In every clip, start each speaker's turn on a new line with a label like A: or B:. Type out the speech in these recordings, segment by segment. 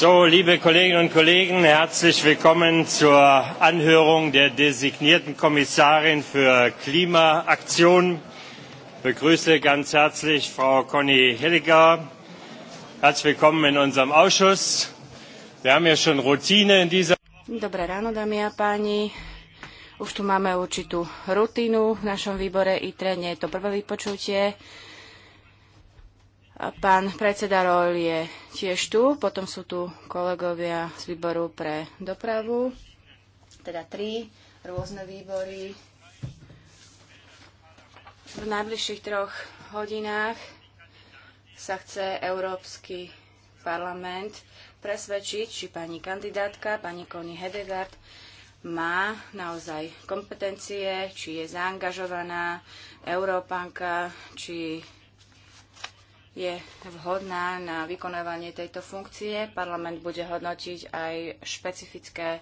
A: So, liebe Kolleginnen und Kollegen, herzlich willkommen zur Anhörung der designierten Kommissarin für Klimaaktion. Ich begrüße ganz herzlich Frau Conny Herzlich willkommen in unserem Ausschuss. Wir haben ja schon Routine in dieser.
B: Dobré ráno, dámy a páni. Už tu máme určitú rutinu v našom výbore ITRE. Nie je to prvé vypočutie. Pán predseda Rol je tiež tu, potom sú tu kolegovia z výboru pre dopravu, teda tri rôzne výbory. V najbližších troch hodinách sa chce Európsky parlament presvedčiť, či pani kandidátka, pani Connie Hedegaard, má naozaj kompetencie, či je zaangažovaná Európanka, či je vhodná na vykonávanie tejto funkcie. Parlament bude hodnotiť aj špecifické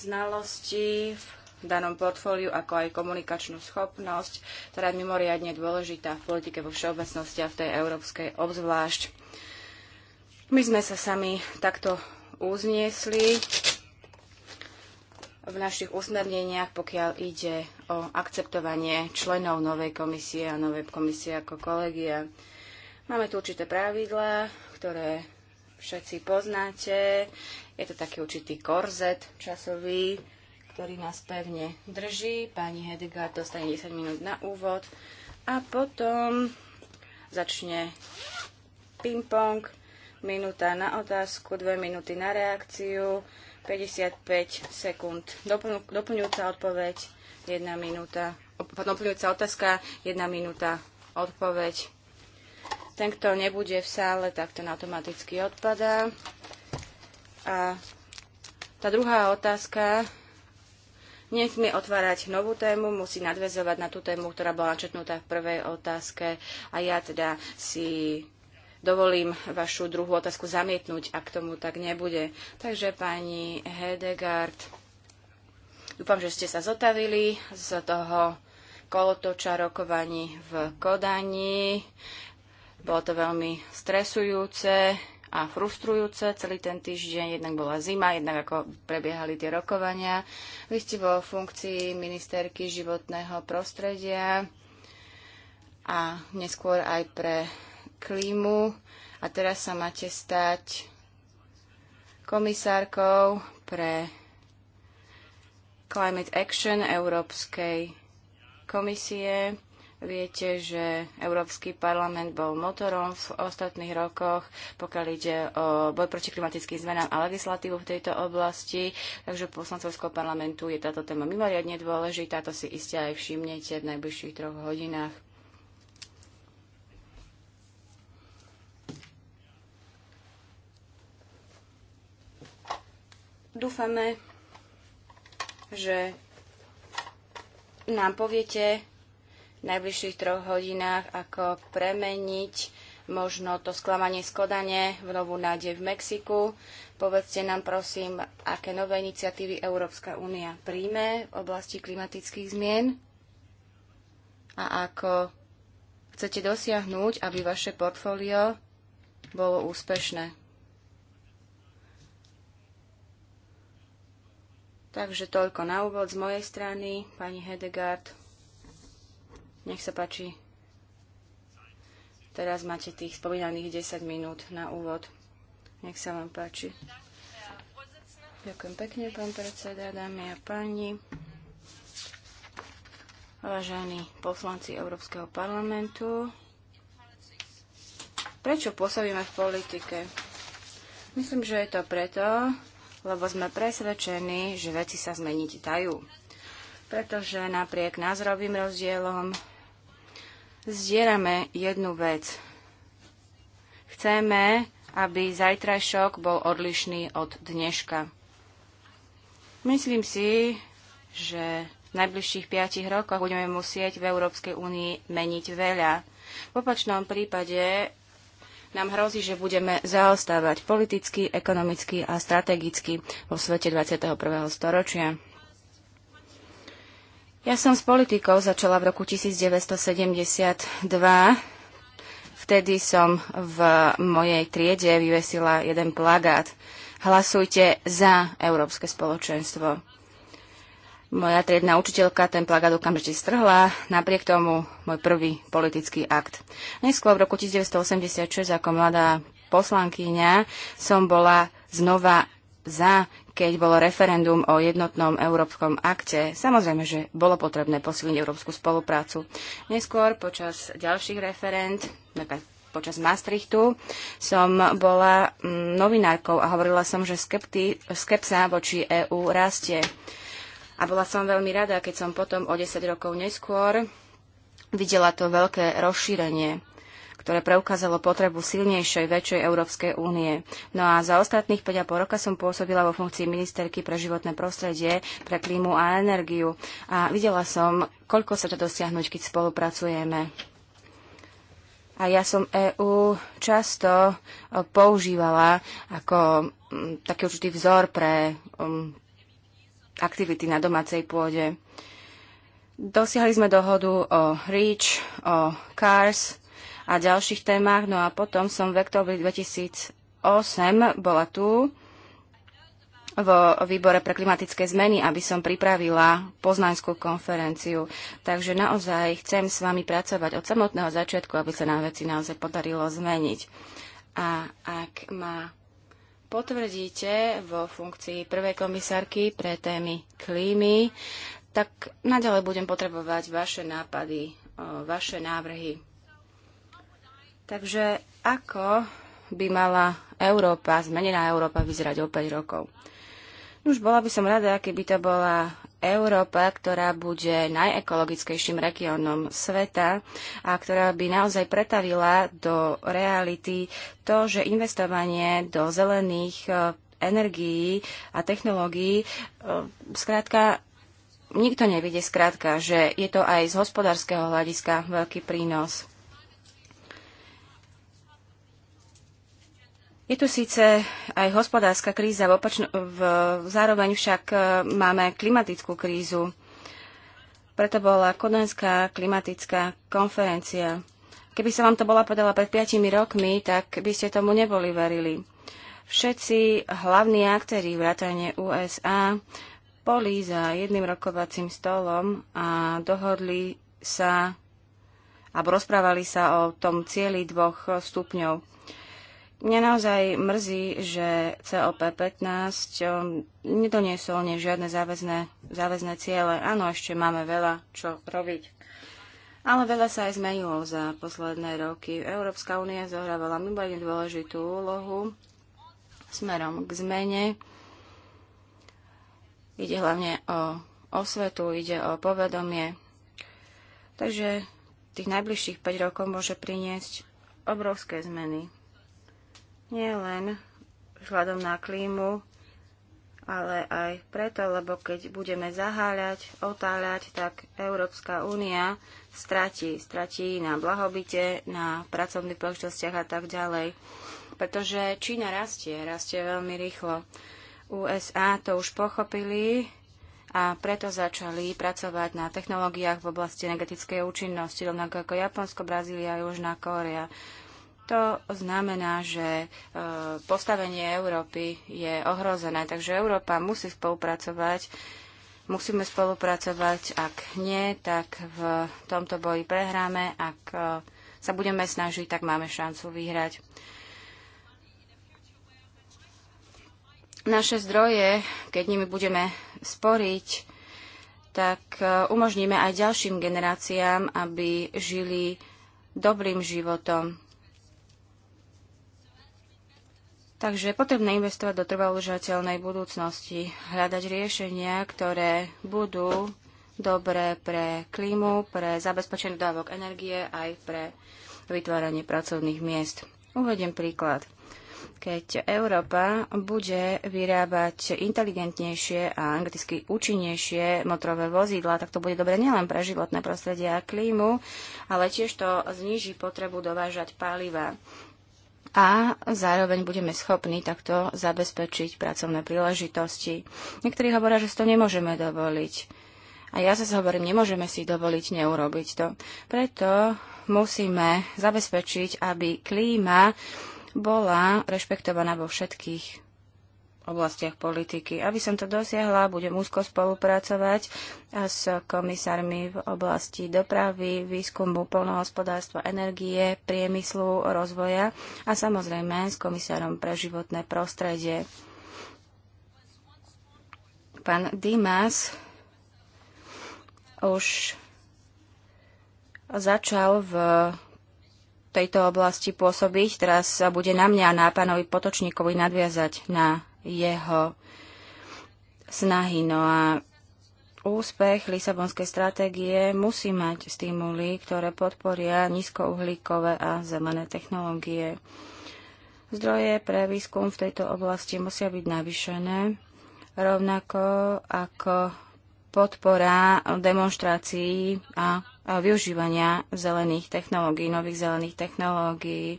B: znalosti v danom portfóliu, ako aj komunikačnú schopnosť, ktorá je mimoriadne dôležitá v politike vo všeobecnosti a v tej európskej obzvlášť. My sme sa sami takto uzniesli v našich usmerneniach, pokiaľ ide o akceptovanie členov novej komisie a novej komisie ako kolegia. Máme tu určité pravidlá, ktoré všetci poznáte. Je to taký určitý korzet časový, ktorý nás pevne drží. Pani Hedegaard dostane 10 minút na úvod a potom začne ping-pong, minúta na otázku, 2 minúty na reakciu, 55 sekúnd doplňujúca odpoveď, 1 minúta, doplňujúca otázka, 1 minúta odpoveď. Ten, kto nebude v sále, tak ten automaticky odpadá. A tá druhá otázka, mi otvárať novú tému, musí nadväzovať na tú tému, ktorá bola načetnutá v prvej otázke. A ja teda si dovolím vašu druhú otázku zamietnúť, ak tomu tak nebude. Takže pani Hedegard, dúfam, že ste sa zotavili z toho kolotoča rokovaní v Kodani. Bolo to veľmi stresujúce a frustrujúce celý ten týždeň. Jednak bola zima, jednak ako prebiehali tie rokovania. Vy ste vo funkcii ministerky životného prostredia a neskôr aj pre klímu. A teraz sa máte stať komisárkou pre Climate Action Európskej komisie. Viete, že Európsky parlament bol motorom v ostatných rokoch, pokiaľ ide o boj proti klimatickým zmenám a legislatívu v tejto oblasti. Takže poslancovského parlamentu je táto téma mimoriadne dôležitá. To si iste aj všimnete v najbližších troch hodinách.
A: Dúfame, že
B: nám poviete, najbližších troch hodinách, ako premeniť možno to sklamanie z Kodane v novú nádej v Mexiku. Povedzte nám prosím, aké nové iniciatívy Európska únia príjme v oblasti klimatických zmien a ako chcete dosiahnuť, aby vaše portfólio bolo úspešné. Takže toľko na úvod z mojej strany, pani Hedegard. Nech sa páči. Teraz máte tých spomínaných 10 minút na úvod. Nech sa vám páči. Ďakujem pekne, pán predseda, dámy a páni, vážení poslanci Európskeho parlamentu. Prečo pôsobíme v politike? Myslím, že je to preto, lebo sme presvedčení, že veci sa zmeniť dajú. Pretože napriek názorovým rozdielom zdieľame jednu vec. Chceme, aby zajtrajšok bol odlišný od dneška. Myslím si, že v najbližších piatich rokoch budeme musieť v Európskej únii meniť veľa. V opačnom prípade nám hrozí, že budeme zaostávať politicky, ekonomicky a strategicky vo svete 21. storočia. Ja som s politikou začala v roku 1972. Vtedy som v mojej triede vyvesila jeden plagát. Hlasujte za Európske spoločenstvo. Moja triedna učiteľka ten plagát okamžite strhla, napriek tomu môj prvý politický akt. Neskôr v roku 1986 ako mladá poslankyňa som bola znova za, keď bolo referendum o jednotnom európskom akte. Samozrejme, že bolo potrebné posilniť európsku spoluprácu. Neskôr počas ďalších referent, počas Maastrichtu som bola mm, novinárkou a hovorila som, že skepti, skepsa voči EÚ rastie. A bola som veľmi rada, keď som potom o 10 rokov neskôr videla to veľké rozšírenie ktoré preukázalo potrebu silnejšej, väčšej Európskej únie. No a za ostatných 5,5 roka som pôsobila vo funkcii ministerky pre životné prostredie, pre klímu a energiu a videla som, koľko sa to dosiahnuť, keď spolupracujeme. A ja som EÚ často e, používala ako mm, taký určitý vzor pre mm, aktivity na domácej pôde. Dosiahli sme dohodu o REACH, o CARS, a ďalších témach. No a potom som v oktobri 2008 bola tu vo výbore pre klimatické zmeny, aby som pripravila poznaňskú konferenciu. Takže naozaj chcem s vami pracovať od samotného začiatku, aby sa nám veci naozaj podarilo zmeniť. A ak ma potvrdíte vo funkcii prvej komisárky pre témy klímy, tak naďalej budem potrebovať vaše nápady, vaše návrhy. Takže ako by mala Európa, zmenená Európa vyzerať o 5 rokov? Už bola by som rada, keby to bola Európa, ktorá bude najekologickejším regiónom sveta a ktorá by naozaj pretavila do reality to, že investovanie do zelených e, energií a technológií zkrátka e, nikto nevidie zkrátka, že je to aj z hospodárskeho hľadiska veľký prínos. Je tu síce aj hospodárska kríza, v opačno, v, zároveň však e, máme klimatickú krízu. Preto bola Kodenská klimatická konferencia. Keby sa vám to bola povedala pred piatimi rokmi, tak by ste tomu neboli verili. Všetci hlavní aktéri v rátane USA boli za jedným rokovacím stolom a dohodli sa alebo rozprávali sa o tom cieli dvoch stupňov. Mňa naozaj mrzí, že COP15 nedoniesol ne žiadne záväzné, záväzné ciele. Áno, ešte máme veľa čo robiť. Ale veľa sa aj zmenilo za posledné roky. Európska únia zohrávala mimoriadne dôležitú úlohu smerom k zmene. Ide hlavne o osvetu, ide o povedomie. Takže tých najbližších 5 rokov môže priniesť obrovské zmeny nie len vzhľadom na klímu, ale aj preto, lebo keď budeme zaháľať, otáľať, tak Európska únia stratí. Stratí na blahobite, na pracovných príležitostiach a tak ďalej. Pretože Čína rastie, rastie veľmi rýchlo. USA to už pochopili a preto začali pracovať na technológiách v oblasti energetickej účinnosti, rovnako ako Japonsko, Brazília a Južná Kórea. To znamená, že e, postavenie Európy je ohrozené, takže Európa musí spolupracovať. Musíme spolupracovať, ak nie, tak v tomto boji prehráme, ak e, sa budeme snažiť, tak máme šancu vyhrať. Naše zdroje, keď nimi budeme sporiť, tak e, umožníme aj ďalším generáciám, aby žili dobrým životom Takže je potrebné investovať do trvalúžateľnej budúcnosti, hľadať riešenia, ktoré budú dobré pre klímu, pre zabezpečenie dávok energie aj pre vytváranie pracovných miest. Uvediem príklad. Keď Európa bude vyrábať inteligentnejšie a anglicky účinnejšie motorové vozidla, tak to bude dobre nielen pre životné prostredie a klímu, ale tiež to zníži potrebu dovážať paliva a zároveň budeme schopní takto zabezpečiť pracovné príležitosti. Niektorí hovoria, že si to nemôžeme dovoliť. A ja sa hovorím, nemôžeme si dovoliť neurobiť to. Preto musíme zabezpečiť, aby klíma bola rešpektovaná vo všetkých oblastiach politiky. Aby som to dosiahla, budem úzko spolupracovať s komisármi v oblasti dopravy, výskumu, polnohospodárstva, energie, priemyslu, rozvoja a samozrejme s komisárom pre životné prostredie. Pán Dimas už začal v tejto oblasti pôsobiť. Teraz bude na mňa a na pánovi Potočníkovi nadviazať na jeho snahy. No a úspech Lisabonskej stratégie musí mať stimuly, ktoré podporia nízkouhlíkové a zelené technológie. Zdroje pre výskum v tejto oblasti musia byť navýšené, rovnako ako podpora demonstrácií a využívania zelených technológií, nových zelených technológií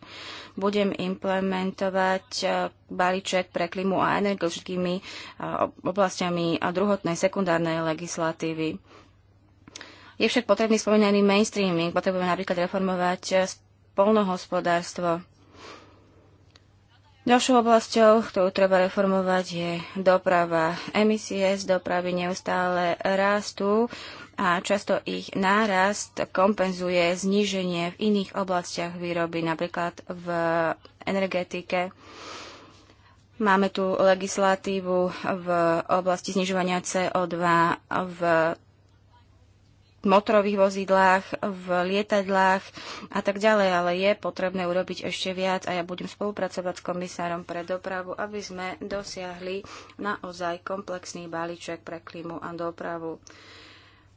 B: budem implementovať e, balíček pre klimu a energetickými e, oblastiami a druhotnej, sekundárnej legislatívy. Je však potrebný spomínaný mainstreaming. Potrebujeme napríklad reformovať e, polnohospodárstvo. Ďalšou oblasťou, ktorú treba reformovať, je doprava. Emisie z dopravy neustále rastú a často ich nárast kompenzuje zníženie v iných oblastiach výroby, napríklad v energetike. Máme tu legislatívu v oblasti znižovania CO2 v motorových vozidlách, v lietadlách a tak ďalej, ale je potrebné urobiť ešte viac a ja budem spolupracovať s komisárom pre dopravu, aby sme dosiahli naozaj komplexný balíček pre klímu a dopravu.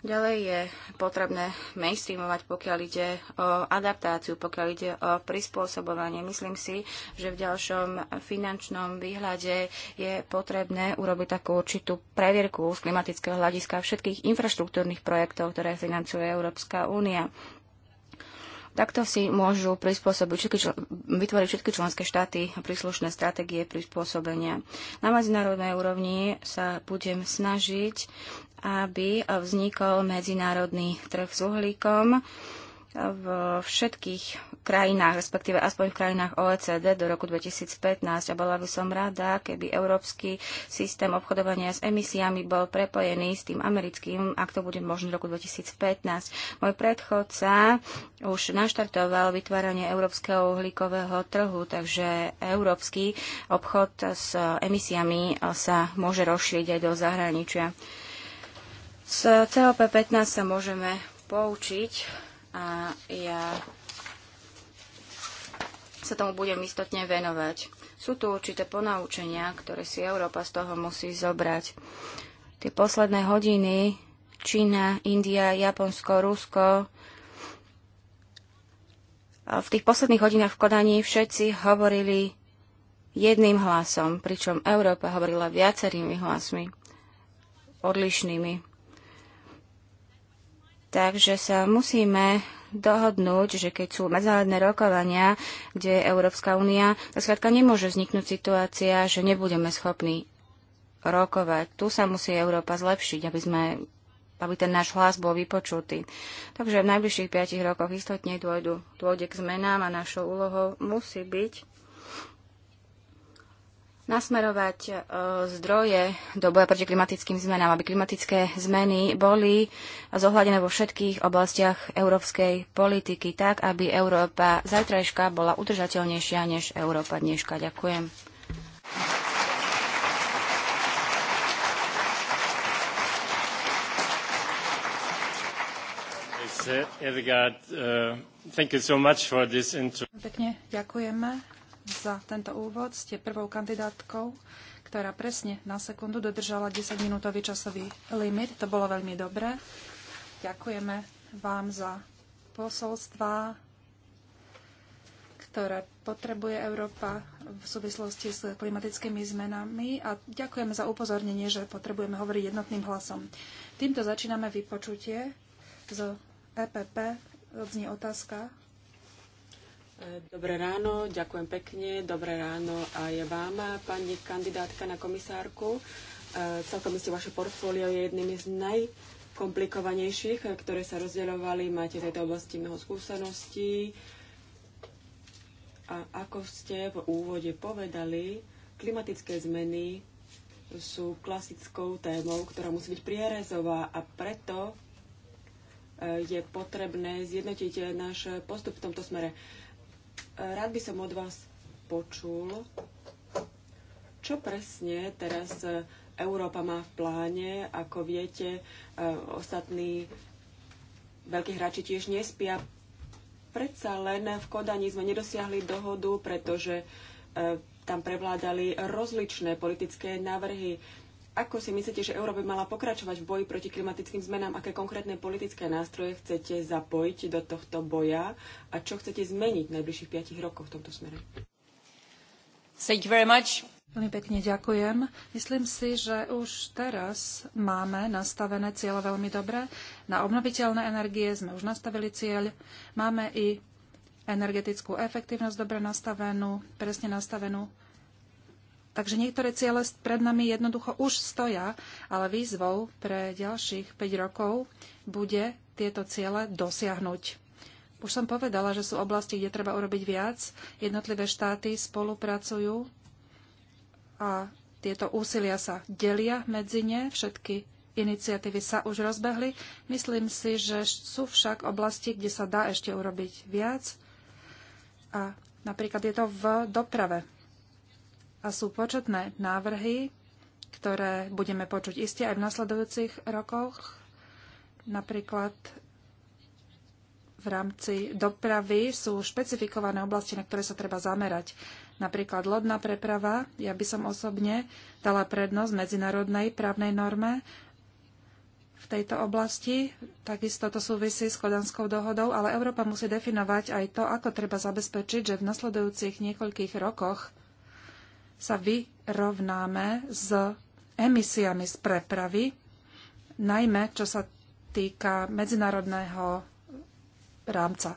B: Ďalej je potrebné mainstreamovať, pokiaľ ide o adaptáciu, pokiaľ ide o prispôsobovanie. Myslím si, že v ďalšom finančnom výhľade je potrebné urobiť takú určitú previerku z klimatického hľadiska všetkých infraštruktúrnych projektov, ktoré financuje Európska únia. Takto si môžu prispôsobiť všetky vytvoriť všetky členské štáty a príslušné stratégie prispôsobenia. Na medzinárodnej úrovni sa budem snažiť aby vznikol medzinárodný trh s uhlíkom v všetkých krajinách, respektíve aspoň v krajinách OECD do roku 2015. A bola by som rada, keby európsky systém obchodovania s emisiami bol prepojený s tým americkým, ak to bude možné v roku 2015. Môj predchodca už naštartoval vytváranie európskeho uhlíkového trhu, takže európsky obchod s emisiami sa môže rozšíriť aj do zahraničia. Z COP15 sa môžeme poučiť a ja sa tomu budem istotne venovať. Sú tu určité ponaučenia, ktoré si Európa z toho musí zobrať. Tie posledné hodiny Čína, India, Japonsko, Rusko. V tých posledných hodinách v Kodani všetci hovorili jedným hlasom, pričom Európa hovorila viacerými hlasmi, odlišnými. Takže sa musíme dohodnúť, že keď sú medzinárodné rokovania, kde je Európska únia, tak skrátka nemôže vzniknúť situácia, že nebudeme schopní rokovať. Tu sa musí Európa zlepšiť, aby sme aby ten náš hlas bol vypočutý. Takže v najbližších piatich rokoch istotne dôjdu, dôjde k zmenám a našou úlohou musí byť nasmerovať e, zdroje do boja proti klimatickým zmenám, aby klimatické zmeny boli zohľadené vo všetkých oblastiach európskej politiky, tak aby Európa zajtrajška bola udržateľnejšia než Európa dneška. Ďakujem.
A: Uh,
C: Pekne ďakujeme za tento úvod. Ste prvou kandidátkou, ktorá presne na sekundu dodržala 10-minútový časový limit. To bolo veľmi dobré. Ďakujeme vám za posolstvá, ktoré potrebuje Európa v súvislosti s klimatickými zmenami a ďakujeme za upozornenie, že potrebujeme hovoriť jednotným hlasom. Týmto začíname vypočutie z EPP. Odznie otázka
A: Dobré ráno, ďakujem pekne. Dobré ráno aj vám, pani kandidátka na komisárku. E, celkom isté vaše portfólio je jedným z najkomplikovanejších, ktoré sa rozdeľovali. Máte v tejto oblasti mnoho skúseností. A ako ste v úvode povedali, klimatické zmeny sú klasickou témou, ktorá musí byť prierezová a preto e, je potrebné zjednotiť náš postup v tomto smere. Rád by som od vás počul, čo presne teraz e, Európa má v pláne. Ako viete, e, ostatní veľkí hráči tiež nespia. Predsa len v Kodani sme nedosiahli dohodu, pretože e, tam prevládali rozličné politické návrhy. Ako si myslíte, že Európa by mala pokračovať v boji proti klimatickým zmenám? Aké konkrétne politické nástroje chcete zapojiť do tohto boja? A čo chcete zmeniť v najbližších 5 rokoch v tomto smere?
C: Thank you very much. Veľmi pekne ďakujem. Myslím si, že už teraz máme nastavené cieľe veľmi dobre. Na obnoviteľné energie sme už nastavili cieľ. Máme i energetickú efektivnosť dobre nastavenú, presne nastavenú. Takže niektoré ciele pred nami jednoducho už stoja, ale výzvou pre ďalších 5 rokov bude tieto ciele dosiahnuť. Už som povedala, že sú oblasti, kde treba urobiť viac. Jednotlivé štáty spolupracujú a tieto úsilia sa delia medzi ne. Všetky iniciatívy sa už rozbehli. Myslím si, že sú však oblasti, kde sa dá ešte urobiť viac. A napríklad je to v doprave. A sú početné návrhy, ktoré budeme počuť iste aj v nasledujúcich rokoch, napríklad v rámci dopravy sú špecifikované oblasti, na ktoré sa treba zamerať. Napríklad lodná preprava, ja by som osobne dala prednosť medzinárodnej právnej norme v tejto oblasti. Takisto to súvisí s Kodanskou dohodou, ale Európa musí definovať aj to, ako treba zabezpečiť, že v nasledujúcich niekoľkých rokoch sa vyrovnáme s emisiami z prepravy, najmä čo sa týka medzinárodného rámca.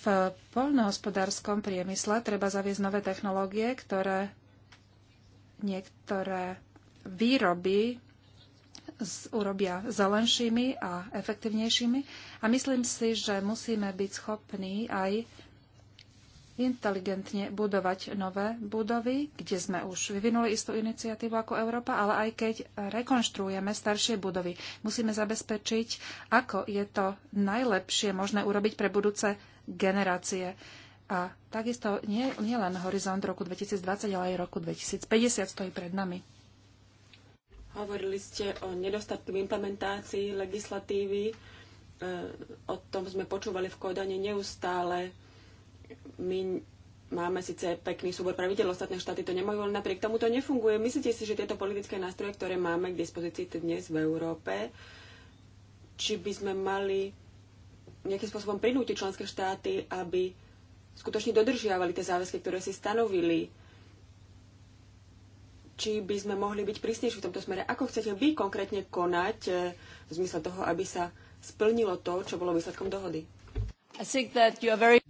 C: V poľnohospodárskom priemysle treba zaviesť nové technológie, ktoré niektoré výroby urobia zelenšími a efektívnejšími. A myslím si, že musíme byť schopní aj inteligentne budovať nové budovy, kde sme už vyvinuli istú iniciatívu ako Európa, ale aj keď rekonštruujeme staršie budovy, musíme zabezpečiť, ako je to najlepšie možné urobiť pre budúce generácie. A takisto nie, nie len horizont roku 2020, ale aj roku 2050 stojí pred nami.
A: Hovorili ste o nedostatku implementácii legislatívy. E, o tom sme počúvali v Kodane neustále my máme síce pekný súbor pravidel, ostatné štáty to nemajú, ale napriek tomu to nefunguje. Myslíte si, že tieto politické nástroje, ktoré máme k dispozícii dnes v Európe, či by sme mali nejakým spôsobom prinútiť členské štáty, aby skutočne dodržiavali tie záväzky, ktoré si stanovili? Či by sme mohli byť prísnejší v tomto smere? Ako chcete vy konkrétne konať eh, v zmysle toho, aby
C: sa splnilo to, čo bolo výsledkom dohody? I think that you are very...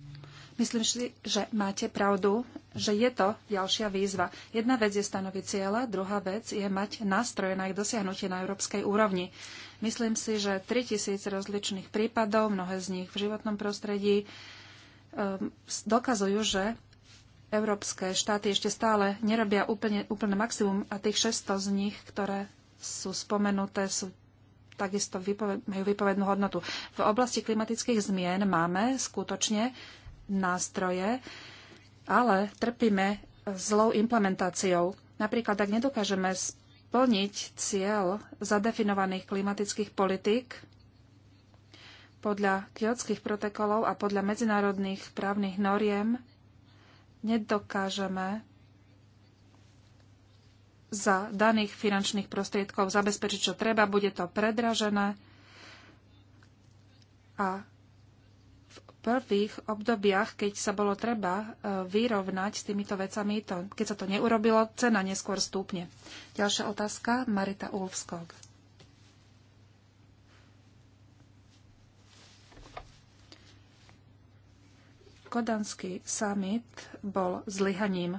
C: Myslím si, že máte pravdu, že je to ďalšia výzva. Jedna vec je stanoviť cieľa, druhá vec je mať nástroje na ich dosiahnutie na európskej úrovni. Myslím si, že 3000 rozličných prípadov, mnohé z nich v životnom prostredí, ehm, dokazujú, že európske štáty ešte stále nerobia úplne, úplne maximum a tých 600 z nich, ktoré sú spomenuté, sú takisto vypoved, majú vypovednú hodnotu. V oblasti klimatických zmien máme skutočne nástroje, ale trpíme zlou implementáciou. Napríklad, ak nedokážeme splniť cieľ zadefinovaných klimatických politík podľa kiotských protokolov a podľa medzinárodných právnych noriem, nedokážeme za daných finančných prostriedkov zabezpečiť, čo treba, bude to predražené a prvých obdobiach, keď sa bolo treba e, vyrovnať s týmito vecami, to, keď sa to neurobilo, cena neskôr stúpne. Ďalšia otázka, Marita Ulfskog. Kodanský summit bol zlyhaním.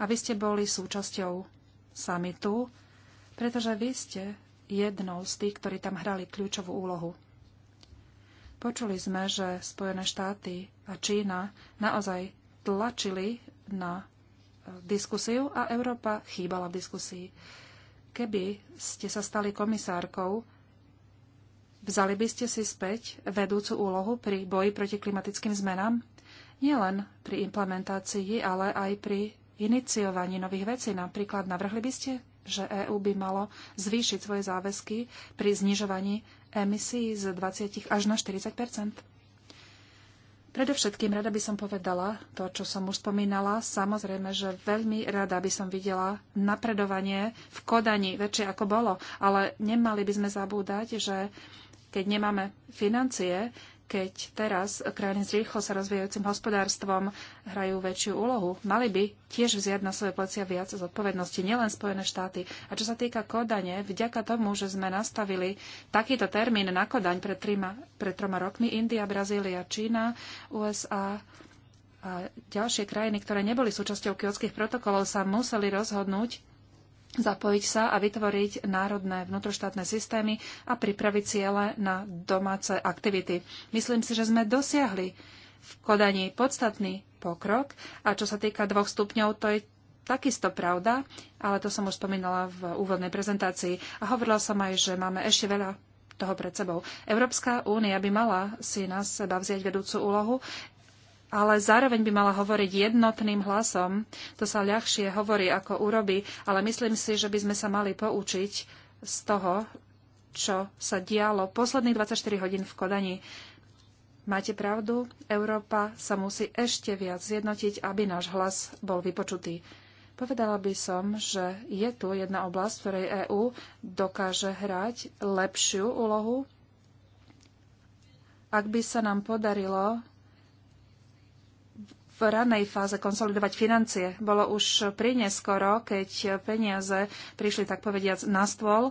C: A vy ste boli súčasťou summitu, pretože vy ste jednou z tých, ktorí tam hrali kľúčovú úlohu. Počuli sme, že Spojené štáty a Čína naozaj tlačili na e, diskusiu a Európa chýbala v diskusii. Keby ste sa stali komisárkou, vzali by ste si späť vedúcu úlohu pri boji proti klimatickým zmenám? Nielen pri implementácii, ale aj pri iniciovaní nových vecí. Napríklad navrhli by ste že EÚ by malo zvýšiť svoje záväzky pri znižovaní emisí z 20 až na 40 Predovšetkým rada by som povedala to, čo som už spomínala. Samozrejme, že veľmi rada by som videla napredovanie v kodaní väčšie ako bolo. Ale nemali by sme zabúdať, že keď nemáme financie, keď teraz krajiny s rýchlo sa rozvíjajúcim hospodárstvom hrajú väčšiu úlohu. Mali by tiež vziať na svoje plecia viac zodpovednosti, nielen Spojené štáty. A čo sa týka Kodane, vďaka tomu, že sme nastavili takýto termín na Kodaň pred, trima, pred troma rokmi, India, Brazília, Čína, USA a ďalšie krajiny, ktoré neboli súčasťou kiotských protokolov, sa museli rozhodnúť, zapojiť sa a vytvoriť národné vnútroštátne systémy a pripraviť ciele na domáce aktivity. Myslím si, že sme dosiahli v kodaní podstatný pokrok a čo sa týka dvoch stupňov, to je takisto pravda, ale to som už spomínala v úvodnej prezentácii a hovorila som aj, že máme ešte veľa toho pred sebou. Európska únia by mala si na seba vziať vedúcu úlohu ale zároveň by mala hovoriť jednotným hlasom. To sa ľahšie hovorí, ako urobí, ale myslím si, že by sme sa mali poučiť z toho, čo sa dialo posledných 24 hodín v Kodani. Máte pravdu, Európa sa musí ešte viac zjednotiť, aby náš hlas bol vypočutý. Povedala by som, že je tu jedna oblasť, v ktorej EÚ dokáže hrať lepšiu úlohu, ak by sa nám podarilo v ranej fáze konsolidovať financie. Bolo už neskoro, keď peniaze prišli, tak povediac, na stôl,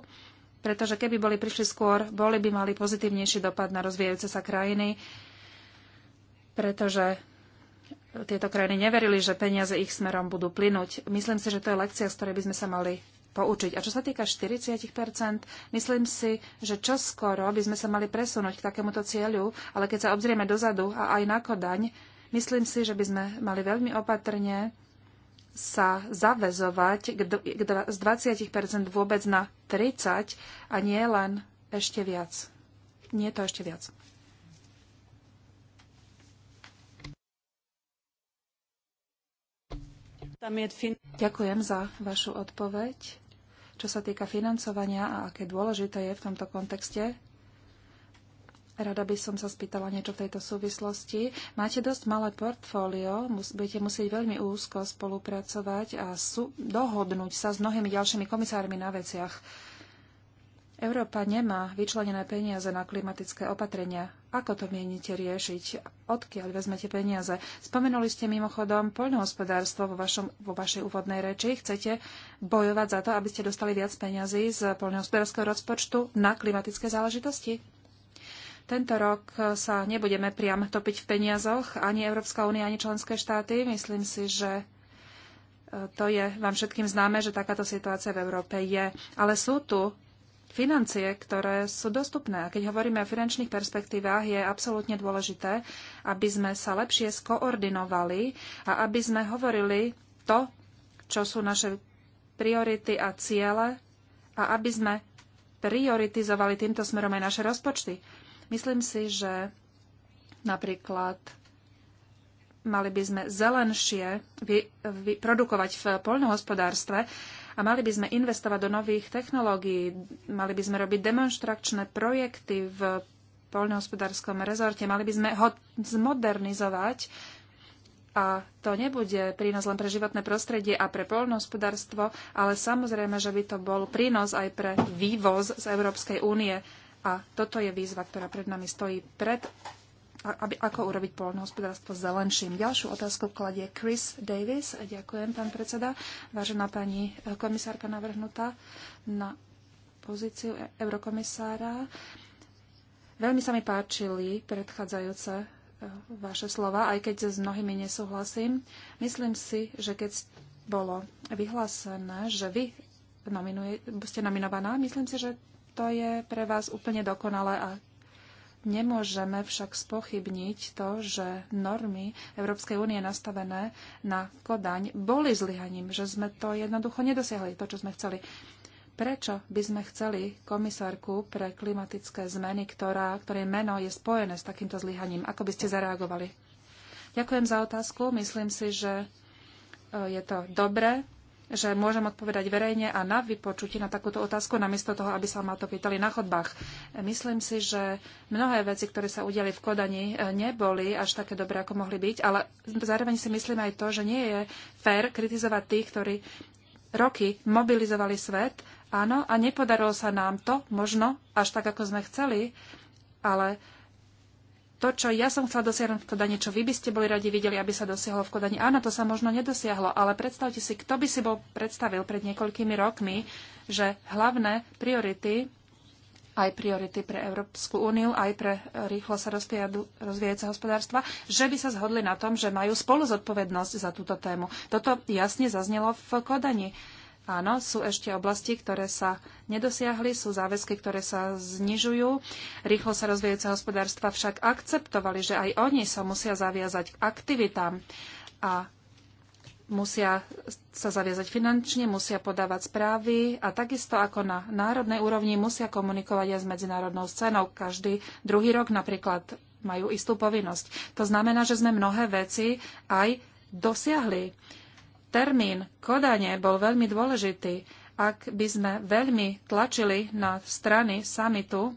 C: pretože keby boli prišli skôr, boli by mali pozitívnejší dopad na rozvíjajúce sa krajiny, pretože tieto krajiny neverili, že peniaze ich smerom budú plynúť. Myslím si, že to je lekcia, z ktorej by sme sa mali poučiť. A čo sa týka 40%, myslím si, že čoskoro by sme sa mali presunúť k takémuto cieľu, ale keď sa obzrieme dozadu a aj na Kodaň, Myslím si, že by sme mali veľmi opatrne sa zavezovať z 20 vôbec na 30 a nie len ešte viac. Nie to ešte viac. Ďakujem za vašu odpoveď. Čo sa týka financovania a aké dôležité je v tomto kontexte Rada by som sa spýtala niečo v tejto súvislosti. Máte dosť malé portfólio, mus, budete musieť veľmi úzko spolupracovať a sú, dohodnúť sa s mnohými ďalšími komisármi na veciach. Európa nemá vyčlenené peniaze na klimatické opatrenia. Ako to mienite riešiť? Odkiaľ vezmete peniaze? Spomenuli ste mimochodom poľnohospodárstvo vo, vašom, vo vašej úvodnej reči. Chcete bojovať za to, aby ste dostali viac peniazy z poľnohospodárskeho rozpočtu na klimatické záležitosti? Tento rok sa nebudeme priam topiť v peniazoch, ani Európska únia, ani členské štáty. Myslím si, že e, to je vám všetkým známe, že takáto situácia v Európe je. Ale sú tu financie, ktoré sú dostupné. A keď hovoríme o finančných perspektívach, je absolútne dôležité, aby sme sa lepšie skoordinovali a aby sme hovorili to, čo sú naše priority a ciele a aby sme prioritizovali týmto smerom aj naše rozpočty. Myslím si, že napríklad mali by sme zelenšie vyprodukovať v poľnohospodárstve a mali by sme investovať do nových technológií, mali by sme robiť demonstračné projekty v poľnohospodárskom rezorte, mali by sme ho zmodernizovať a to nebude prínos len pre životné prostredie a pre poľnohospodárstvo, ale samozrejme, že by to bol prínos aj pre vývoz z Európskej únie a toto je výzva, ktorá pred nami stojí pred aby, ako urobiť poľnohospodárstvo zelenším. Ďalšiu otázku kladie Chris Davis. Ďakujem, pán predseda. Vážená pani komisárka navrhnutá na pozíciu e- eurokomisára. Veľmi sa mi páčili predchádzajúce e, vaše slova, aj keď s mnohými nesúhlasím. Myslím si, že keď bolo vyhlásené, že vy nominuje, ste nominovaná, myslím si, že to je pre vás úplne dokonalé a nemôžeme však spochybniť to, že normy Európskej únie nastavené na Kodaň boli zlyhaním, že sme to jednoducho nedosiahli, to, čo sme chceli. Prečo by sme chceli komisárku pre klimatické zmeny, ktorá, ktorej meno je spojené s takýmto zlyhaním? Ako by ste zareagovali? Ďakujem za otázku. Myslím si, že e, je to dobré že môžem odpovedať verejne a na vypočutí na takúto otázku, namiesto toho, aby sa ma to pýtali na chodbách. Myslím si, že mnohé veci, ktoré sa udiali v Kodani, e, neboli až také dobré, ako mohli byť, ale zároveň si myslím aj to, že nie je fér kritizovať tých, ktorí roky mobilizovali svet, áno, a nepodarilo sa nám to, možno až tak, ako sme chceli, ale to, čo ja som chcela dosiahnuť v Kodani, čo vy by ste boli radi videli, aby sa dosiahlo v Kodani. Áno, to sa možno nedosiahlo, ale predstavte si, kto by si bol predstavil pred niekoľkými rokmi, že hlavné priority, aj priority pre Európsku úniu, aj pre rýchlo sa rozvíjajúce hospodárstva, že by sa zhodli na tom, že majú spolu zodpovednosť za túto tému. Toto jasne zaznelo v Kodani. Áno, sú ešte oblasti, ktoré sa nedosiahli, sú záväzky, ktoré sa znižujú. Rýchlo sa rozvíjajúce hospodárstva však akceptovali, že aj oni sa musia zaviazať k aktivitám a musia sa zaviazať finančne, musia podávať správy a takisto ako na národnej úrovni musia komunikovať aj s medzinárodnou scénou. Každý druhý rok napríklad majú istú povinnosť. To znamená, že sme mnohé veci aj dosiahli termín kodanie bol veľmi dôležitý. Ak by sme veľmi tlačili na strany samitu,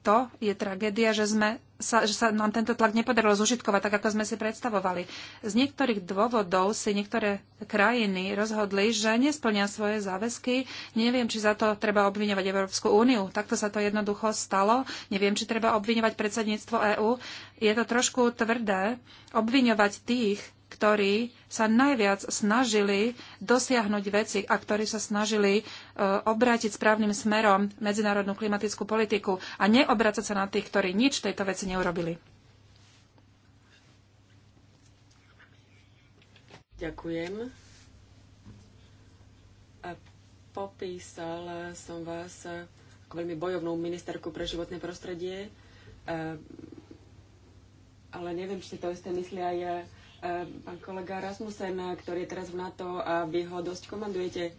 C: to je tragédia, že, sme sa, že sa nám tento tlak nepodarilo zužitkovať tak, ako sme si predstavovali. Z niektorých dôvodov si niektoré krajiny rozhodli, že nesplnia svoje záväzky. Neviem, či za to treba obviňovať Európsku úniu. Takto sa to jednoducho stalo. Neviem, či treba obviňovať predsedníctvo EÚ. Je to trošku tvrdé obviňovať tých, ktorí sa najviac snažili dosiahnuť veci a ktorí sa snažili e, obrátiť správnym smerom medzinárodnú klimatickú politiku a neobrácať sa na tých, ktorí nič tejto veci neurobili.
A: Ďakujem. A popísal som vás ako veľmi bojovnú ministerku pre životné prostredie, ale neviem, či to isté myslia aj Ehm, pán kolega Rasmussen, ktorý je teraz v NATO a vy ho dosť komandujete.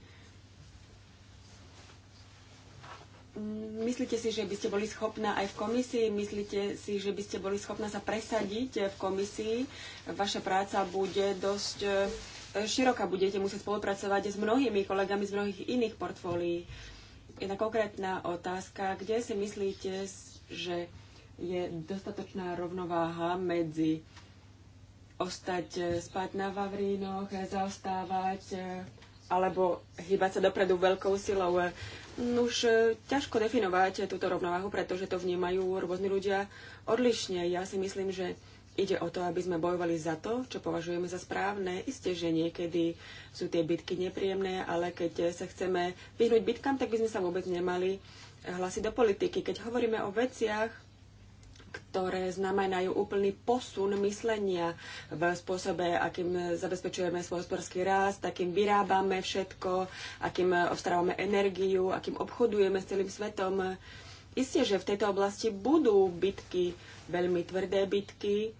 A: Myslíte si, že by ste boli schopná aj v komisii? Myslíte si, že by ste boli schopná sa presadiť v komisii? Vaša práca bude dosť eh, široká. Budete musieť spolupracovať s mnohými kolegami z mnohých iných portfólií. Jedna konkrétna otázka. Kde si myslíte, že je dostatočná rovnováha medzi ostať e, spať na Vavrínoch, e, zaostávať e, alebo hýbať sa dopredu veľkou silou. Už ťažko definovať túto rovnováhu, pretože to vnímajú rôzni ľudia odlišne. Ja si myslím, že ide o to, aby sme bojovali za to, čo považujeme za správne. Isté, že niekedy sú tie bitky nepríjemné, ale keď sa chceme vyhnúť bitkám, tak by sme sa vôbec nemali hlasiť do politiky. Keď hovoríme o veciach, ktoré znamenajú úplný posun myslenia v spôsobe, akým zabezpečujeme svoj hospodársky rast, akým vyrábame všetko, akým obstarávame energiu, akým obchodujeme s celým svetom. Isté, že v tejto oblasti budú bitky, veľmi tvrdé bitky.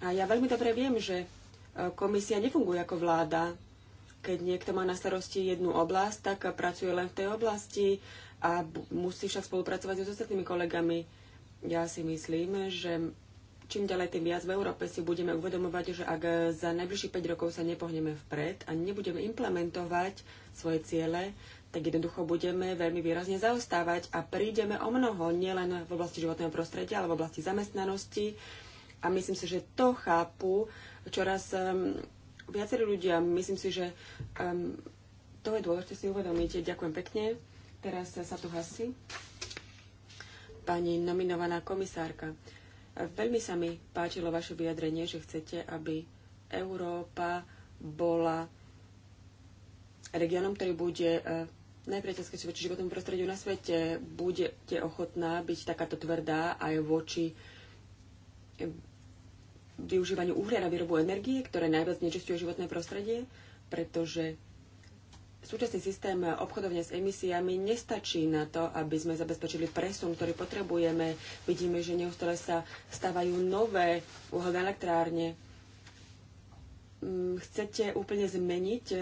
A: A ja veľmi dobre viem, že e, komisia nefunguje ako vláda. Keď niekto má na starosti jednu oblasť, tak pracuje len v tej oblasti a musí však spolupracovať s ostatnými kolegami ja si myslím, že čím ďalej, tým viac v Európe si budeme uvedomovať, že ak za najbližších 5 rokov sa nepohneme vpred a nebudeme implementovať svoje ciele, tak jednoducho budeme veľmi výrazne zaostávať a prídeme o mnoho, nielen v oblasti životného prostredia, ale v oblasti zamestnanosti. A myslím si, že to chápu čoraz um, viacerí ľudia. Myslím si, že um, to je dôležité si uvedomiť. Ďakujem pekne. Teraz sa tu hasi pani nominovaná komisárka. Veľmi sa mi páčilo vaše vyjadrenie, že chcete, aby Európa bola regionom, ktorý bude e, najpriateľské voči životnom prostrediu na svete. Budete ochotná byť takáto tvrdá aj voči využívaniu uhlia na výrobu energie, ktoré najviac znečistuje životné prostredie, pretože Súčasný systém obchodovania s emisiami nestačí na to, aby sme zabezpečili presun, ktorý potrebujeme. Vidíme, že neustále sa stávajú nové uhelné elektrárne. Mm, chcete úplne zmeniť e,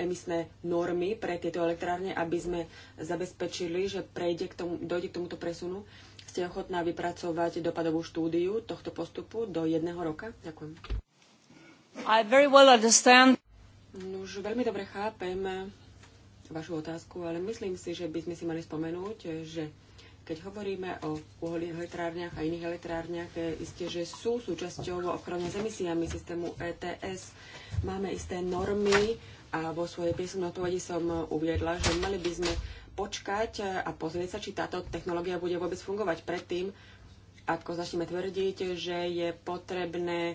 A: emisné normy pre tieto elektrárne, aby sme zabezpečili, že prejde k tomu, dojde k tomuto presunu? Ste ochotná vypracovať dopadovú štúdiu tohto postupu do jedného roka? Ďakujem.
C: I very well understand už veľmi dobre
A: chápem vašu otázku, ale myslím si, že by sme si mali spomenúť, že keď hovoríme o uholných elektrárniach a iných elektrárniach, isté, že sú súčasťou ochrany s emisiami systému ETS. Máme isté normy a vo svojej písomnej odpovedi som uviedla, že mali by sme počkať a pozrieť sa, či táto technológia bude vôbec fungovať predtým, ako začneme tvrdiť, že je potrebné e,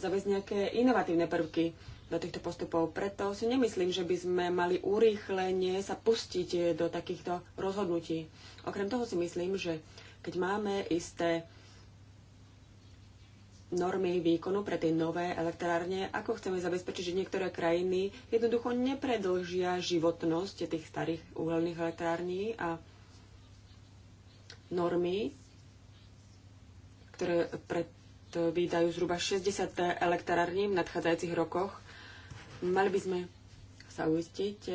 A: zaviesť nejaké inovatívne prvky do týchto postupov. Preto si nemyslím, že by sme mali urýchlenie sa pustiť do takýchto rozhodnutí. Okrem toho si myslím, že keď máme isté normy výkonu pre tie nové elektrárne, ako chceme zabezpečiť, že niektoré krajiny jednoducho nepredlžia životnosť tých starých uhelných elektrární a normy, ktoré predvídajú zhruba 60 elektrární v nadchádzajúcich rokoch, Mali by sme sa uistiť, e,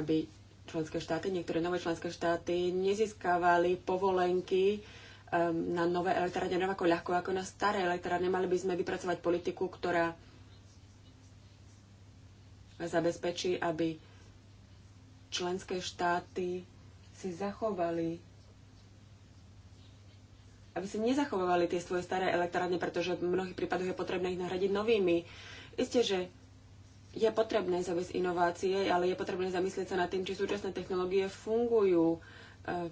A: aby členské štáty, niektoré nové členské štáty nezískavali povolenky um, na nové elektrárne rovnako no ľahko ako na staré elektrárne. Mali by sme vypracovať politiku, ktorá zabezpečí, aby členské štáty si zachovali aby si nezachovovali tie svoje staré elektrárne, pretože v mnohých prípadoch je potrebné ich nahradiť novými. Isté, že je potrebné zaviesť inovácie, ale je potrebné zamyslieť sa nad tým, či súčasné technológie fungujú. E,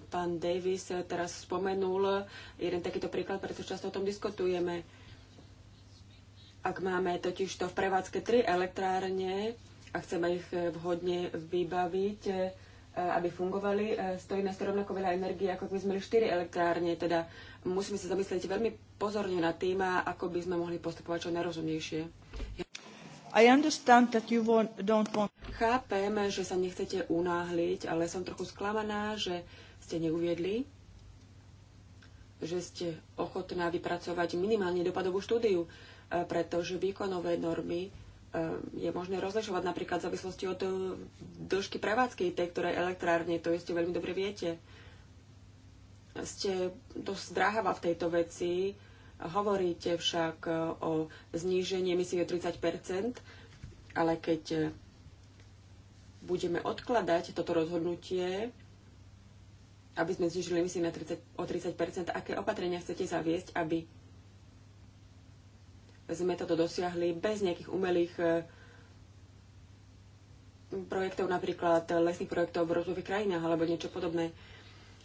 A: pán Davis teraz spomenul jeden takýto príklad, pretože často o tom diskutujeme. Ak máme totiž to v prevádzke tri elektrárne a chceme ich e, vhodne vybaviť, e, aby fungovali, stojí nás to rovnako veľa energie, ako by sme mali štyri elektrárne. Teda musíme sa zamyslieť veľmi pozorne nad tým, ako by sme mohli postupovať čo najrozumnejšie. I understand that you want, don't want... Chápem, že sa nechcete unáhliť, ale som trochu sklamaná, že ste neuviedli, že ste ochotná vypracovať minimálne dopadovú štúdiu, e, pretože výkonové normy e, je možné rozlišovať napríklad v závislosti od dĺžky prevádzky tej ktorej elektrárne, to ste veľmi dobre viete. Ste dosť zdráhava v tejto veci, hovoríte však e, o znížení emisie o 30 ale keď e, budeme odkladať toto rozhodnutie, aby sme znižili emisie na 30, o 30 aké opatrenia chcete zaviesť, aby sme toto dosiahli bez nejakých umelých e, projektov, napríklad lesných projektov v rozvojových krajinách alebo niečo podobné.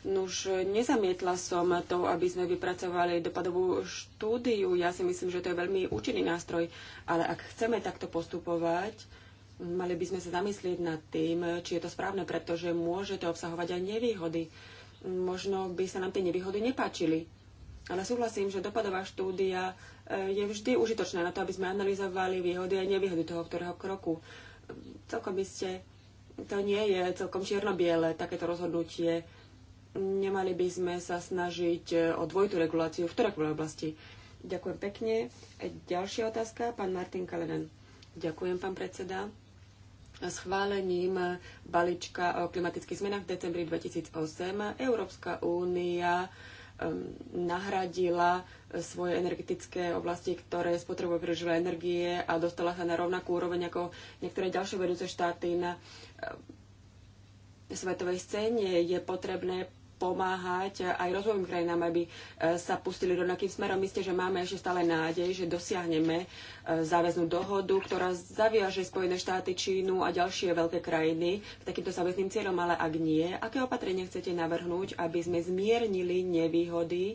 A: Nuž, nezamietla som to, aby sme vypracovali dopadovú štúdiu. Ja si myslím, že to je veľmi účinný nástroj, ale ak chceme takto postupovať, mali by sme sa zamyslieť nad tým, či je to správne, pretože môže to obsahovať aj nevýhody. Možno by sa nám tie nevýhody nepáčili. Ale súhlasím, že dopadová štúdia e, je vždy užitočná na to, aby sme analyzovali výhody a nevýhody toho ktorého kroku. Celkom iste to nie je celkom čierno-biele takéto rozhodnutie Nemali by sme sa snažiť e, o dvojitú reguláciu v ktorékoľvek oblasti. Ďakujem pekne. Ďalšia otázka, pán Martin Kalenen. Ďakujem, pán predseda. Schválením balíčka o klimatických zmenách v decembri 2008 Európska únia nahradila e, svoje energetické oblasti, ktoré spotrebujú príliš energie a dostala sa na rovnakú úroveň ako niektoré ďalšie vedúce štáty na e, svetovej scéne. Je potrebné pomáhať aj rozvojovým krajinám, aby e, sa pustili rovnakým smerom. Myslíte, že máme ešte stále nádej, že dosiahneme e, záväznú dohodu, ktorá zaviaže Spojené štáty, Čínu a ďalšie veľké krajiny k takýmto záväzným cieľom, ale ak nie, aké opatrenie chcete navrhnúť, aby sme zmiernili nevýhody, e,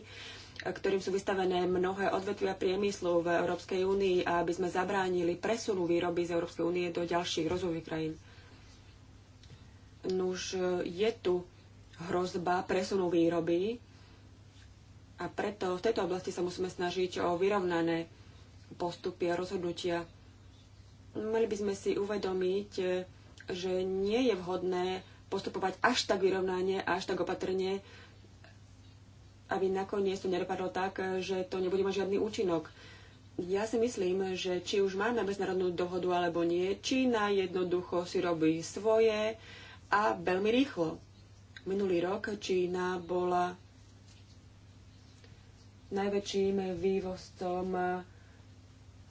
A: ktorým sú vystavené mnohé odvetvia priemyslu v Európskej únii a aby sme zabránili presunu výroby z Európskej únie do ďalších rozvojových krajín. Nuž je tu hrozba presunu výroby a preto v tejto oblasti sa musíme snažiť o vyrovnané postupy a rozhodnutia. Mali by sme si uvedomiť, že nie je vhodné postupovať až tak vyrovnanie, až tak opatrne, aby nakoniec to nedopadlo tak, že to nebude mať žiadny účinok. Ja si myslím, že či už máme medzinárodnú dohodu alebo nie, Čína jednoducho si robí svoje a veľmi rýchlo. Minulý rok Čína bola najväčším vývozcom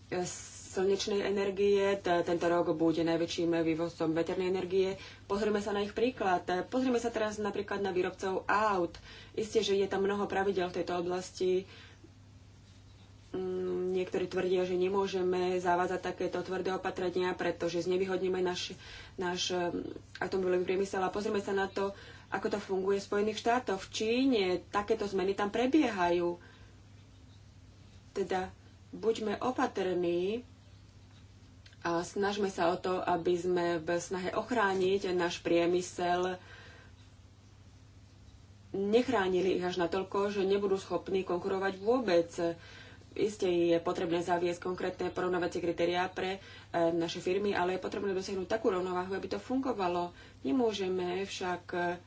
A: eh, slnečnej energie, tento rok bude najväčším vývozcom veternej energie. Pozrieme sa na ich príklad. Pozrieme sa teraz napríklad na výrobcov aut. Isté, že je tam mnoho pravidel v tejto oblasti. Mm, niektorí tvrdia, že nemôžeme zavázať takéto tvrdé opatrenia, pretože znevýhodníme náš, náš mm, automobilový priemysel. A pozrieme sa na to, ako to funguje v Spojených štátoch, v Číne. Takéto zmeny tam prebiehajú. Teda buďme opatrní a snažme sa o to, aby sme v snahe ochrániť náš priemysel nechránili ich až natoľko, že nebudú schopní konkurovať vôbec. Isté je potrebné zaviesť konkrétne porovnávacie kritériá pre e, naše firmy, ale je potrebné dosiahnuť takú rovnováhu, aby to fungovalo. Nemôžeme však e,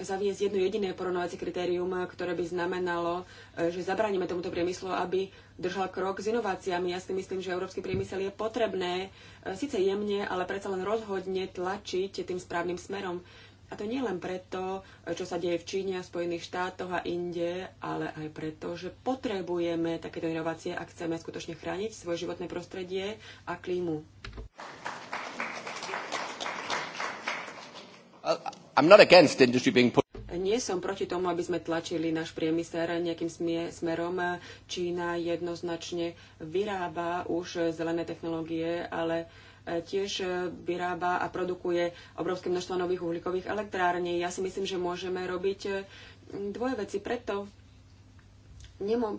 A: zaviesť jedno jediné porovnávacie kritérium, ktoré by znamenalo, e, že zabránime tomuto priemyslu, aby držal krok s inováciami. Ja si myslím, že európsky priemysel je potrebné e, síce jemne, ale predsa len rozhodne tlačiť tým správnym smerom. A to nie len preto, e, čo sa deje v Číne a Spojených štátoch a inde, ale aj preto, že potrebujeme takéto inovácie, ak chceme skutočne chrániť svoje životné prostredie a klímu. I'm not against industry being put nie som proti tomu, aby sme tlačili náš priemysel nejakým smerom. Čína jednoznačne vyrába už zelené technológie, ale e, tiež e, vyrába a produkuje obrovské množstvo nových uhlíkových elektrární. Ja si myslím, že môžeme robiť e, dvoje veci. Preto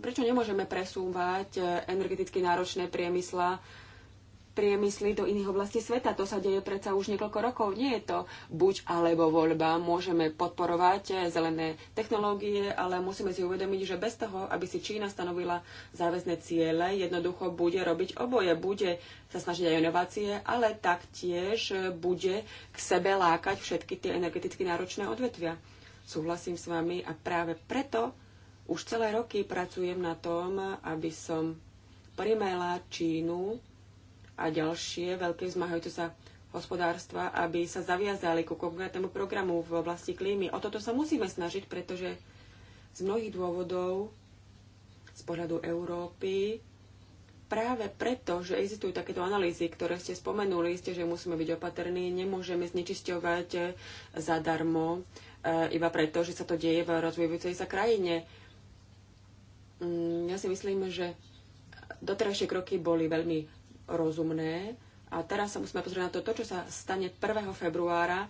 A: prečo nemôžeme presúvať energeticky náročné priemysla priemysly do iných oblastí sveta. To sa deje predsa už niekoľko rokov. Nie je to buď alebo voľba. Môžeme podporovať zelené technológie, ale musíme si uvedomiť, že bez toho, aby si Čína stanovila záväzne ciele, jednoducho bude robiť oboje. Bude sa snažiť aj inovácie, ale taktiež bude k sebe lákať všetky tie energeticky náročné odvetvia. Súhlasím s vami a práve preto už celé roky pracujem na tom, aby som primela Čínu a ďalšie veľké zmahajúce sa hospodárstva, aby sa zaviazali ku konkrétnemu programu v oblasti klímy. O toto sa musíme snažiť, pretože z mnohých dôvodov, z pohľadu Európy, práve preto, že existujú takéto analýzy, ktoré ste spomenuli, ste, že musíme byť opatrní, nemôžeme znečisťovať eh, zadarmo, eh, iba preto, že sa to deje v rozvíjajúcej sa krajine. Mm, ja si myslím, že doterajšie kroky boli veľmi rozumné. A teraz sa musíme pozrieť na to, to, čo sa stane 1. februára.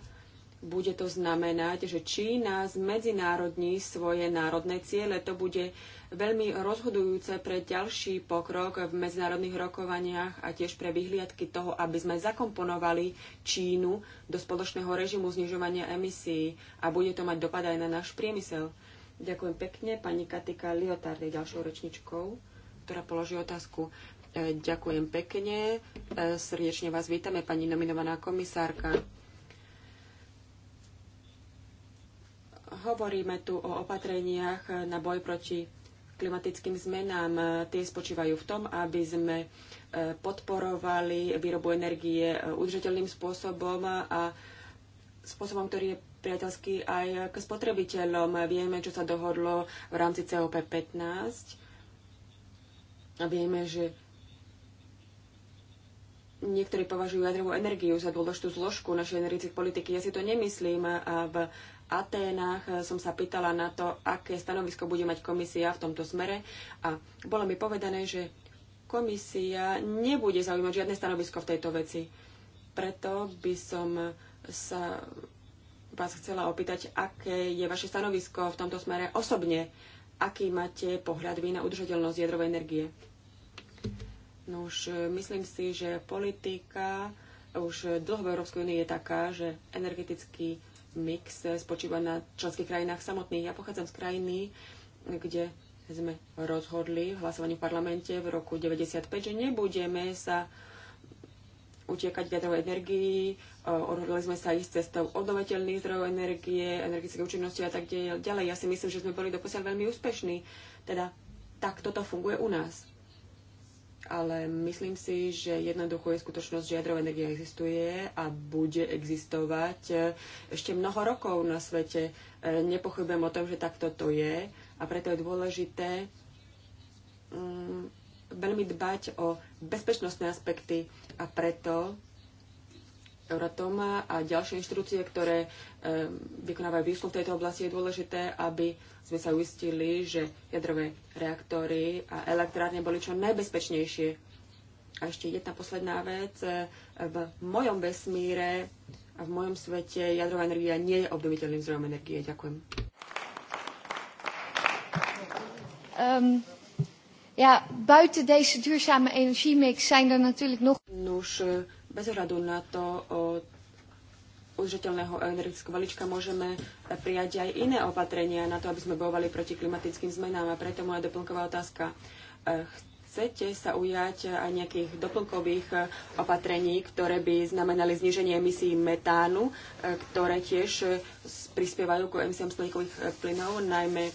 A: Bude to znamenať, že Čína zmedzinárodní svoje národné ciele. To bude veľmi rozhodujúce pre ďalší pokrok v medzinárodných rokovaniach a tiež pre vyhliadky toho, aby sme zakomponovali Čínu do spoločného režimu znižovania emisí a bude to mať dopad aj na náš priemysel. Ďakujem pekne. Pani Katika Liotard je ďalšou rečničkou, ktorá položí otázku. Ďakujem pekne. E, srdečne vás vítame, pani nominovaná komisárka. Hovoríme tu o opatreniach na boj proti klimatickým zmenám. Tie spočívajú v tom, aby sme e, podporovali výrobu energie e, udržateľným spôsobom a spôsobom, ktorý je priateľský aj k spotrebiteľom. Vieme, čo sa dohodlo v rámci COP15. A vieme, že Niektorí považujú jadrovú energiu za dôležitú zložku našej energetickej politiky. Ja si to nemyslím a v Aténach som sa pýtala na to, aké stanovisko bude mať komisia v tomto smere a bolo mi povedané, že komisia nebude zaujímať žiadne stanovisko v tejto veci. Preto by som sa vás chcela opýtať, aké je vaše stanovisko v tomto smere osobne, aký máte pohľad vy na udržateľnosť jadrovej energie. No už e, myslím si, že politika už dlho v Európskej únii je taká, že energetický mix spočíva na členských krajinách samotných. Ja pochádzam z krajiny, kde sme rozhodli v hlasovaní v parlamente v roku 95, že nebudeme sa utiekať k jadrovej energii, e, odhodli sme sa ísť cestou obnoviteľných zdrojov energie, energetické účinnosti a tak ďalej. Ja si myslím, že sme boli doposiaľ veľmi úspešní. Teda tak toto funguje u nás ale myslím si, že jednoducho je skutočnosť, že jadrová energia existuje a bude existovať e, ešte mnoho rokov na svete. E, nepochybujem o tom, že takto to je a preto je dôležité mm, veľmi dbať o bezpečnostné aspekty a preto Euratoma a ďalšie inštitúcie, ktoré eh, vykonávajú výskum v tejto oblasti, je dôležité, aby sme sa uistili, že jadrové reaktory a elektrárne boli čo najbezpečnejšie. A ešte jedna posledná vec. Eh, v mojom vesmíre a v mojom svete jadrová energia nie je obnoviteľným zdrojom energie. Ďakujem. Um, ja, buiten deze duurzame energiemix zijn er natuurlijk nog... Nuž, eh, bez ohľadu na to udržateľného energetického valička môžeme prijať aj iné opatrenia na to, aby sme bojovali proti klimatickým zmenám. A preto moja doplnková otázka. E, chcete sa ujať aj nejakých doplnkových e, opatrení, ktoré by znamenali zníženie emisí metánu, e, ktoré tiež prispievajú k emisiám skleníkových plynov, najmä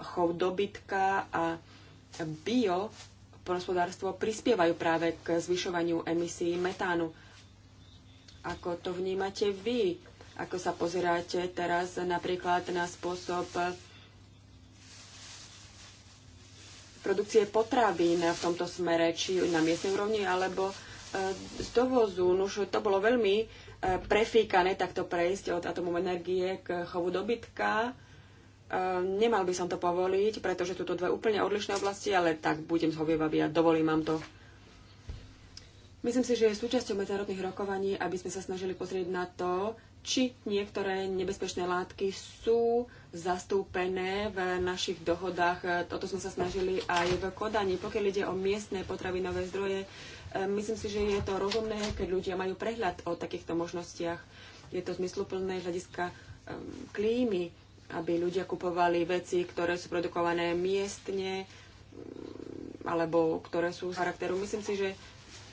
A: chov dobytka a bio poľnospodárstvo prispievajú práve k zvyšovaniu emisí metánu. Ako to vnímate vy? Ako sa pozeráte teraz napríklad na spôsob produkcie potravín v tomto smere, či na miestnej úrovni, alebo e, z dovozu. No už to bolo veľmi e, prefíkané takto prejsť od atomovej energie k chovu dobytka Ehm, nemal by som to povoliť, pretože sú to dve úplne odlišné oblasti, ale tak budem zhovievavý a dovolím vám to. Myslím si, že je súčasťou medzinárodných rokovaní, aby sme sa snažili pozrieť na to, či niektoré nebezpečné látky sú zastúpené v našich dohodách. Toto sme sa snažili aj v Kodani. Pokiaľ ide o miestne potravinové zdroje, ehm, myslím si, že je to rozumné, keď ľudia majú prehľad o takýchto možnostiach. Je to zmysluplné hľadiska ehm, klímy aby ľudia kupovali veci, ktoré sú produkované miestne mm, alebo ktoré sú z charakteru. Myslím si, že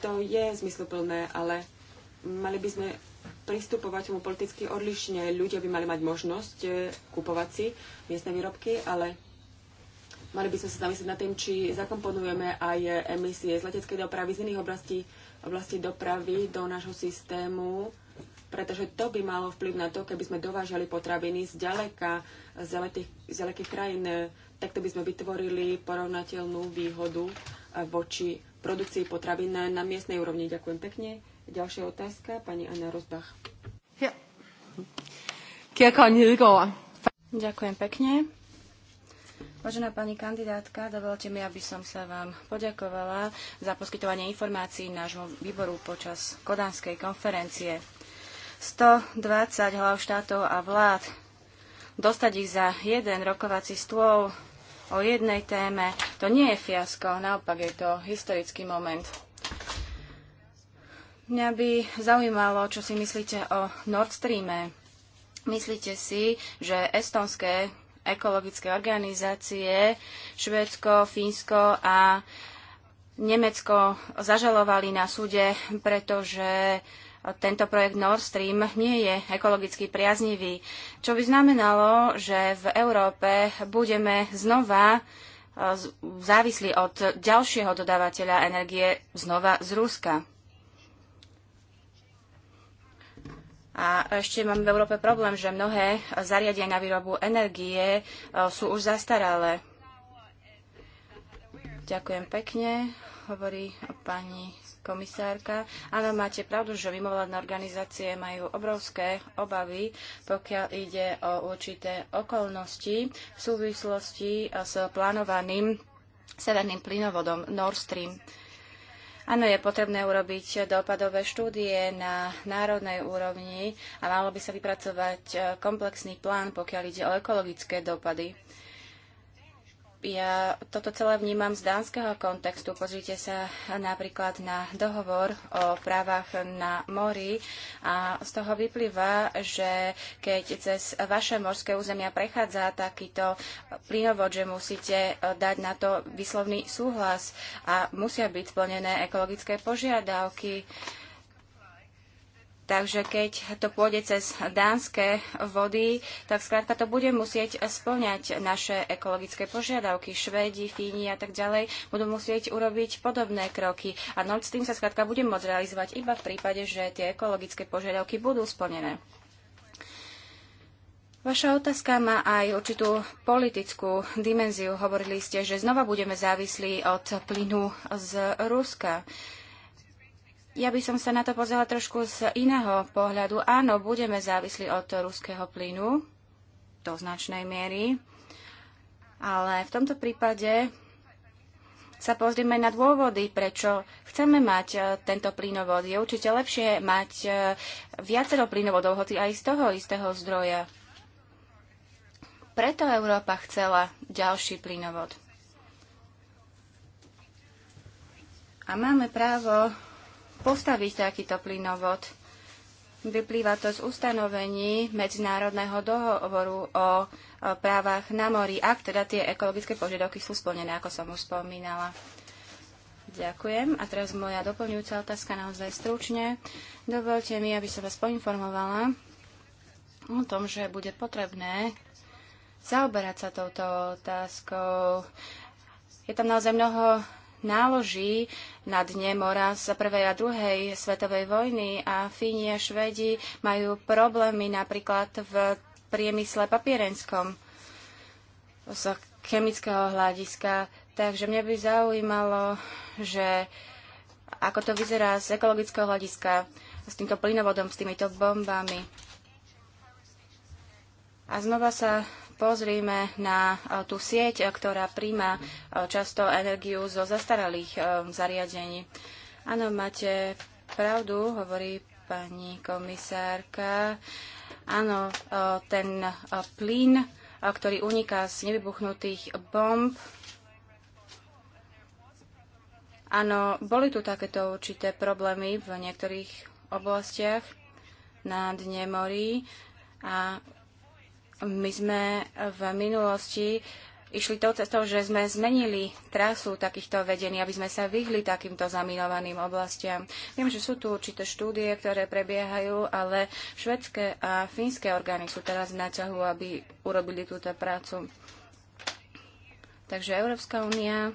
A: to je zmysluplné, ale mali by sme pristupovať mu politicky odlišne. Ľudia by mali mať možnosť e, kupovať si miestne výrobky, ale mali by sme sa zamyslieť nad tým, či zakomponujeme aj emisie z leteckej dopravy z iných oblastí, oblasti dopravy do nášho systému pretože to by malo vplyv na to, keby sme dovážali potraviny z ďaleka, z, ďalekých, z ďalekých krajín, eh, takto by sme vytvorili porovnateľnú výhodu eh, voči produkcii potravín na miestnej úrovni. Ďakujem pekne. Ďalšia otázka, pani Anna Rozbach. Ja.
B: Ďakujem pekne. Vážená pani kandidátka, dovolte mi, aby som sa vám poďakovala za poskytovanie informácií nášmu výboru počas Kodanskej konferencie. 120 hlav štátov a vlád, dostať ich za jeden rokovací stôl o jednej téme, to nie je fiasko, naopak je to historický moment. Mňa by zaujímalo, čo si myslíte o Nord Streame. Myslíte si, že estonské ekologické organizácie Švédsko, Fínsko a Nemecko zažalovali na súde, pretože tento projekt Nord Stream nie je ekologicky priaznivý, čo by znamenalo, že v Európe budeme znova e, závislí od ďalšieho dodávateľa energie znova z Ruska. A ešte máme v Európe problém, že mnohé zariadenia na výrobu energie e, sú už zastaralé. Ďakujem pekne, hovorí pani komisárka. Áno, máte pravdu, že mimovládne organizácie majú obrovské obavy, pokiaľ ide o určité okolnosti v súvislosti s plánovaným severným plynovodom Nord Stream. Áno, je potrebné urobiť dopadové štúdie na národnej úrovni a malo by sa vypracovať komplexný plán, pokiaľ ide o ekologické dopady. Ja toto celé vnímam z dánskeho kontextu. Pozrite sa napríklad na dohovor o právach na mori a z toho vyplýva, že keď cez vaše morské územia prechádza takýto plynovod, že musíte e, dať na to výslovný súhlas a musia byť splnené ekologické požiadavky. Takže keď to pôjde cez dánske vody, tak skrátka to bude musieť splňať naše ekologické požiadavky. Švédi, Fíni a tak ďalej budú musieť urobiť podobné kroky. A noc tým sa skrátka bude môcť realizovať iba v prípade, že tie ekologické požiadavky budú splnené. Vaša otázka má aj určitú politickú dimenziu. Hovorili ste, že znova budeme závislí od plynu z Ruska. Uh, ja by som sa na to pozrela trošku z iného pohľadu. Áno, budeme závisli od ruského plynu do značnej miery, ale v tomto prípade sa pozrieme na dôvody, prečo chceme mať e, tento plynovod. Je určite lepšie mať e, viacero plynovodov, hoci aj z toho istého zdroja. Preto Európa chcela ďalší plynovod. A máme právo postaviť takýto plynovod. Vyplýva to z ustanovení Medzinárodného dohovoru o právach na mori, ak teda tie ekologické požiadavky sú splnené, ako som už spomínala. Ďakujem. A teraz moja doplňujúca otázka naozaj stručne. Dovolte mi, aby som vás poinformovala o tom, že bude potrebné zaoberať sa touto otázkou. Je tam naozaj mnoho náloží na dne mora z prvej a druhej svetovej vojny a Fíni a Švedi majú problémy napríklad v priemysle papierenskom z chemického hľadiska. Takže mňa by zaujímalo, že ako to vyzerá z ekologického hľadiska s týmto plynovodom, s týmito bombami. A znova sa pozrime na e, tú sieť, e, ktorá príjma e, často energiu zo zastaralých zariadení. Áno, máte pravdu, hovorí pani komisárka. Áno, ten plyn, ktorý uniká z nevybuchnutých bomb, Áno, boli tu takéto určité problémy v niektorých oblastiach na dne morí a my sme v minulosti išli tou cestou, že sme zmenili trasu takýchto vedení, aby sme sa vyhli takýmto zaminovaným oblastiam. Viem, že sú tu určité štúdie, ktoré prebiehajú, ale švedské a fínske orgány sú teraz v náťahu, aby urobili túto prácu. Takže Európska únia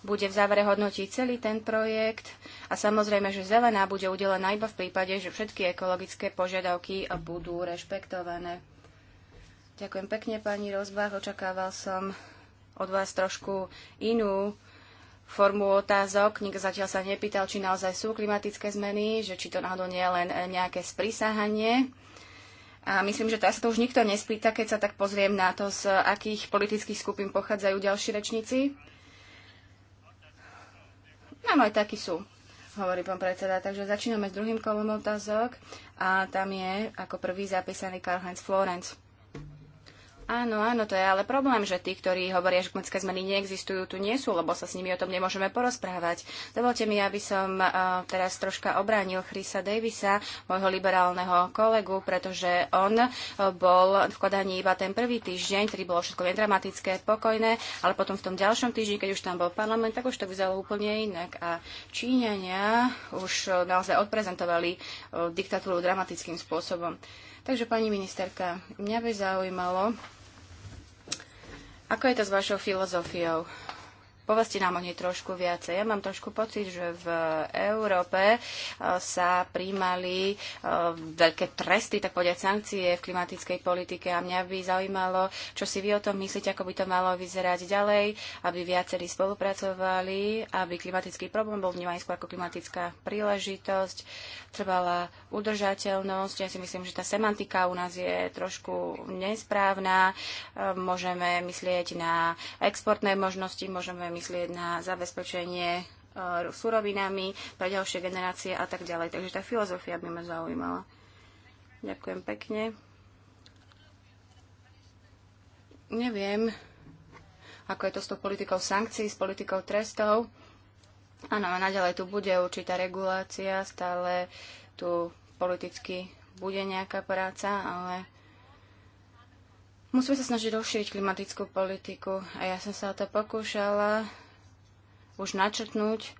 B: bude v závere hodnotiť celý ten projekt a samozrejme, že zelená bude udelená iba v prípade, že všetky ekologické požiadavky budú rešpektované. Ďakujem pekne, pani Rozbach. Očakával som od vás trošku inú formu otázok. Nikto zatiaľ sa nepýtal, či naozaj sú klimatické zmeny, že či to náhodou nie je len nejaké sprísahanie. A myslím, že teraz sa to už nikto nespýta, keď sa tak pozriem na to, z akých politických skupín pochádzajú ďalší rečníci. Áno, aj takí sú hovorí pán predseda. Takže začíname s druhým kolom otázok a tam je ako prvý zapísaný Karl-Heinz Florence. Áno, áno, to je ale problém, že tí, ktorí hovoria, že kmecké zmeny neexistujú, tu nie sú, lebo sa s nimi o tom nemôžeme porozprávať. Dovolte mi, aby som uh, teraz troška obránil Chrisa Davisa, môjho liberálneho kolegu, pretože on uh, bol v kodaní iba ten prvý týždeň, ktorý bolo všetko dramatické, pokojné, ale potom v tom ďalšom týždni, keď už tam bol parlament, tak už to vyzeralo úplne inak. A Číňania už uh, naozaj odprezentovali uh, diktatúru dramatickým spôsobom. Takže, pani ministerka, mňa by zaujímalo, ako je to s vašou filozofiou? Povedzte nám o nej trošku viacej. Ja mám trošku pocit, že v Európe e, sa príjmali e, veľké tresty, tak povedať sankcie v klimatickej politike a mňa by zaujímalo, čo si vy o tom myslíte, ako by to malo vyzerať ďalej, aby viacerí spolupracovali, aby klimatický problém bol vnímaný skôr ako klimatická príležitosť, trvalá udržateľnosť. Ja si myslím, že tá semantika u nás je trošku nesprávna. E, môžeme myslieť na exportné možnosti, môžeme myslieť na zabezpečenie e, surovinami pre ďalšie generácie a tak ďalej. Takže tá filozofia by ma zaujímala. Ďakujem pekne. Neviem, ako je to s tou politikou sankcií, s politikou trestov. Áno, a naďalej tu bude určitá regulácia, stále tu politicky bude nejaká práca, ale Musíme sa snažiť rozšíriť klimatickú politiku a ja som sa o to pokúšala už načrtnúť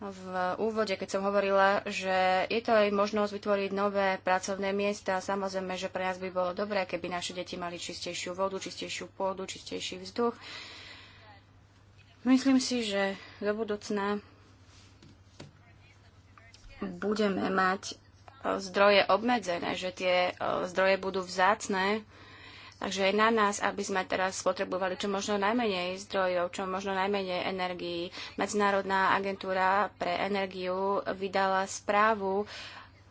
B: v úvode, keď som hovorila, že je to aj možnosť vytvoriť nové pracovné miesta. Samozrejme, že pre nás by bolo dobré, keby naše deti mali čistejšiu vodu, čistejšiu pôdu, čistejší vzduch. Myslím si, že do budúcna budeme mať zdroje obmedzené, že tie e, zdroje budú vzácné. Takže je na nás, aby sme teraz spotrebovali čo možno najmenej zdrojov, čo možno najmenej energií. Medzinárodná agentúra pre energiu vydala správu,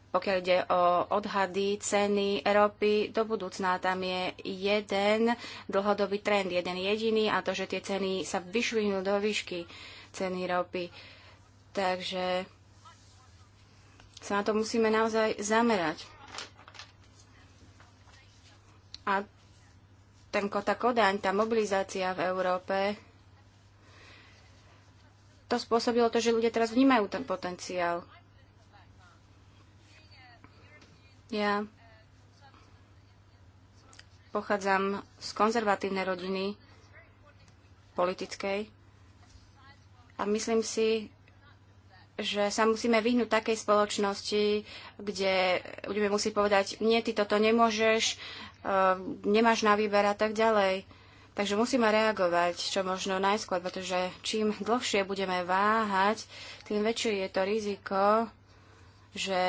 B: pokiaľ ide o odhady ceny ropy do budúcna. Tam je jeden dlhodobý trend, jeden jediný, a to, že tie ceny sa vyšvihnú do výšky ceny ropy. Takže sa na to musíme naozaj zamerať. A ten kota Kodaň, tá mobilizácia v Európe, to spôsobilo to, že ľudia teraz vnímajú ten potenciál. Ja pochádzam z konzervatívnej rodiny politickej a myslím si, že sa musíme vyhnúť takej spoločnosti, kde budeme musí povedať, nie, ty toto nemôžeš, eh, nemáš na výber a tak ďalej. Takže musíme reagovať čo možno najskôr, pretože čím dlhšie budeme váhať, tým väčšie je to riziko, že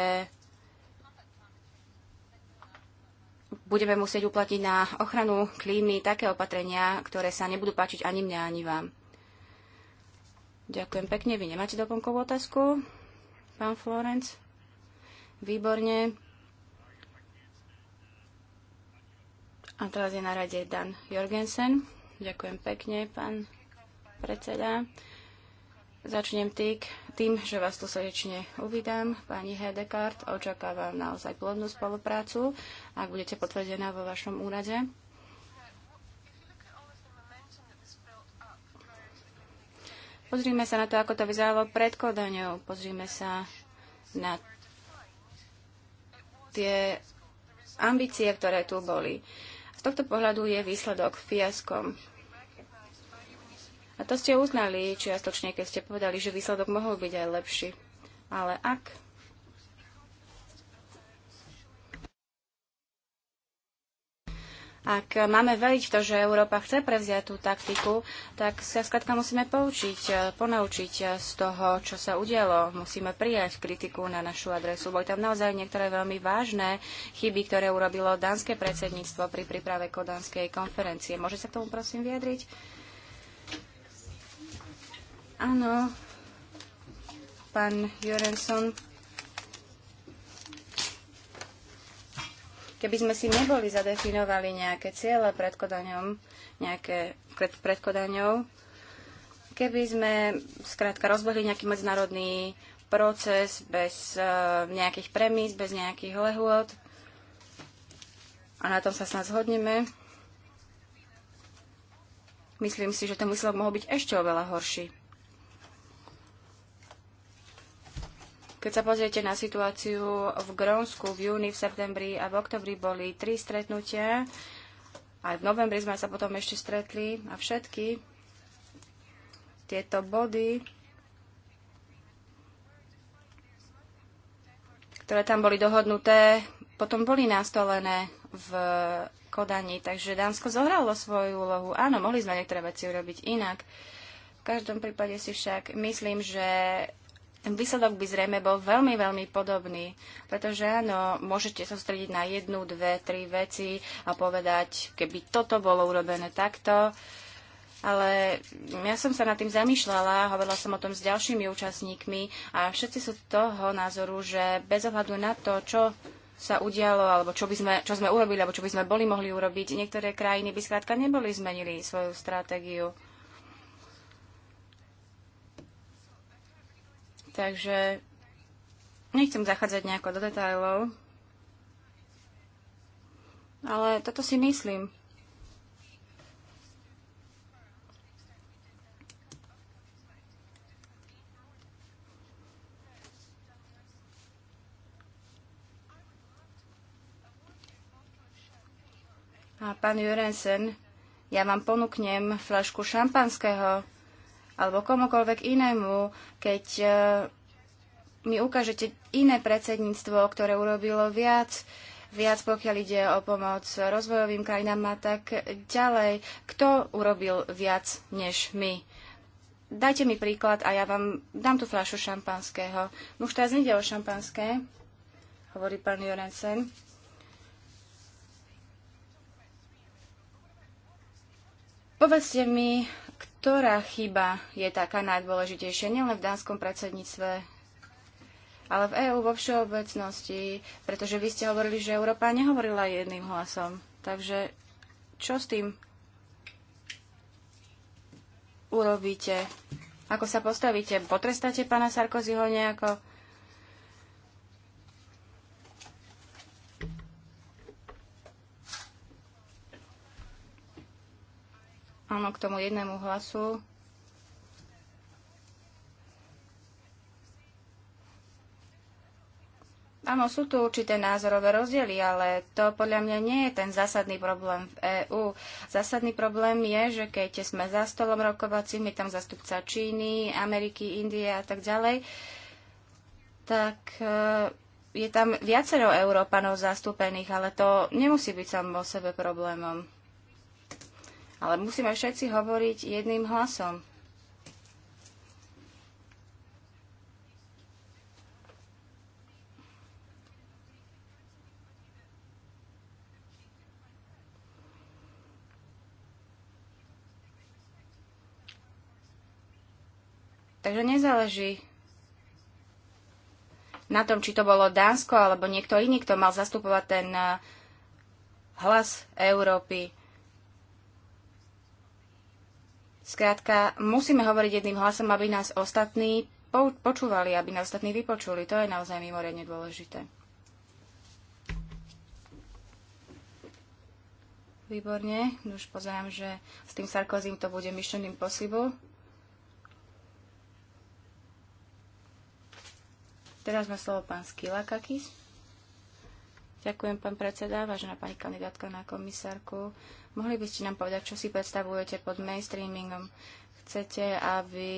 B: budeme musieť uplatniť na ochranu klímy také opatrenia, ktoré sa nebudú páčiť ani mňa, ani vám. Ďakujem pekne. Vy nemáte doplnkovú otázku? Pán Florenc? Výborne. A teraz je na rade Dan Jorgensen. Ďakujem pekne, pán predseda. Začnem týk, tým, že vás tu srdečne uvítam. Pani Hedekart, očakávam naozaj plodnú spoluprácu, ak budete potvrdená vo vašom úrade. Pozrime sa na to, ako to vyzeralo pred Kodaňou. Pozrime sa na tie ambície, ktoré tu boli. Z tohto pohľadu je výsledok fiaskom. A to ste uznali čiastočne, keď ste povedali, že výsledok mohol byť aj lepší. Ale ak Ak máme veriť v to, že Európa chce prevziať tú taktiku, tak sa skladka musíme poučiť, e, ponaučiť e, z toho, čo sa udialo. Musíme prijať kritiku na našu adresu. Boli tam naozaj niektoré veľmi vážne chyby, ktoré urobilo dánske predsedníctvo pri príprave kodanskej konferencie. Môže sa k tomu prosím vyjadriť? Áno, pán Jurenson, Keby sme si neboli zadefinovali nejaké ciele pred kodaňom, nejaké pred, pred kodaňou, keby sme skrátka rozbehli nejaký medzinárodný proces bez uh, nejakých premís, bez nejakých lehôd a na tom sa snad zhodneme, myslím si, že ten výsledok mohol byť ešte oveľa horší. Keď sa pozriete na situáciu v Grónsku v júni, v septembri a v oktobri boli tri stretnutia, aj v novembri sme sa potom ešte stretli a všetky tieto body, ktoré tam boli dohodnuté, potom boli nastolené v Kodani. Takže Dánsko zohralo svoju úlohu. Áno, mohli sme niektoré veci urobiť inak. V každom prípade si však myslím, že ten výsledok by zrejme bol veľmi, veľmi podobný, pretože áno, môžete sústrediť na jednu, dve, tri veci a povedať, keby toto bolo urobené takto, ale ja som sa nad tým zamýšľala, hovorila som o tom s ďalšími účastníkmi a všetci sú toho názoru, že bez ohľadu na to, čo sa udialo, alebo čo, by sme, čo sme urobili, alebo čo by sme boli mohli urobiť, niektoré krajiny by skrátka neboli zmenili svoju stratégiu. Takže nechcem zachádzať nejako do detajlov, ale toto si myslím. A pán Jurensen, ja vám ponúknem flašku šampanského alebo komukoľvek inému, keď e, mi ukážete iné predsedníctvo, ktoré urobilo viac, viac pokiaľ ide o pomoc rozvojovým krajinám a tak ďalej. Kto urobil viac než my? Dajte mi príklad a ja vám dám tú fľašu šampanského. Už teraz nejde o šampanské, hovorí pán Jorensen. Povedzte mi, ktorá chyba je taká najdôležitejšia nielen v dánskom predsedníctve, ale v EÚ vo všeobecnosti, pretože vy ste hovorili, že Európa nehovorila jedným hlasom. Takže čo s tým urobíte? Ako sa postavíte? Potrestáte pána Sarkozyho nejako? Áno, k tomu jednému hlasu. Áno, sú tu určité názorové rozdiely, ale to podľa mňa nie je ten zásadný problém v EÚ. Zásadný problém je, že keď sme za stolom rokovacím, je tam zastupca Číny, Ameriky, Indie a tak ďalej, tak e, je tam viacero Európanov zastúpených, ale to nemusí byť samo o sebe problémom. Ale musíme všetci hovoriť jedným hlasom. Takže nezáleží na tom, či to bolo Dánsko alebo niekto iný, kto mal zastupovať ten eh, hlas Európy. Skrátka, musíme hovoriť jedným hlasom, aby nás ostatní počúvali, aby nás ostatní vypočuli. To je naozaj mimoriadne dôležité. Výborne, už pozerám, že s tým Sarkozym to bude mission impossible. Teraz má slovo pán Skilakakis. Ďakujem, pán predseda, vážená pani kandidátka na komisárku. Mohli by ste nám povedať, čo si predstavujete pod mainstreamingom? Chcete, aby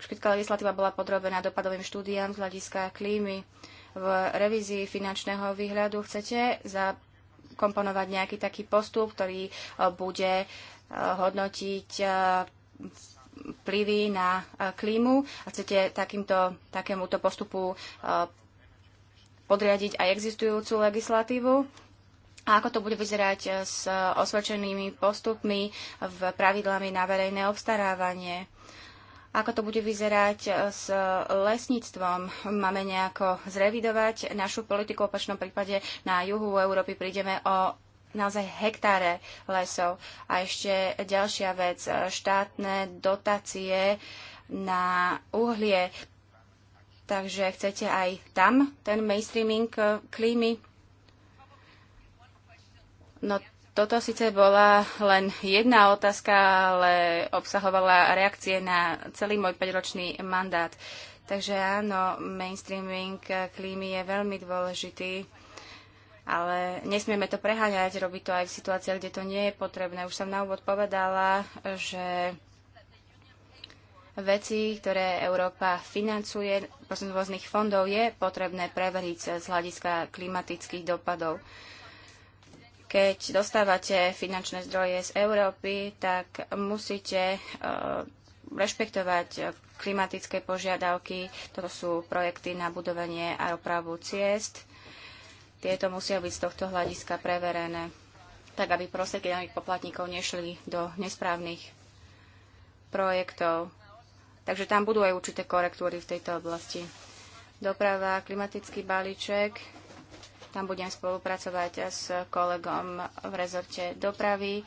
B: všetká legislatíva bola podrobená dopadovým štúdiám z hľadiska klímy? V revízii finančného výhľadu chcete zakomponovať nejaký taký postup, ktorý e, bude e, hodnotiť e, vplyvy na klímu a chcete takýmto, takémuto postupu podriadiť aj existujúcu legislatívu? A ako to bude vyzerať eh, s osvedčenými postupmi v pravidlami na verejné obstarávanie? Ako to bude vyzerať eh, s lesníctvom? Máme nejako zrevidovať našu politiku? V opačnom prípade na juhu Európy prídeme o naozaj hektáre lesov. A ešte ďalšia vec, eh, štátne dotácie na uhlie. Takže chcete aj tam ten mainstreaming eh, klímy? No toto síce bola len jedna otázka, ale obsahovala reakcie na celý môj 5-ročný mandát. Takže áno, mainstreaming eh, klímy je veľmi dôležitý, ale nesmieme to preháňať, robiť to aj v situáciách, kde to nie je potrebné. Už som na úvod povedala, že vecí, ktoré Európa financuje z rôznych fondov, je potrebné preveriť z hľadiska klimatických dopadov. Keď dostávate finančné zdroje z Európy, tak musíte uh, rešpektovať klimatické požiadavky. Toto sú projekty na budovanie a opravu ciest. Tieto musia byť z tohto hľadiska preverené, tak aby prostriedky daných poplatníkov nešli do nesprávnych projektov. Takže tam budú aj určité korektúry v tejto oblasti. Doprava, klimatický balíček. Tam budem spolupracovať s kolegom v rezorte dopravy.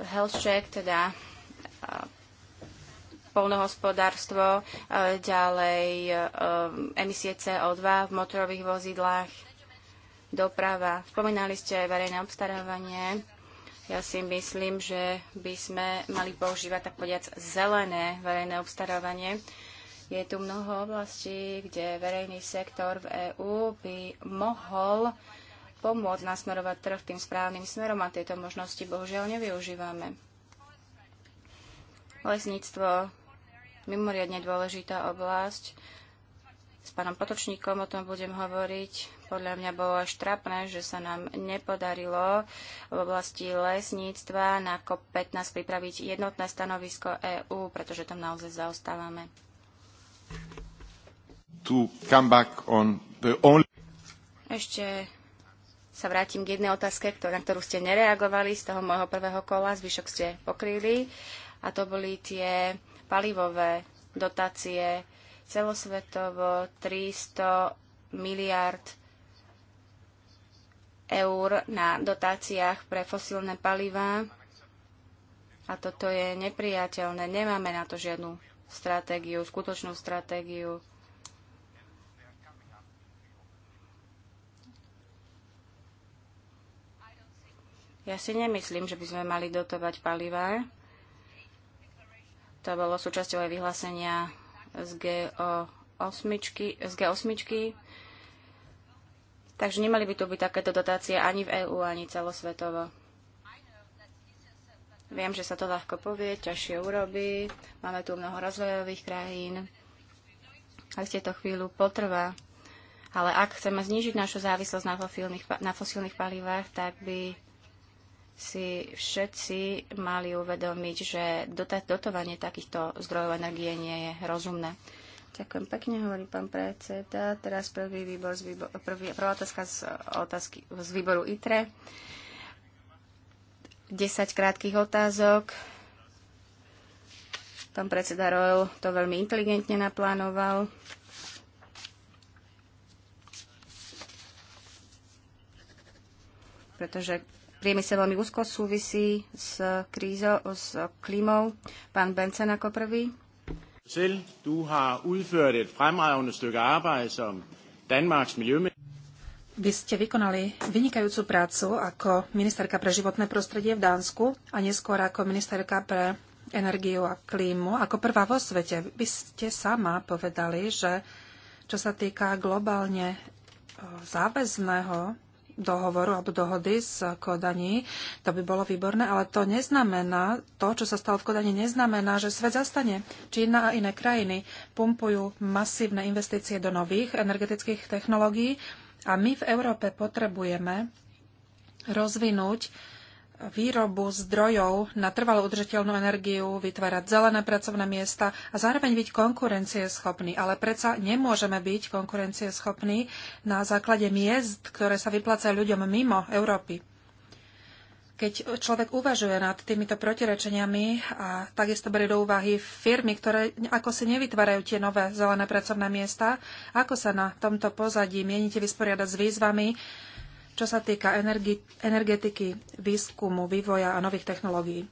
B: Health check, teda polnohospodárstvo, ďalej emisie CO2 v motorových vozidlách, doprava. Spomínali ste aj verejné obstarávanie. Ja si myslím, že by sme mali používať tak povediac zelené verejné obstarávanie. Je tu mnoho oblastí, kde verejný sektor v EÚ by mohol pomôcť nasmerovať trh tým správnym smerom a tieto možnosti bohužiaľ nevyužívame. Lesníctvo, mimoriadne dôležitá oblasť. S pánom Potočníkom o tom budem hovoriť. Podľa mňa bolo až trapné, že sa nám nepodarilo v oblasti lesníctva na COP15 pripraviť jednotné stanovisko EÚ, pretože tam naozaj zaostávame. Only... Ešte sa vrátim k jednej otázke, na ktorú ste nereagovali z toho môjho prvého kola, zvyšok ste pokryli a to boli tie palivové dotácie celosvetovo 300 miliard eur na dotáciách pre fosílne palivá. A toto je nepriateľné. Nemáme na to žiadnu stratégiu, skutočnú stratégiu. Ja si nemyslím, že by sme mali dotovať palivá. To bolo súčasťové vyhlásenia z G8. Z G8 Takže nemali by tu byť takéto dotácie ani v EÚ, ani celosvetovo. Viem, že sa to ľahko povie, ťažšie urobí. Máme tu mnoho rozvojových krajín. A ste to chvíľu potrvá. Ale ak chceme znížiť našu závislosť na na fosílnych palivách, tak by si všetci mali uvedomiť, že dotovanie takýchto zdrojov energie nie je rozumné. Ďakujem pekne, hovorí pán predseda. Teraz prvý výbor z výbor, prvý, prvá otázka z, otázky, z výboru ITRE. 10 krátkých otázok. Pán predseda Royal to veľmi inteligentne naplánoval. Pretože priemysel veľmi úzko súvisí s, krízou, s klímou. Pán Bencen ako prvý
C: selv. Du har udført et fremragende stykke arbejde som Danmarks miljøminister. Vy ste vykonali vynikajúcu prácu ako ministerka pre životné prostredie v Dánsku a neskôr ako ministerka pre energiu a klímu. Ako prvá vo svete, vy ste sama povedali, že čo sa týka globálne e, záväzného dohovoru alebo dohody z Kodaní. To by bolo výborné, ale to neznamená, to, čo sa stalo v Kodani, neznamená, že svet zastane. Čína a iné krajiny pumpujú masívne investície do nových energetických technológií a my v Európe potrebujeme rozvinúť výrobu zdrojov na trvalo udržateľnú energiu, vytvárať zelené pracovné miesta a zároveň byť konkurencieschopný. Ale predsa nemôžeme byť konkurencieschopní na základe miest, ktoré sa vyplácajú ľuďom mimo Európy. Keď človek uvažuje nad týmito protirečeniami a takisto berie do úvahy firmy, ktoré ako si nevytvárajú tie nové zelené pracovné miesta, ako sa na tomto pozadí mienite vysporiadať s výzvami, čo sa týka energi- energetiky, výskumu, vývoja a nových technológií.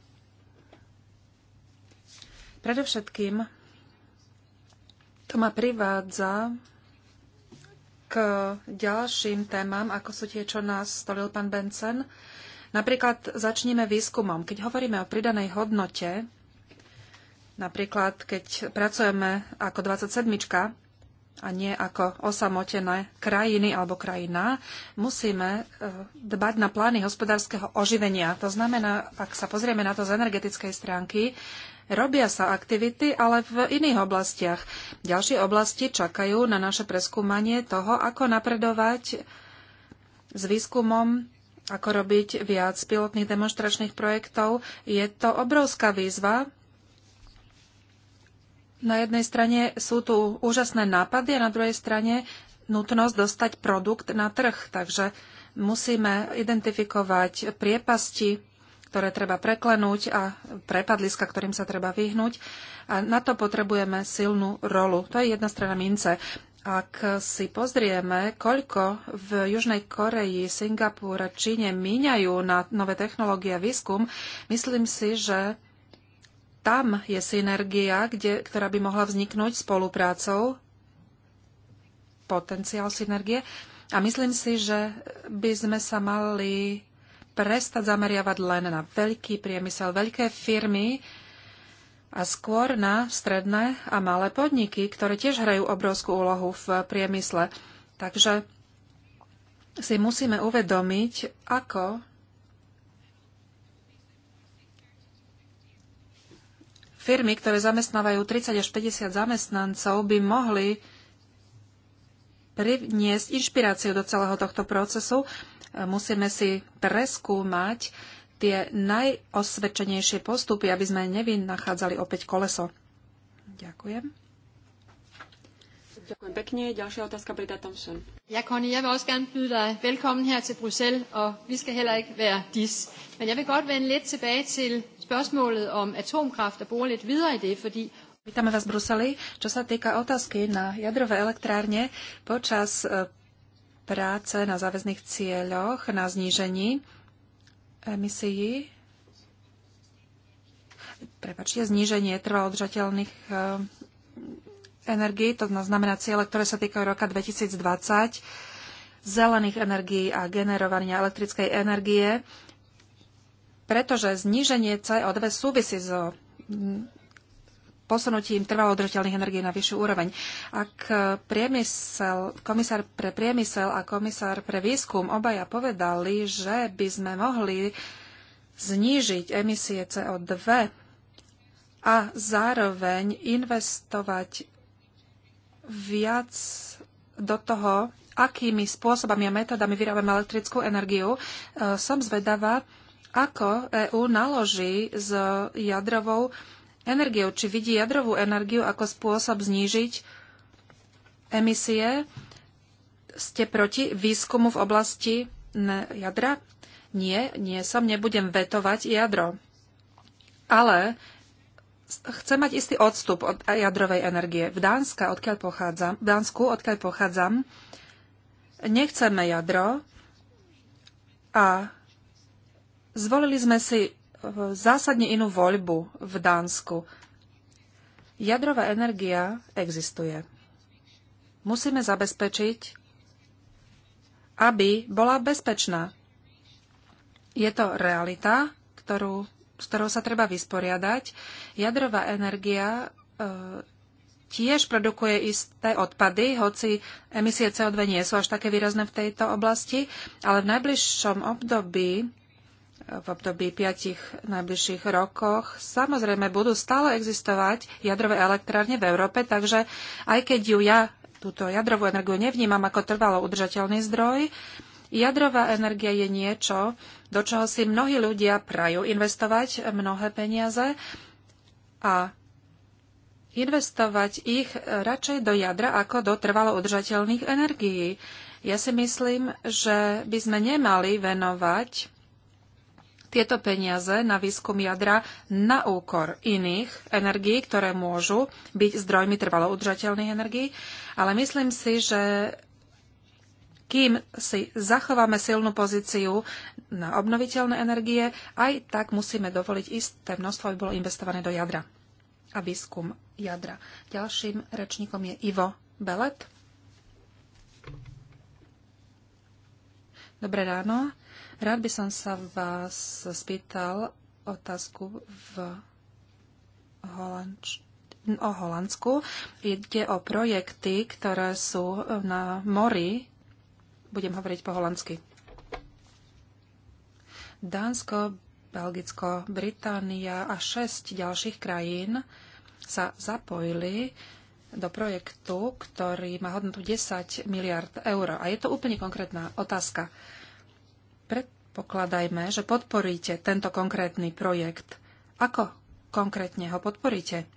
C: Predovšetkým to ma privádza k ďalším témam, ako sú tie, čo nás stolil pán Bencen. Napríklad začneme výskumom. Keď hovoríme o pridanej hodnote, napríklad keď pracujeme ako 27 a nie ako osamotené krajiny alebo krajina, musíme e, dbať na plány hospodárskeho oživenia. To znamená, ak sa pozrieme na to z energetickej stránky, robia sa aktivity, ale v iných oblastiach. Ďalšie oblasti čakajú na naše preskúmanie toho, ako napredovať s výskumom ako robiť viac pilotných demonstračných projektov. Je to obrovská výzva, na jednej strane sú tu úžasné nápady a na druhej strane nutnosť dostať produkt na trh. Takže musíme identifikovať priepasti, ktoré treba preklenúť a prepadliska, ktorým sa treba vyhnúť. A na to potrebujeme silnú rolu. To je jedna strana mince. Ak si pozrieme, koľko v Južnej Koreji, Singapúre, Číne míňajú na nové technológie a výskum, myslím si, že tam je synergia, kde, ktorá by mohla vzniknúť spoluprácou, potenciál synergie. A myslím si, že by sme sa mali prestať zameriavať len na veľký priemysel, veľké firmy a skôr na stredné a malé podniky, ktoré tiež hrajú obrovskú úlohu v priemysle. Takže si musíme uvedomiť, ako Firmy, ktoré zamestnávajú 30 až 50 zamestnancov, by mohli priniesť inšpiráciu do celého tohto procesu. E, musíme si preskúmať tie najosvedčenejšie postupy, aby sme nevynachádzali opäť koleso. Ďakujem.
A: Ďakujem pekne. Ďalšia otázka Brita Thompson.
C: Ja, Connie, jeg vil også gerne byde dig velkommen her til Bruxelles, og vi skal heller ikke være dis. Men jeg vil godt vende lidt tilbage til spørgsmålet om atomkraft og bore lidt videre i det, fordi Vítame vás v Bruseli. Čo sa týka otázky na jadrové elektrárne, počas e, práce na záväzných cieľoch na znížení emisií, prepačte, zníženie trvalodržateľných e, energii, to znamená ciele, ktoré sa týkajú roka 2020, zelených energií a generovania elektrickej energie, pretože zníženie CO2 súvisí so posunutím trvalo udržateľných energií na vyššiu úroveň. Ak e, priemysel, komisár pre priemysel a komisár pre výskum obaja povedali, že by sme mohli znížiť emisie CO2 a zároveň investovať viac do toho, akými spôsobami a metodami vyrábame elektrickú energiu. E, som zvedavá, ako EÚ naloží s jadrovou energiou. Či vidí jadrovú energiu ako spôsob znížiť emisie? Ste proti výskumu v oblasti jadra? Nie, nie som, nebudem vetovať jadro. Ale chce mať istý odstup od jadrovej energie. V, Dánska, odkiaľ pochádzam, v Dánsku, odkiaľ pochádzam, nechceme jadro a zvolili sme si e, zásadne inú voľbu v Dánsku. Jadrová energia existuje. Musíme zabezpečiť, aby bola bezpečná. Je to realita, ktorú s ktorou sa treba vysporiadať. Jadrová energia e, tiež produkuje isté odpady, hoci emisie CO2 nie sú až také výrazné v tejto oblasti, ale v najbližšom období e, v období piatich najbližších rokoch. Samozrejme, budú stále existovať jadrové elektrárne v Európe, takže aj keď ju ja túto jadrovú energiu nevnímam ako trvalo udržateľný zdroj, Jadrová energia je niečo, do čoho si mnohí ľudia prajú investovať mnohé peniaze a investovať ich radšej do jadra ako do trvalo udržateľných energií. Ja si myslím, že by sme nemali venovať tieto peniaze na výskum jadra na úkor iných energií, ktoré môžu byť zdrojmi trvalo udržateľných energií, ale myslím si, že kým si zachováme silnú pozíciu na obnoviteľné energie, aj tak musíme dovoliť isté množstvo, aby bolo investované do jadra a výskum jadra. Ďalším rečníkom je Ivo Belet. Dobré ráno. Rád by som sa vás spýtal otázku v Holandč- o Holandsku. Ide o projekty, ktoré sú na mori budem hovoriť po holandsky. Dánsko, Belgicko, Británia a šesť ďalších krajín sa zapojili do projektu, ktorý má hodnotu 10 miliard eur. A je to úplne konkrétna otázka. Predpokladajme, že podporíte tento konkrétny projekt. Ako konkrétne ho podporíte?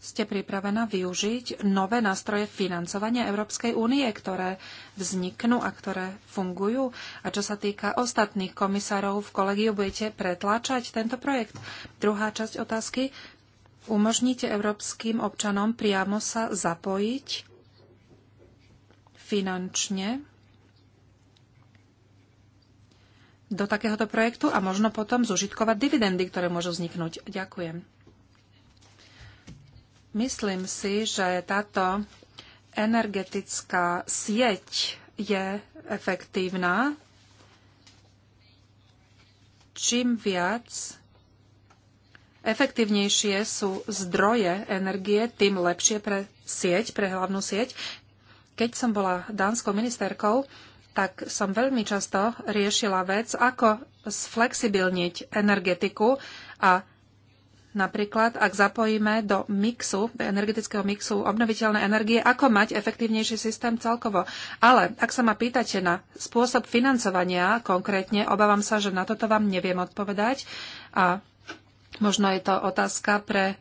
C: ste pripravená využiť nové nástroje financovania Európskej únie, ktoré vzniknú a ktoré fungujú? A čo sa týka ostatných komisárov v kolegiu, budete pretláčať tento projekt? Druhá časť otázky. Umožníte európskym občanom priamo sa zapojiť finančne do takéhoto projektu a možno potom zužitkovať dividendy, ktoré môžu vzniknúť. Ďakujem. Myslím si, že táto energetická sieť je efektívna. Čím viac efektívnejšie sú zdroje energie, tým lepšie pre sieť, pre hlavnú sieť. Keď som bola dánskou ministerkou, tak som veľmi často riešila vec, ako sflexibilniť energetiku a Napríklad, ak zapojíme do mixu, do energetického mixu obnoviteľné energie, ako mať efektívnejší systém celkovo. Ale ak sa ma pýtate na spôsob financovania konkrétne, obávam sa, že na toto vám neviem odpovedať. A možno je to otázka pre e,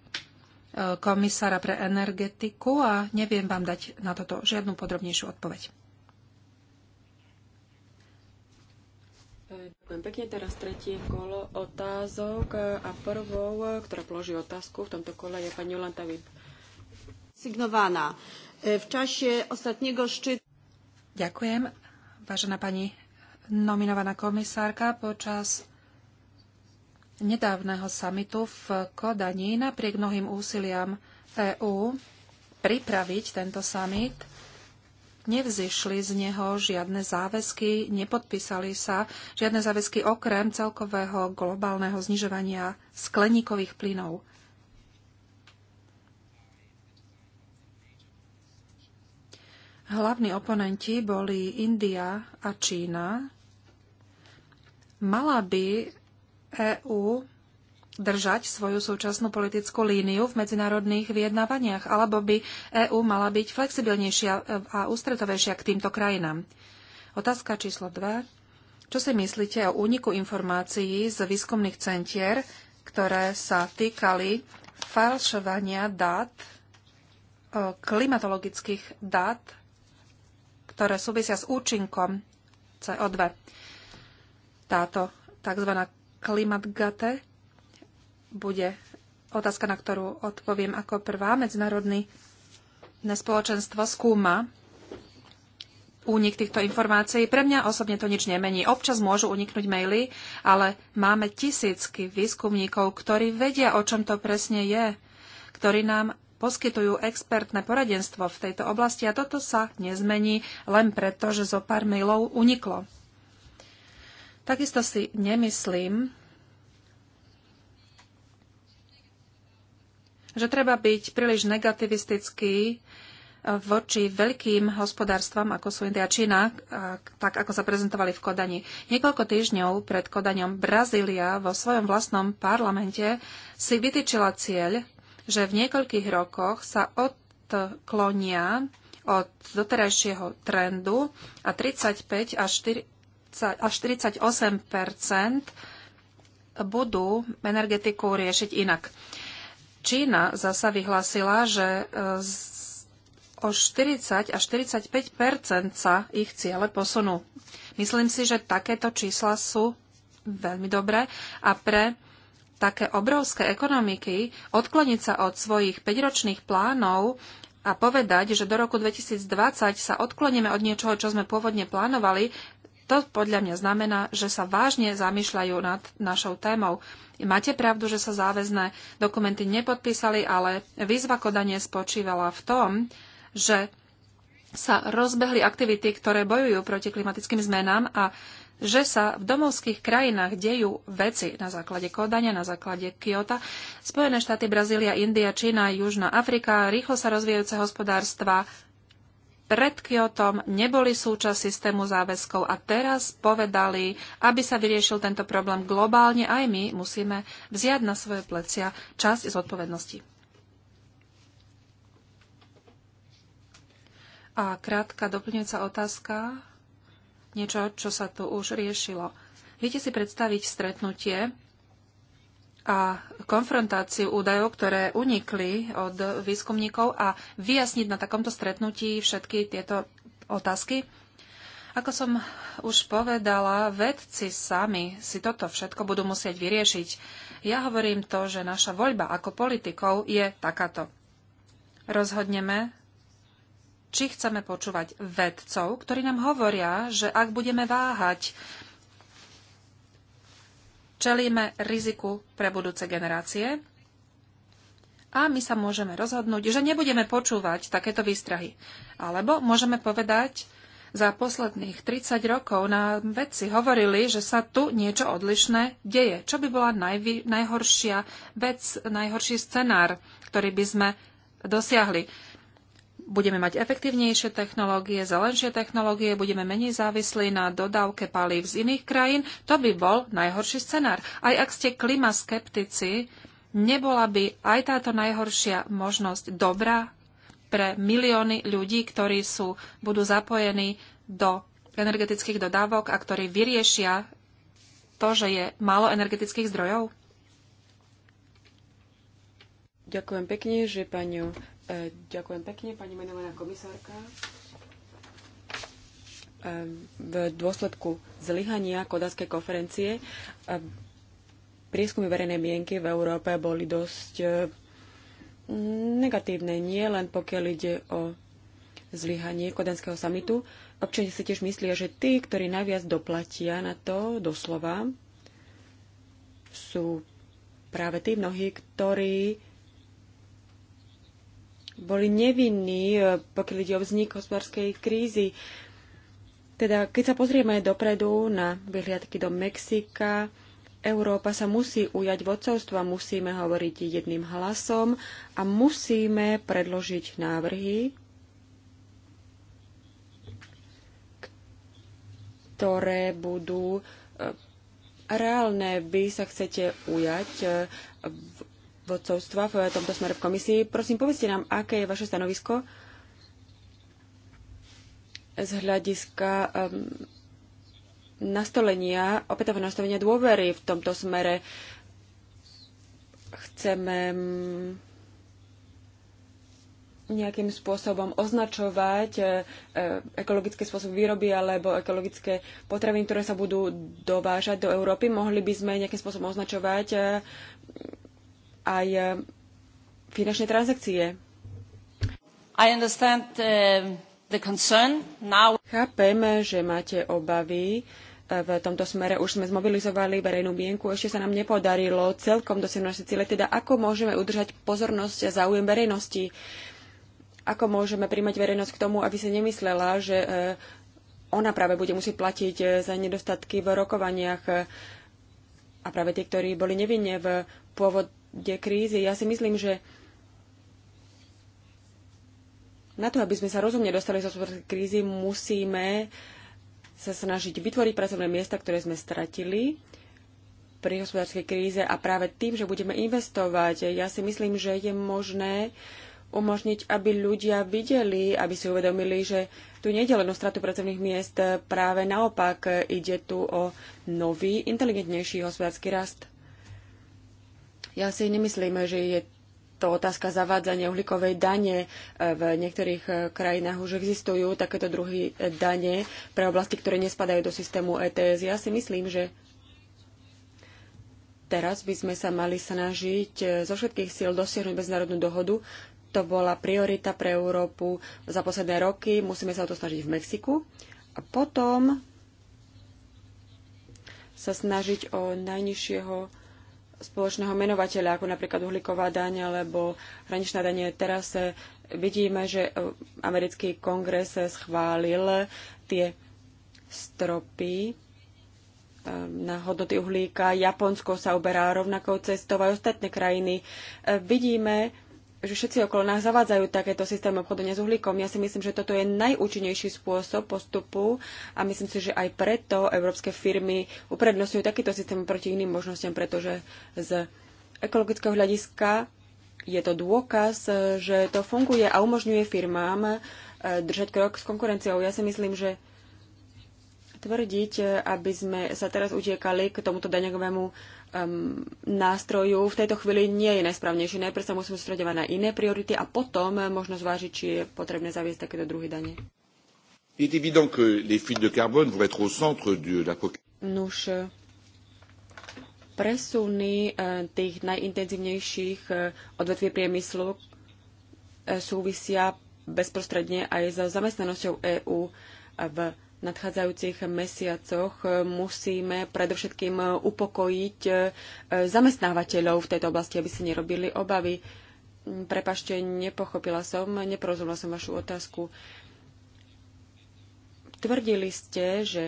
C: komisára pre energetiku a neviem vám dať na toto žiadnu podrobnejšiu odpoveď.
A: Ďakujem pekne. Teraz tretie kolo otázok a prvou, ktorá položí otázku v tomto kole
C: je pani Jolanta Vip. Signovaná. E, v čase ostatného šczytu... Ďakujem, vážená pani nominovaná komisárka. Počas nedávneho samitu v Kodani napriek mnohým úsiliam EÚ pripraviť tento summit nevzýšli z neho žiadne záväzky, nepodpísali sa žiadne záväzky okrem celkového globálneho znižovania skleníkových plynov. Hlavní oponenti boli India a Čína. Mala by EU držať svoju súčasnú politickú líniu v medzinárodných vyjednávaniach, alebo by EÚ mala byť flexibilnejšia e, a ústretovejšia k týmto krajinám. Otázka číslo 2. Čo si myslíte o úniku informácií z výskumných centier, ktoré sa týkali falšovania dát, e, klimatologických dát, ktoré súvisia s účinkom CO2? Táto tzv. klimatgate bude otázka, na ktorú odpoviem ako prvá. Medzinárodný spoločenstvo skúma únik týchto informácií. Pre mňa osobne to nič nemení. Občas môžu uniknúť maily, ale máme tisícky výskumníkov, ktorí vedia, o čom to presne je, ktorí nám poskytujú expertné poradenstvo v tejto oblasti a toto sa nezmení len preto, že zo pár mailov uniklo. Takisto si nemyslím, že treba byť príliš negativistický eh, voči veľkým hospodárstvom, ako sú India a Čína, eh, tak ako sa prezentovali v Kodani. Niekoľko týždňov pred Kodaňom Brazília vo svojom vlastnom parlamente si vytýčila cieľ, že v niekoľkých rokoch sa odklonia od doterajšieho trendu a 35 až 40, až 48 budú energetiku riešiť inak. Čína zasa vyhlásila, že e, o 40 až 45 sa ich ciele posunú. Myslím si, že takéto čísla sú veľmi dobré a pre také obrovské ekonomiky odkloniť sa od svojich 5-ročných plánov a povedať, že do roku 2020 sa odkloníme od niečoho, čo sme pôvodne plánovali, to podľa mňa znamená, že sa vážne zamýšľajú nad našou témou. Máte pravdu, že sa záväzné dokumenty nepodpísali, ale výzva kodanie spočívala v tom, že sa rozbehli aktivity, ktoré bojujú proti klimatickým zmenám a že sa v domovských krajinách dejú veci na základe kodania, na základe Kyoto. Spojené štáty, Brazília, India, Čína, Južná Afrika, rýchlo sa rozvíjajúce hospodárstva, pred Kyotom neboli súčasť systému záväzkov a teraz povedali, aby sa vyriešil tento problém globálne, aj my musíme vziať na svoje plecia časť zodpovednosti. A krátka doplňujúca otázka, niečo, čo sa tu už riešilo. Viete si predstaviť stretnutie a konfrontáciu údajov, ktoré unikli od výskumníkov a vyjasniť na takomto stretnutí všetky tieto otázky. Ako som už povedala, vedci sami si toto všetko budú musieť vyriešiť. Ja hovorím to, že naša voľba ako politikov je takáto. Rozhodneme, či chceme počúvať vedcov, ktorí nám hovoria, že ak budeme váhať, čelíme riziku pre budúce generácie a my sa môžeme rozhodnúť, že nebudeme počúvať takéto výstrahy. Alebo môžeme povedať, za posledných 30 rokov nám vedci hovorili, že sa tu niečo odlišné deje. Čo by bola najvi, najhoršia vec, najhorší scenár, ktorý by sme dosiahli budeme mať efektívnejšie technológie, zelenšie technológie, budeme menej závislí na dodávke palív z iných krajín, to by bol najhorší scenár. Aj ak ste klimaskeptici, nebola by aj táto najhoršia možnosť dobrá pre milióny ľudí, ktorí sú, budú zapojení do energetických dodávok a ktorí vyriešia to, že je málo energetických zdrojov? Ďakujem
A: pekne, že pani E, ďakujem pekne, pani menovaná komisárka. E, v dôsledku zlyhania kodanskej konferencie e, prieskumy verejnej mienky v Európe boli dosť negatívne, nie len pokiaľ ide o zlyhanie kodanského samitu. Občania si tiež myslia, že tí, ktorí najviac doplatia na to doslova, sú práve tí mnohí, ktorí boli nevinní, e, pokiaľ ide o vznik hospodárskej krízy. Teda, keď sa pozrieme dopredu na vyhliadky do Mexika, Európa sa musí ujať vodcovstva, musíme hovoriť jedným hlasom a musíme predložiť návrhy, ktoré budú e, reálne. Vy sa chcete ujať e, v vodcovstva v tomto smere v komisii. Prosím, povedzte nám, aké je vaše stanovisko z hľadiska um, nastolenia, opätovného nastavenia dôvery v tomto smere. Chceme mm, nejakým spôsobom označovať e, e, ekologické spôsoby výroby alebo ekologické potraviny, ktoré sa budú dovážať do Európy. Mohli by sme nejakým spôsobom označovať e, aj e, finančné transakcie. I understand e, the concern now. Chápem, že máte obavy e, v tomto smere. Už sme zmobilizovali verejnú mienku, ešte sa nám nepodarilo celkom dosiahnuť naše cíle, teda ako môžeme udržať pozornosť a záujem verejnosti. Ako môžeme príjmať verejnosť k tomu, aby sa nemyslela, že ona práve bude musieť platiť za nedostatky v rokovaniach a práve tí, ktorí boli nevinne v pôvod, krízy. Ja si myslím, že na to, aby sme sa rozumne dostali zo hospodárskej krízy, musíme sa snažiť vytvoriť pracovné miesta, ktoré sme stratili pri hospodárskej kríze a práve tým, že budeme investovať, ja si myslím, že je možné umožniť, aby ľudia videli, aby si uvedomili, že tu nie je len o stratu pracovných miest, práve naopak ide tu o nový, inteligentnejší hospodársky rast. Ja si nemyslím, že je to otázka zavádzania uhlíkovej dane e, v niektorých e, krajinách už existujú takéto druhy e, dane pre oblasti, ktoré nespadajú do systému ETS. Ja si myslím, že teraz by sme sa mali snažiť zo všetkých síl dosiahnuť medzinárodnú dohodu. To bola priorita pre Európu za posledné roky. Musíme sa o to snažiť v Mexiku. A potom sa snažiť o najnižšieho spoločného menovateľa, ako napríklad uhlíková daň alebo hraničná daň. Teraz eh, vidíme, že eh, americký kongres eh, schválil tie stropy na hodnoty uhlíka. Japonsko sa uberá rovnakou cestou aj ostatné krajiny. Vidíme, že všetci okolo nás zavádzajú takéto systémy obchodovania s uhlíkom. Ja si myslím, že toto je najúčinnejší spôsob postupu a myslím si, že aj preto európske firmy uprednostňujú takýto systém proti iným možnostiam, pretože z ekologického hľadiska je to dôkaz, že to funguje a umožňuje firmám e, držať krok s konkurenciou. Ja si myslím, že tvrdiť, aby sme sa teraz utiekali k tomuto daňovému um, nástroju v tejto chvíli nie je najsprávnejší. Najprv sa musíme sústredovať na iné priority a potom eh, možno zvážiť, či je potrebné zaviesť takéto druhy dane. Nuž, eh, presuny eh, tých najintenzívnejších odvetví priemyslu súvisia bezprostredne aj so zamestnanosťou EÚ v nadchádzajúcich mesiacoch e, musíme predovšetkým upokojiť e, zamestnávateľov v tejto oblasti, aby si nerobili obavy. Mm, prepašte, nepochopila som, neporozumela som vašu otázku. Tvrdili ste, že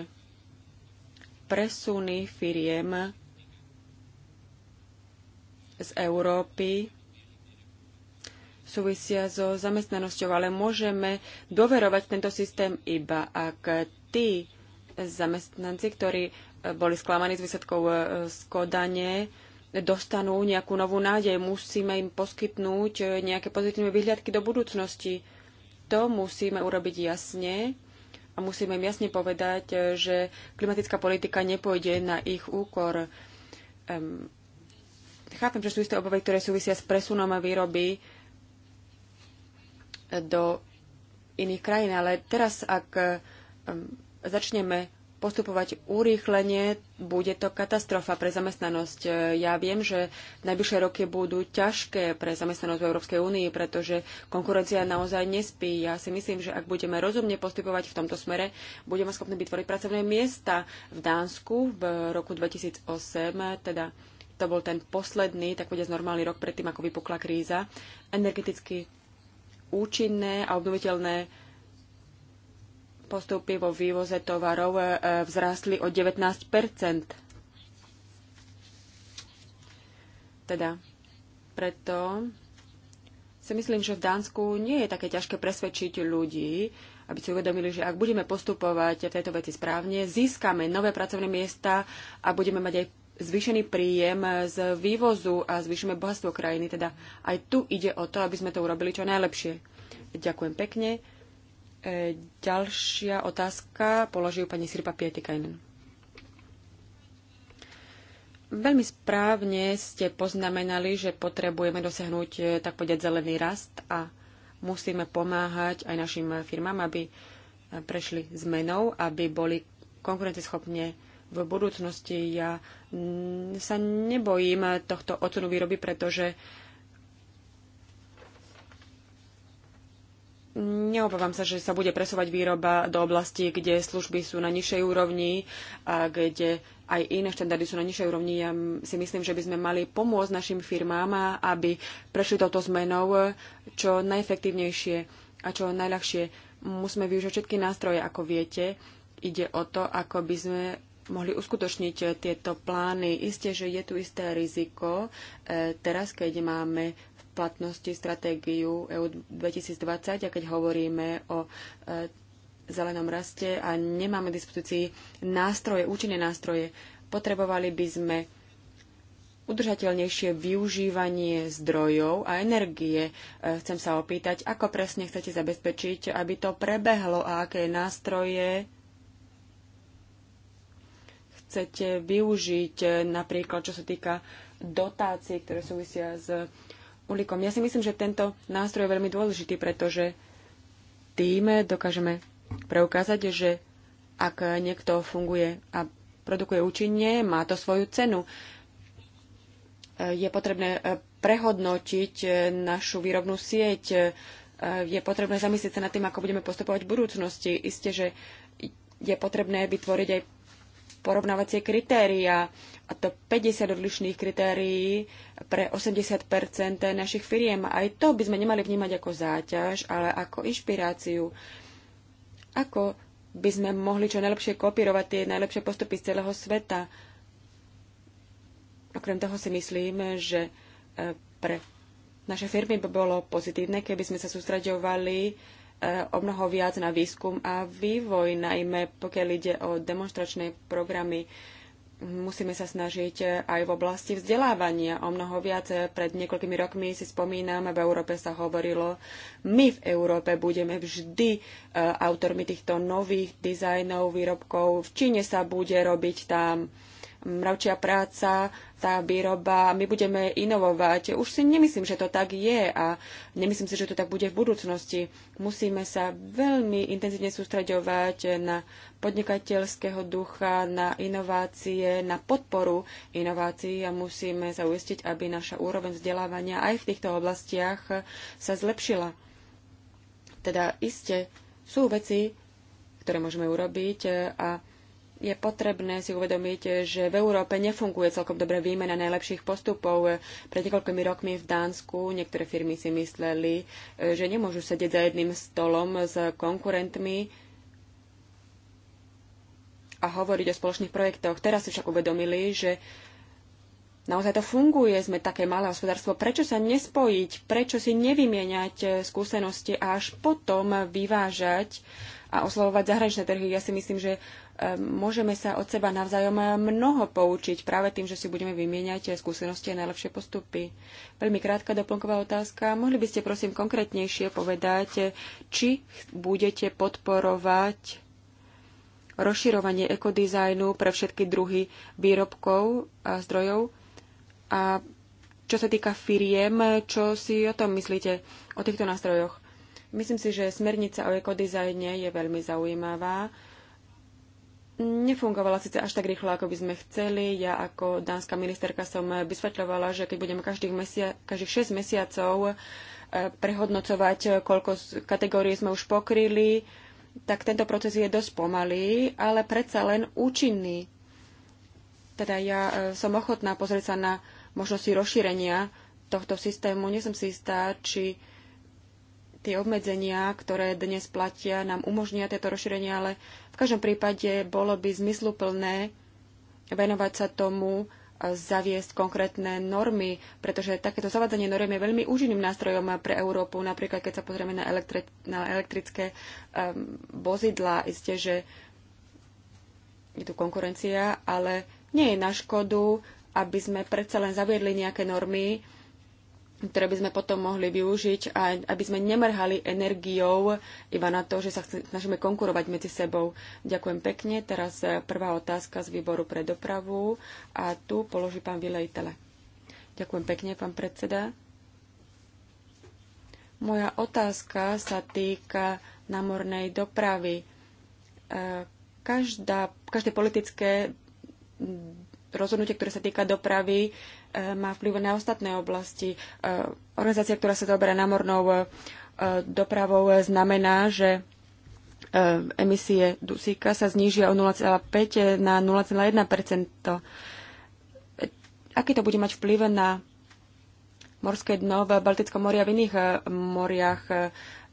A: presuny firiem z Európy súvisia so zamestnanosťou, ale môžeme doverovať tento systém iba, ak tí zamestnanci, ktorí e, boli sklamaní z výsledkov e, skodanie, dostanú nejakú novú nádej. Musíme im poskytnúť e, nejaké pozitívne vyhľadky do budúcnosti. To musíme urobiť jasne a musíme im jasne povedať, že klimatická politika nepôjde na ich úkor. chápem, že sú isté obavy, ktoré súvisia s presunom výroby do iných krajín, ale teraz, ak Ehm, začneme postupovať urýchlenie, bude to katastrofa pre zamestnanosť. E, ja viem, že najbližšie roky budú ťažké pre zamestnanosť v Európskej únii, pretože konkurencia naozaj nespí. Ja si myslím, že ak budeme rozumne postupovať v tomto smere, budeme schopní vytvoriť pracovné miesta v Dánsku v roku 2008, teda to bol ten posledný, tak bude normálny rok predtým, ako vypukla kríza. Energeticky účinné a obnoviteľné postupy vo vývoze tovarov e, vzrástli o 19 Teda preto si myslím, že v Dánsku nie je také ťažké presvedčiť ľudí, aby si uvedomili, že ak budeme postupovať v tejto veci správne, získame nové pracovné miesta a budeme mať aj zvýšený príjem z vývozu a zvýšime bohatstvo krajiny. Teda aj tu ide o to, aby sme to urobili čo najlepšie. Ďakujem pekne. E, ďalšia otázka položí pani Sirpa Pietikainen. Veľmi správne ste poznamenali, že potrebujeme dosiahnuť e, tak povedať zelený rast a musíme pomáhať aj našim firmám, aby e, prešli zmenou, aby boli konkurenceschopne v budúcnosti. Ja mm, sa nebojím tohto odsunu výroby, pretože Neobávam sa, že sa bude presovať výroba do oblasti, kde služby sú na nižšej úrovni a kde aj iné štandardy sú na nižšej úrovni. Ja si myslím, že by sme mali pomôcť našim firmám, aby prešli touto zmenou čo najefektívnejšie a čo najľahšie. Musíme využiť všetky nástroje, ako viete. Ide o to, ako by sme mohli uskutočniť tieto plány. Isté, že je tu isté riziko. E, teraz, keď máme platnosti stratégiu EU 2020 a keď hovoríme o e, zelenom raste a nemáme k dispozícii nástroje, účinné nástroje, potrebovali by sme udržateľnejšie využívanie zdrojov a energie. E, chcem sa opýtať, ako presne chcete zabezpečiť, aby to prebehlo a aké nástroje chcete využiť, e, napríklad čo sa týka dotácií, ktoré súvisia s uhlíkom. Ja si myslím, že tento nástroj je veľmi dôležitý, pretože tým dokážeme preukázať, že ak niekto funguje a produkuje účinne, má to svoju cenu. Je potrebné eh, prehodnotiť eh, našu výrobnú sieť, eh, je potrebné zamyslieť sa nad tým, ako budeme postupovať v budúcnosti. Isté, že je potrebné vytvoriť aj porovnávacie kritéria, a to 50 odlišných kritérií pre 80 našich firiem. Aj to by sme nemali vnímať ako záťaž, ale ako inšpiráciu. Ako by sme mohli čo najlepšie kopírovať tie najlepšie postupy z celého sveta. Okrem toho si myslím, že e, pre naše firmy by bolo pozitívne, keby sme sa sústraďovali e, o mnoho viac na výskum a vývoj, najmä pokiaľ ide o demonstračné programy musíme sa snažiť aj v oblasti vzdelávania o mnoho viac. Pred niekoľkými rokmi si spomínam, v Európe sa hovorilo, my v Európe budeme vždy e, autormi týchto nových dizajnov, výrobkov. V Číne sa bude robiť tam mravčia práca, tá výroba, my budeme inovovať. Už si nemyslím, že to tak je a nemyslím si, že to tak bude v budúcnosti. Musíme sa veľmi intenzívne sústreďovať na podnikateľského ducha, na inovácie, na podporu inovácií a musíme sa uistiť, aby naša úroveň vzdelávania aj v týchto oblastiach sa zlepšila. Teda iste sú veci, ktoré môžeme urobiť a je potrebné si uvedomiť, že v Európe nefunguje celkom dobre výmena najlepších postupov. Pred niekoľkými rokmi v Dánsku niektoré firmy si mysleli, že nemôžu sedieť za jedným stolom s konkurentmi a hovoriť o spoločných projektoch. Teraz si však uvedomili, že naozaj to funguje, sme také malé hospodárstvo, prečo sa nespojiť, prečo si nevymieňať skúsenosti a až potom vyvážať a oslovovať zahraničné trhy. Ja si myslím, že môžeme sa od seba navzájom mnoho poučiť práve tým, že si budeme vymieňať skúsenosti a najlepšie postupy. Veľmi krátka doplnková otázka. Mohli by ste prosím konkrétnejšie povedať, či budete podporovať rozširovanie ekodizajnu pre všetky druhy výrobkov a zdrojov. A čo sa týka firiem, čo si o tom myslíte, o týchto nástrojoch? Myslím si, že smernica o ekodizajne je veľmi zaujímavá nefungovala síce až tak rýchlo, ako by sme chceli. Ja ako dánska ministerka som vysvetľovala, že keď budeme každých, mesia- každých 6 mesiacov e, prehodnocovať, koľko kategórií sme už pokryli, tak tento proces je dosť pomalý, ale predsa len účinný. Teda ja e, som ochotná pozrieť sa na možnosti rozšírenia tohto systému. Nie som si istá, či tie obmedzenia, ktoré dnes platia, nám umožnia tieto rozšírenie, ale v každom prípade bolo by zmysluplné venovať sa tomu, zaviesť konkrétne normy, pretože takéto zavádzanie norm je veľmi účinným nástrojom pre Európu. Napríklad, keď sa pozrieme na, elektri- na elektrické um, vozidlá, isté, že je tu konkurencia, ale nie je na škodu, aby sme predsa len zaviedli nejaké normy, ktoré by sme potom mohli využiť a aby sme nemrhali energiou iba na to, že sa snažíme konkurovať medzi sebou. Ďakujem pekne. Teraz eh, prvá otázka z výboru pre dopravu a tu položí pán Vilejtele. Ďakujem pekne, pán predseda. Moja otázka sa týka námornej dopravy. Eh, každá, každé politické rozhodnutie, ktoré sa týka dopravy, má vplyv na ostatné oblasti. E, organizácia, ktorá sa zaoberá námornou e, dopravou, znamená, že e, emisie dusíka sa znížia o 0,5 na 0,1 Aký to bude mať vplyv na morské dno v Baltickom mori a v iných e, moriach. E,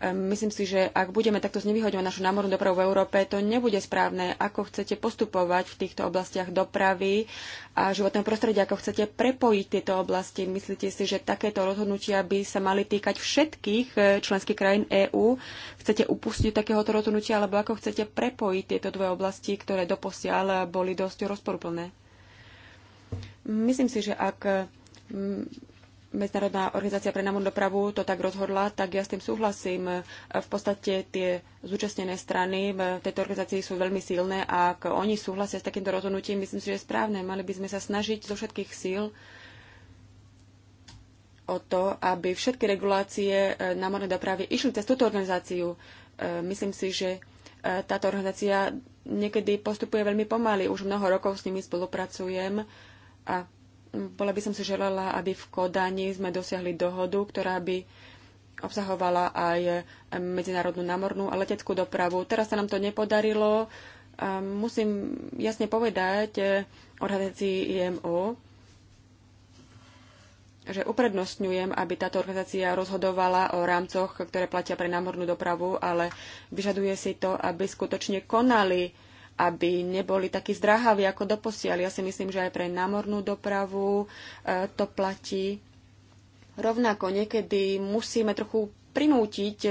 A: e, myslím si, že ak budeme takto znevýhodňovať našu námornú dopravu v Európe, to nebude správne. Ako chcete postupovať v týchto oblastiach dopravy a životného prostredia, ako chcete prepojiť tieto oblasti? Myslíte si, že takéto rozhodnutia by sa mali týkať všetkých členských krajín EÚ? Chcete upustiť takéhoto rozhodnutia, alebo ako chcete prepojiť tieto dve oblasti, ktoré doposiaľ boli dosť rozporuplné? Myslím si, že ak Medzinárodná organizácia pre námornú dopravu to tak rozhodla, tak ja s tým súhlasím. V podstate tie zúčastnené strany v tejto organizácii sú veľmi silné a ak oni súhlasia s takýmto rozhodnutím, myslím si, že je správne. Mali by sme sa snažiť zo všetkých síl o to, aby všetky regulácie eh, námornej dopravy išli cez túto organizáciu. Eh, myslím si, že eh, táto organizácia niekedy postupuje veľmi pomaly. Už mnoho rokov s nimi spolupracujem a bola by som si želala, aby v Kodani sme dosiahli dohodu, ktorá by obsahovala aj medzinárodnú námornú a leteckú dopravu. Teraz sa nám to nepodarilo. Musím jasne povedať eh, organizácii IMO, že uprednostňujem, aby táto organizácia rozhodovala o rámcoch, ktoré platia pre námornú dopravu, ale vyžaduje si to, aby skutočne konali aby neboli takí zdráhaví ako doposiaľ. Ja si myslím, že aj pre námornú dopravu e, to platí. Rovnako niekedy musíme trochu prinútiť e,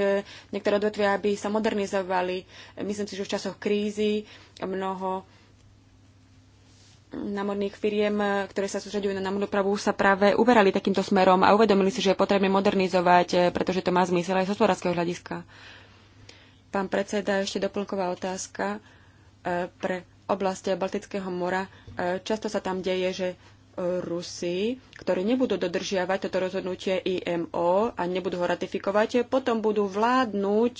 A: niektoré odvetvia, aby sa modernizovali. Myslím si, že v časoch krízy mnoho námorných firiem, e, ktoré sa sústredujú na námornú dopravu, sa práve uberali takýmto smerom a uvedomili si, že je potrebné modernizovať, pretože to má zmysel aj z hospodárskeho hľadiska. Pán predseda, ešte doplnková otázka. E, pre oblasti Baltického mora. E, často sa tam deje, že e, Rusi, ktorí nebudú dodržiavať toto rozhodnutie IMO a nebudú ho ratifikovať, potom budú vládnuť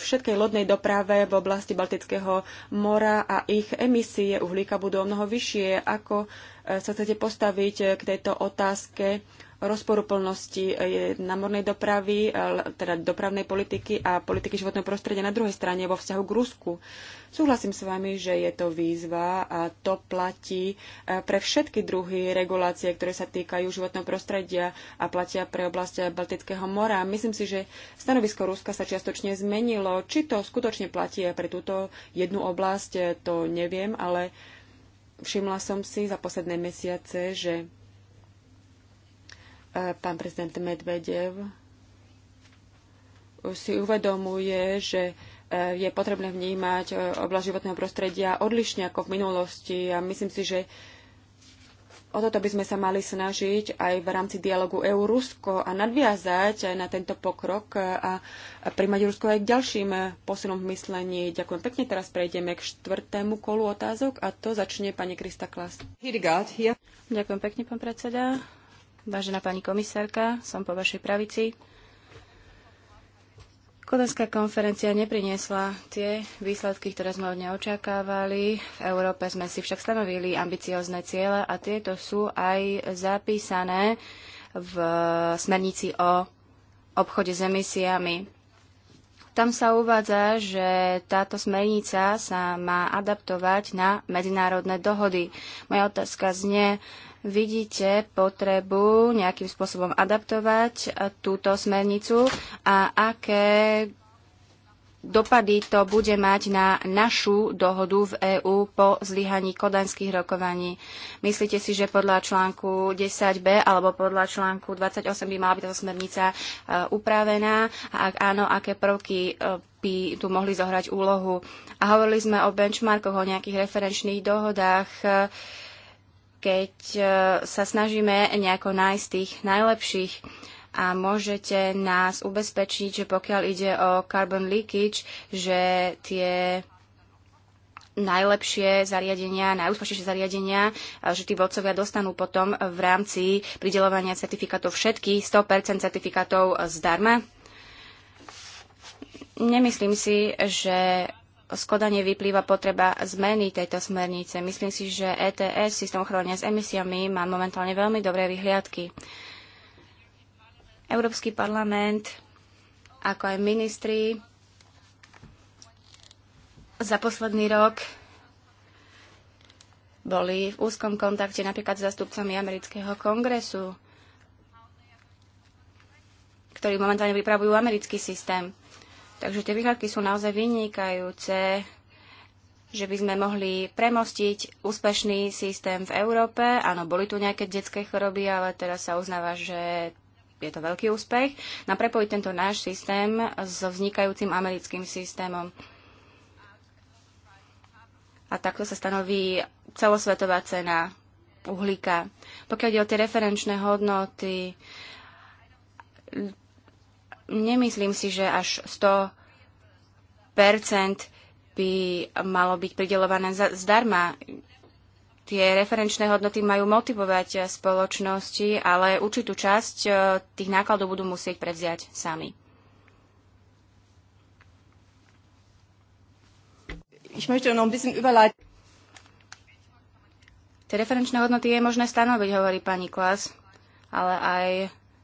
A: všetkej lodnej doprave v oblasti Baltického mora a ich emisie uhlíka budú o mnoho vyššie. Ako sa chcete postaviť k tejto otázke rozporuplnosti eh, námornej dopravy, eh, teda dopravnej politiky a politiky životného prostredia na druhej strane vo vzťahu k Rusku. Súhlasím s vami, že je to výzva a to platí eh, pre všetky druhy regulácie, ktoré sa týkajú životného prostredia a platia pre oblasť Baltického mora. Myslím si, že stanovisko Ruska sa čiastočne zmenilo. Či to skutočne platí pre túto jednu oblasť, to neviem, ale všimla som si za posledné mesiace, že Pán prezident Medvedev si uvedomuje, že e, je potrebné vnímať e, oblasť životného prostredia odlišne ako v minulosti a myslím si, že O toto by sme sa mali snažiť aj v rámci dialogu EU-Rusko a nadviazať na tento pokrok a primať Rusko aj k ďalším e, posunom v myslení. Ďakujem pekne. Teraz prejdeme k štvrtému kolu otázok a to začne pani Krista Klas. Ďakujem pekne, pán predseda. Vážená pani komisárka, som po vašej pravici.
B: Kodenská konferencia nepriniesla tie výsledky, ktoré sme od nej očakávali. V Európe sme si však stanovili ambiciozne ciele a tieto sú aj zapísané v smernici o obchode s emisiami. Tam sa uvádza, že táto smernica sa má adaptovať na medzinárodné dohody. Moja otázka znie, vidíte potrebu nejakým spôsobom adaptovať e, túto smernicu a aké dopady to bude mať na našu dohodu v EÚ po zlyhaní kodaňských rokovaní. Myslíte si, že podľa článku 10b alebo podľa článku 28 by mala byť táto smernica e, upravená? A ak áno, aké prvky e, by tu mohli zohrať úlohu? A hovorili sme o benchmarkoch, o nejakých referenčných dohodách keď e, sa snažíme nejako nájsť tých najlepších a môžete nás ubezpečiť, že pokiaľ ide o carbon leakage, že tie najlepšie zariadenia, najúspešnejšie zariadenia, e, že tí vodcovia dostanú potom v rámci pridelovania certifikátov všetky 100% certifikátov zdarma. Nemyslím si, že skladanie vyplýva potreba zmeny tejto smernice. Myslím si, že ETS, systém ochrany s emisiami, má momentálne veľmi dobré vyhliadky. Európsky parlament, ako aj ministri, za posledný rok boli v úzkom kontakte napríklad s zastupcami amerického kongresu, ktorí momentálne pripravujú americký systém. Takže tie výhľadky sú naozaj vynikajúce, že by sme mohli premostiť úspešný systém v Európe. Áno, boli tu nejaké detské choroby, ale teraz sa uznáva, že je to veľký úspech. Na no prepojiť tento náš systém so vznikajúcim americkým systémom. A takto sa stanoví celosvetová cena uhlíka. Pokiaľ ide o tie referenčné hodnoty, nemyslím si, že až 100% by malo byť pridelované zdarma. Tie referenčné hodnoty majú motivovať spoločnosti, ale určitú časť e, tých nákladov budú musieť prevziať sami. Ich möchte noch ein bisschen überleiten. Tie referenčné hodnoty je možné stanoviť, hovorí pani Klas, ale aj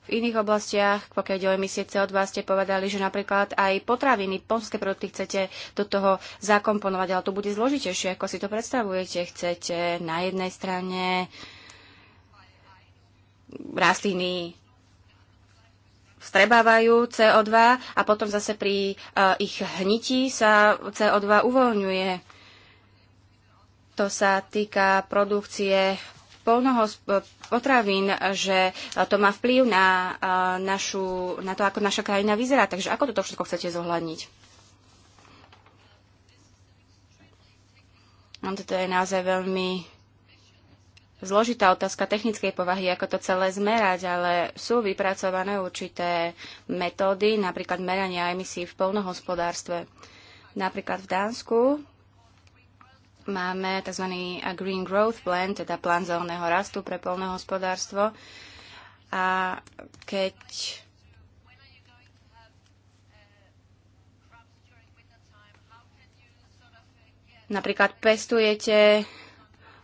B: v iných oblastiach, pokiaľ ide o emisie CO2, ste povedali, že napríklad aj potraviny, polské produkty chcete do toho zakomponovať, ale to bude zložitejšie, ako si to predstavujete. Chcete na jednej strane rastliny vstrebávajú CO2 a potom zase pri uh, ich hnití sa CO2 uvoľňuje. To sa týka produkcie potravín, že to má vplyv na, našu, na to, ako naša krajina vyzerá. Takže ako toto všetko chcete zohľadniť? No, toto je naozaj veľmi zložitá otázka technickej povahy, ako to celé zmerať, ale sú vypracované určité metódy, napríklad merania emisí v polnohospodárstve. Napríklad v Dánsku máme tzv. Green Growth Plan, teda plán zeleného rastu pre hospodárstvo. A keď napríklad pestujete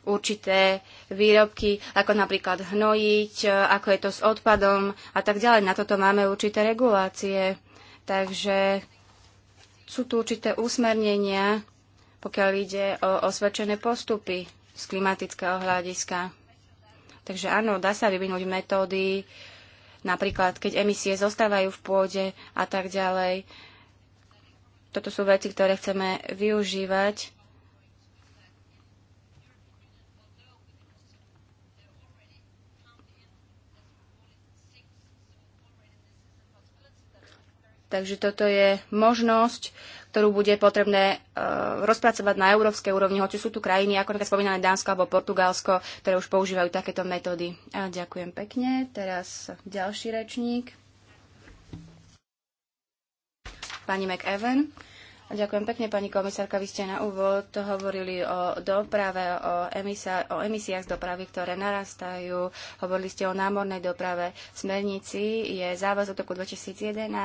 B: určité výrobky, ako napríklad hnojiť, ako je to s odpadom a tak ďalej. Na toto máme určité regulácie. Takže sú tu určité usmernenia, pokiaľ ide o osvedčené postupy z klimatického hľadiska. Takže áno, dá sa vyvinúť metódy, napríklad keď emisie zostávajú v pôde a tak ďalej. Toto sú veci, ktoré chceme využívať Takže toto je možnosť, ktorú bude potrebné uh, rozpracovať na európskej úrovni, hoci sú tu krajiny, ako napríklad spomínané Dánsko alebo Portugalsko, ktoré už používajú takéto metódy. A ďakujem pekne. Teraz ďalší rečník. Pani McEwen. Ďakujem pekne, pani komisárka. Vy ste na úvod hovorili o doprave, o, emisa, o emisiách z dopravy, ktoré narastajú. Hovorili ste o námornej doprave. V smernici je od roku 2011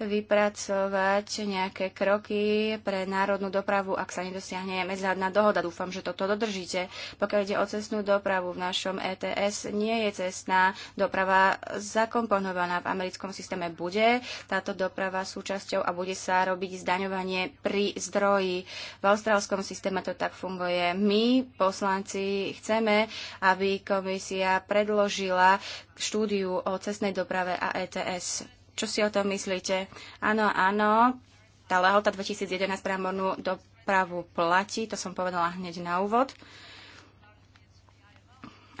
B: vypracovať nejaké kroky pre národnú dopravu, ak sa nedosiahne medzinárodná dohoda. Dúfam, že toto dodržíte. Pokiaľ ide o cestnú dopravu v našom ETS, nie je cestná doprava zakomponovaná v americkom systéme. Bude táto doprava súčasťou a bude sa robiť zdaňovanie pri zdroji. V austrálskom systéme to tak funguje. My, poslanci, chceme, aby komisia predložila štúdiu o cestnej doprave a ETS čo si o tom myslíte? Áno, áno, tá lehota 2011 pre dopravu platí, to som povedala hneď na úvod.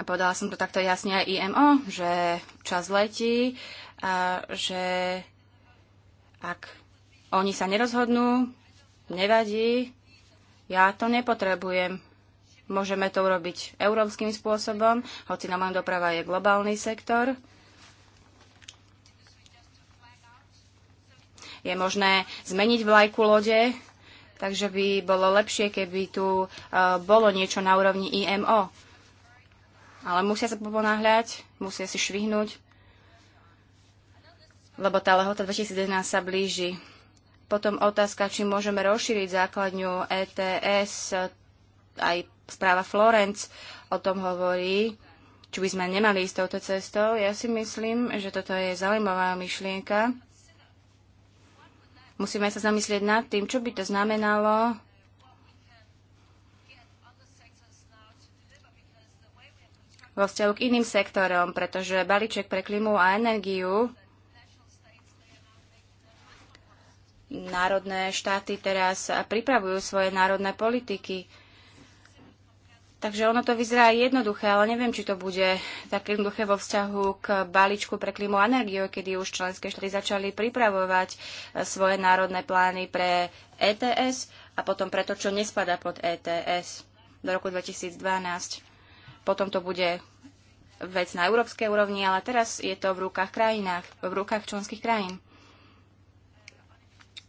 B: A povedala som to takto jasne aj IMO, že čas letí a že ak oni sa nerozhodnú, nevadí, ja to nepotrebujem. Môžeme to urobiť európskym spôsobom, hoci na mojom doprava je globálny sektor. je možné zmeniť vlajku lode, takže by bolo lepšie, keby tu e, bolo niečo na úrovni IMO. Ale musia sa poponáhľať, musia si švihnúť, lebo tá lehota 2011 sa blíži. Potom otázka, či môžeme rozšíriť základňu ETS, aj správa Florence o tom hovorí, či by sme nemali ísť touto cestou. Ja si myslím, že toto je zaujímavá myšlienka. Musíme sa zamyslieť nad tým, čo by to znamenalo vo vzťahu k iným sektorom, pretože balíček pre klimu a energiu národné štáty teraz pripravujú svoje národné politiky. Takže ono to vyzerá jednoduché, ale neviem, či to bude také jednoduché vo vzťahu k balíčku pre klimu a energiu, kedy už členské štáty začali pripravovať e, svoje národné plány pre ETS a potom pre to, čo nespada pod ETS do roku 2012. Potom to bude vec na európskej úrovni, ale teraz je to v rukách krajinách, v rukách členských krajín.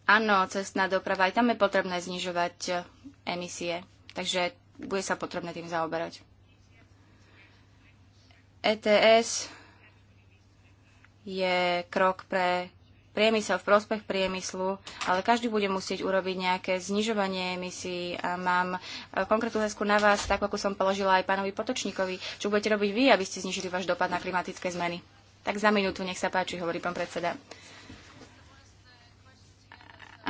B: Áno, cestná doprava, aj tam je potrebné znižovať e, emisie. Takže bude sa potrebné tým zaoberať. ETS je krok pre priemysel v prospech priemyslu, ale každý bude musieť urobiť nejaké znižovanie emisí. A mám e, konkrétnu hesku na vás, tak ako som položila aj pánovi Potočníkovi, čo budete robiť vy, aby ste znižili váš dopad na klimatické zmeny. Tak za minútu, nech sa páči, hovorí pán predseda.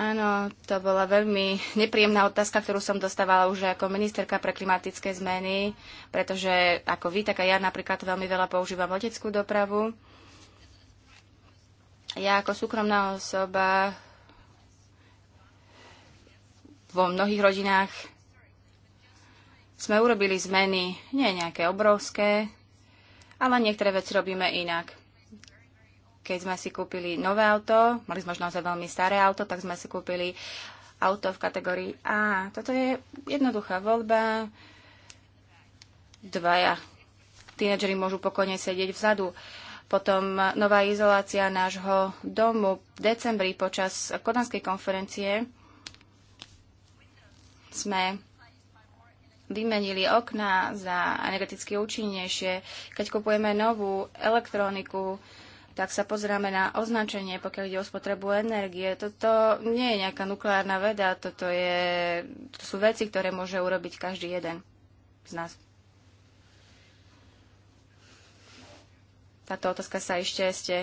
B: Áno, to bola veľmi nepríjemná otázka, ktorú som dostávala už ako ministerka pre klimatické zmeny, pretože ako vy, tak aj ja napríklad veľmi veľa používam leteckú dopravu. Ja ako súkromná osoba vo mnohých rodinách sme urobili zmeny, nie nejaké obrovské, ale niektoré veci robíme inak keď sme si kúpili nové auto, mali sme možno veľmi staré auto, tak sme si kúpili auto v kategórii A. Toto je jednoduchá voľba. Dvaja tínedžeri môžu pokojne sedieť vzadu. Potom nová izolácia nášho domu v decembri počas kodanskej konferencie sme vymenili okná za energeticky účinnejšie. Keď kupujeme novú elektroniku, tak sa pozráme na označenie, pokiaľ ide o spotrebu energie. Toto nie je nejaká nukleárna veda, toto je, to sú veci, ktoré môže urobiť každý jeden z nás. Táto otázka sa ešte ešte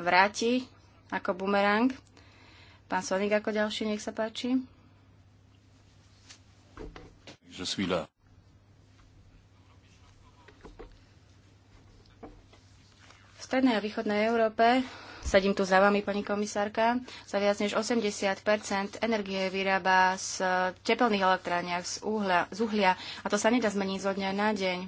B: vráti ako bumerang. Pán Sonik ako ďalší, nech sa páči. Je strednej a východnej Európe, sedím tu za vami, pani komisárka, sa viac než 80 energie vyrába z e, tepelných elektrániach, z, uhla, z uhlia a to sa nedá zmeniť zo dňa na deň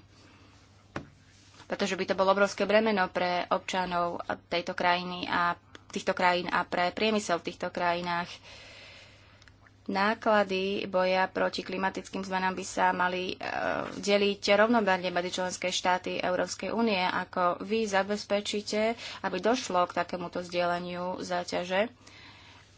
B: pretože by to bolo obrovské bremeno pre občanov tejto krajiny a týchto krajín a pre priemysel v týchto krajinách. Uh, náklady boja proti klimatickým zmenám by sa mali e, deliť rovnomerne medzi členské štáty Európskej únie. Ako vy zabezpečíte, aby došlo k takémuto zdieľaniu záťaže?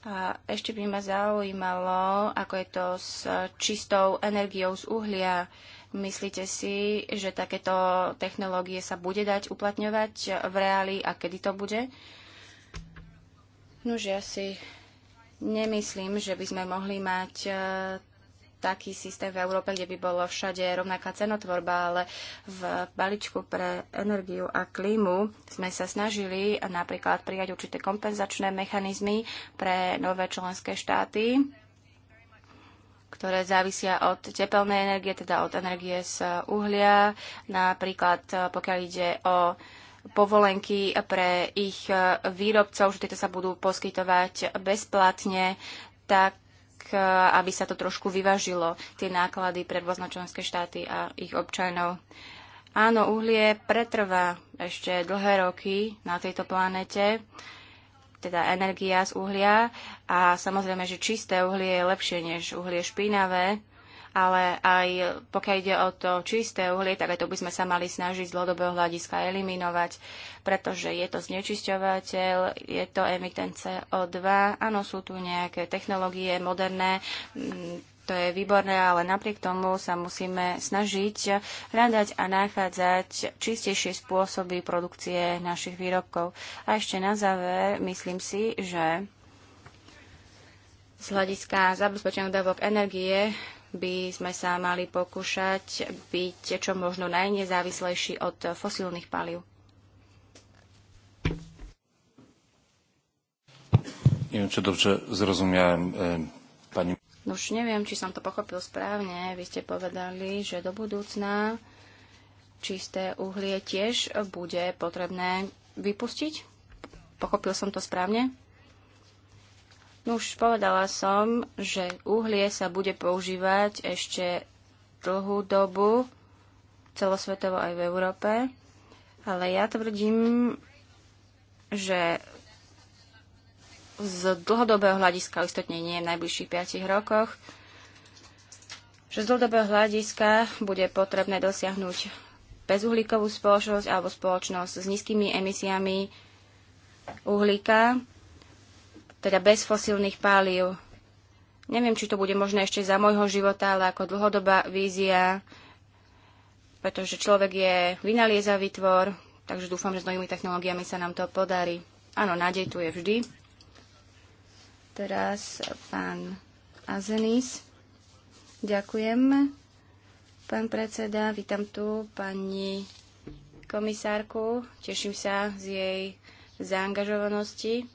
B: A ešte by ma zaujímalo, ako je to s čistou energiou z uhlia. Myslíte si, že takéto technológie sa bude dať uplatňovať v reáli a kedy to bude? Nože ja Nemyslím, že by sme mohli mať e, taký systém v Európe, kde by bolo všade rovnaká cenotvorba, ale v balíčku pre energiu a klímu sme sa snažili napríklad prijať určité kompenzačné mechanizmy pre nové členské štáty, ktoré závisia od tepelnej energie, teda od energie z uhlia. Napríklad e, pokiaľ ide o povolenky pre ich e, výrobcov, že tieto sa budú poskytovať bezplatne, tak e, aby sa to trošku vyvažilo, tie náklady pre rôznočlenské štáty a ich občanov. Áno, uhlie pretrvá ešte dlhé roky na tejto planete, teda energia z uhlia a samozrejme, že čisté uhlie je lepšie než uhlie špinavé, ale aj pokiaľ ide o to čisté uhlie, tak aj to by sme sa mali snažiť z dlhodobého hľadiska eliminovať, pretože je to znečisťovateľ, je to emitent CO2, áno, sú tu nejaké technológie moderné, mm, to je výborné, ale napriek tomu sa musíme snažiť hľadať a nachádzať čistejšie spôsoby produkcie našich výrobkov. A ešte na záver, myslím si, že z hľadiska zabezpečených dávok energie by sme sa mali pokúšať byť čo možno najnezávislejší od fosílnych palív.
C: Neviem, čo dobře e, pani.
B: No už neviem, či som to pochopil správne. Vy ste povedali, že do budúcna čisté uhlie tiež bude potrebné vypustiť. Pochopil som to správne? No už povedala som, že uhlie sa bude používať ešte dlhú dobu, celosvetovo aj v Európe, ale ja tvrdím, že z dlhodobého hľadiska, istotne nie v najbližších 5 rokoch, že z dlhodobého hľadiska bude potrebné dosiahnuť bezuhlíkovú spoločnosť alebo spoločnosť s nízkymi emisiami uhlíka teda bez fosílnych páliv. Neviem, či to bude možné ešte za môjho života, ale ako dlhodobá vízia, pretože človek je vynaliezavý tvor, takže dúfam, že s novými technológiami sa nám to podarí. Áno, nádej tu je vždy. Teraz pán Azenis. Ďakujem. Pán predseda, vítam tu pani komisárku. Teším sa z jej zaangažovanosti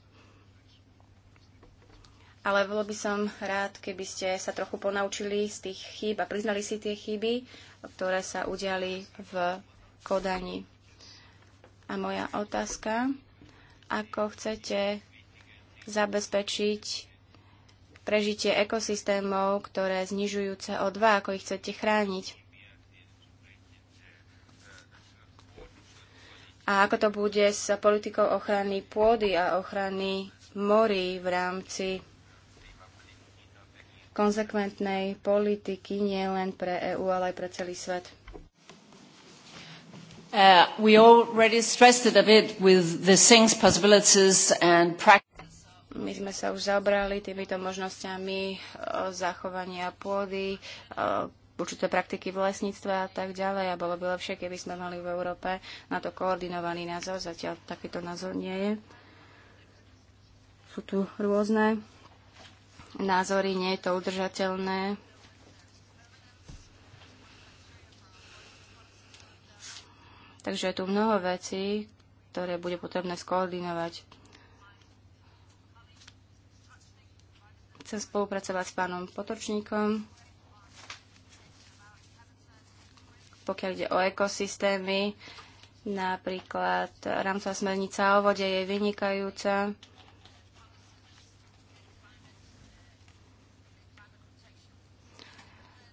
B: ale bolo by som rád, keby ste sa trochu ponaučili z tých chýb a priznali si tie chyby, ktoré sa udiali v kodaní. A moja otázka, ako chcete zabezpečiť prežitie ekosystémov, ktoré znižujú CO2, ako ich chcete chrániť. A ako to bude s politikou ochrany pôdy a ochrany morí v rámci konzekventnej politiky nie len pre EÚ, ale aj pre celý svet.
C: Uh, we already stressed it a bit with the things, possibilities and My sme
B: sa už zabrali týmito možnosťami uh, zachovania pôdy, uh, určité praktiky v lesníctve a tak ďalej. A bolo by lepšie, keby sme mali v Európe na to koordinovaný názor. Zatiaľ takýto názor nie je. Sú tu rôzne názory, nie je to udržateľné. Takže je tu mnoho vecí, ktoré bude potrebné skoordinovať. Chcem spolupracovať s pánom Potočníkom, pokiaľ ide o ekosystémy. Napríklad rámca smernica o vode je vynikajúca.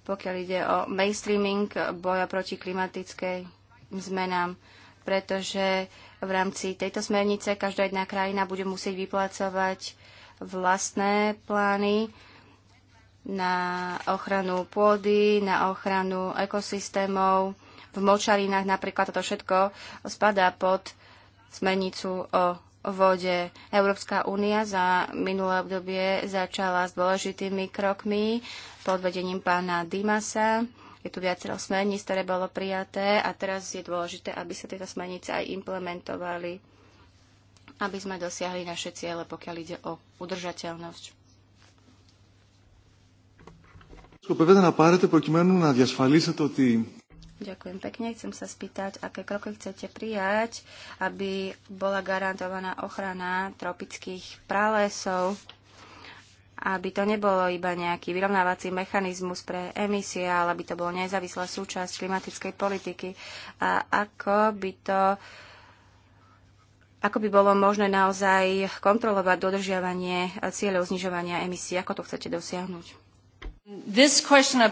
B: pokiaľ ide o mainstreaming boja proti klimatickej zmenám, pretože v rámci tejto smernice každá jedna krajina bude musieť vyplacovať vlastné plány na ochranu pôdy, na ochranu ekosystémov. V močarinách napríklad toto všetko spadá pod smernicu o vode. Európska únia za minulé obdobie začala s dôležitými krokmi pod vedením pána Dimasa. Je tu viacero smerníc, ktoré bolo prijaté a teraz je dôležité, aby sa tieto smernice aj implementovali, aby sme dosiahli naše ciele, pokiaľ ide o udržateľnosť. Ďakujem pekne. Chcem sa spýtať, aké kroky chcete prijať, aby bola garantovaná ochrana tropických pralesov aby to nebolo iba nejaký vyrovnávací mechanizmus pre emisie, ale aby to bolo nezávislá súčasť klimatickej politiky. A ako by to ako by bolo možné naozaj kontrolovať dodržiavanie cieľov znižovania emisí? Ako to chcete dosiahnuť? Of...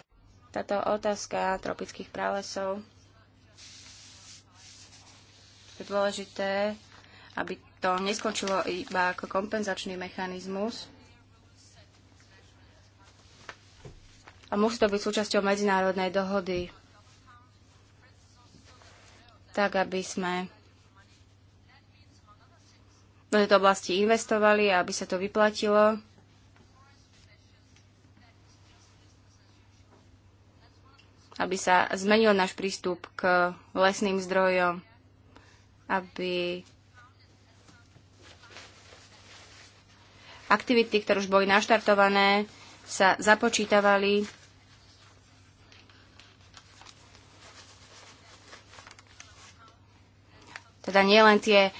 B: Táto otázka tropických pralesov je dôležité, aby to neskončilo iba ako kompenzačný mechanizmus, a musí to byť súčasťou medzinárodnej dohody, tak aby sme do tejto oblasti investovali a aby sa to vyplatilo. aby sa zmenil náš prístup k lesným zdrojom, aby aktivity, ktoré už boli naštartované, sa započítavali teda nielen tie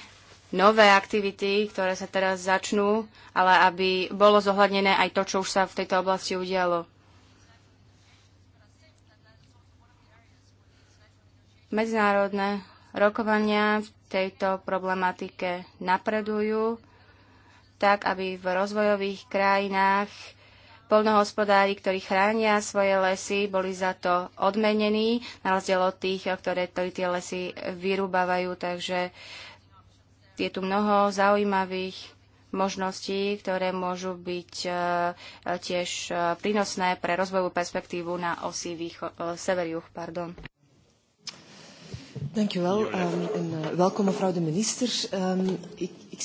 B: nové aktivity, ktoré sa teraz začnú, ale aby bolo zohľadnené aj to, čo už sa v tejto oblasti udialo. Medzinárodné rokovania v tejto problematike napredujú tak, aby v rozvojových krajinách Polnohospodári, ktorí chránia svoje lesy, boli za to odmenení, na rozdiel od tých, ktoré, tie lesy vyrúbavajú. Takže je tu mnoho zaujímavých možností, ktoré môžu byť e, e, tiež e, prínosné pre rozvojovú perspektívu na osi severiuch. Pardon.
C: Thank you well, um, and uh, de minister. Um, ik, ik...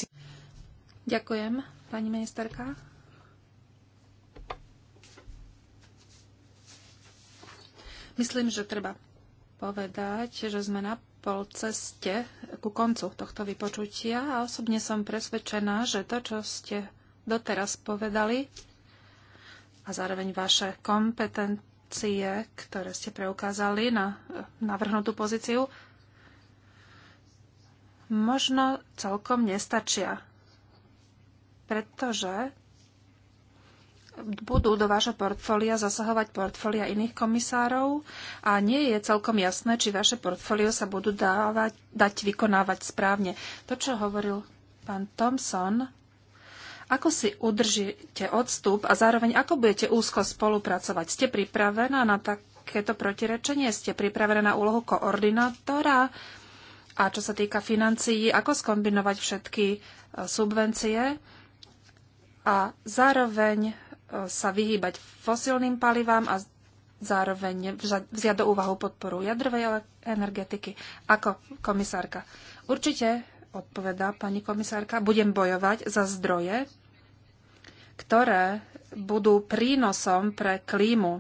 C: Ďakujem, pani ministerka. Myslím, že treba povedať, že sme na pol ceste ku koncu tohto vypočutia a osobne som presvedčená, že to, čo ste doteraz povedali a zároveň vaše kompetencie, ktoré ste preukázali na navrhnutú pozíciu, možno celkom nestačia. Pretože budú do vášho portfólia zasahovať portfólia iných komisárov a nie je celkom jasné, či vaše portfólio sa budú dávať, dať vykonávať správne. To, čo hovoril pán Thompson, ako si udržíte odstup a zároveň ako budete úzko spolupracovať? Ste pripravená na takéto protirečenie? Ste pripravená na úlohu koordinátora? A čo sa týka financií, ako skombinovať všetky e, subvencie? A zároveň sa vyhýbať fosilným palivám a zároveň vziať do úvahu podporu jadrovej energetiky ako komisárka. Určite, odpovedá pani komisárka, budem bojovať za zdroje, ktoré budú prínosom pre klímu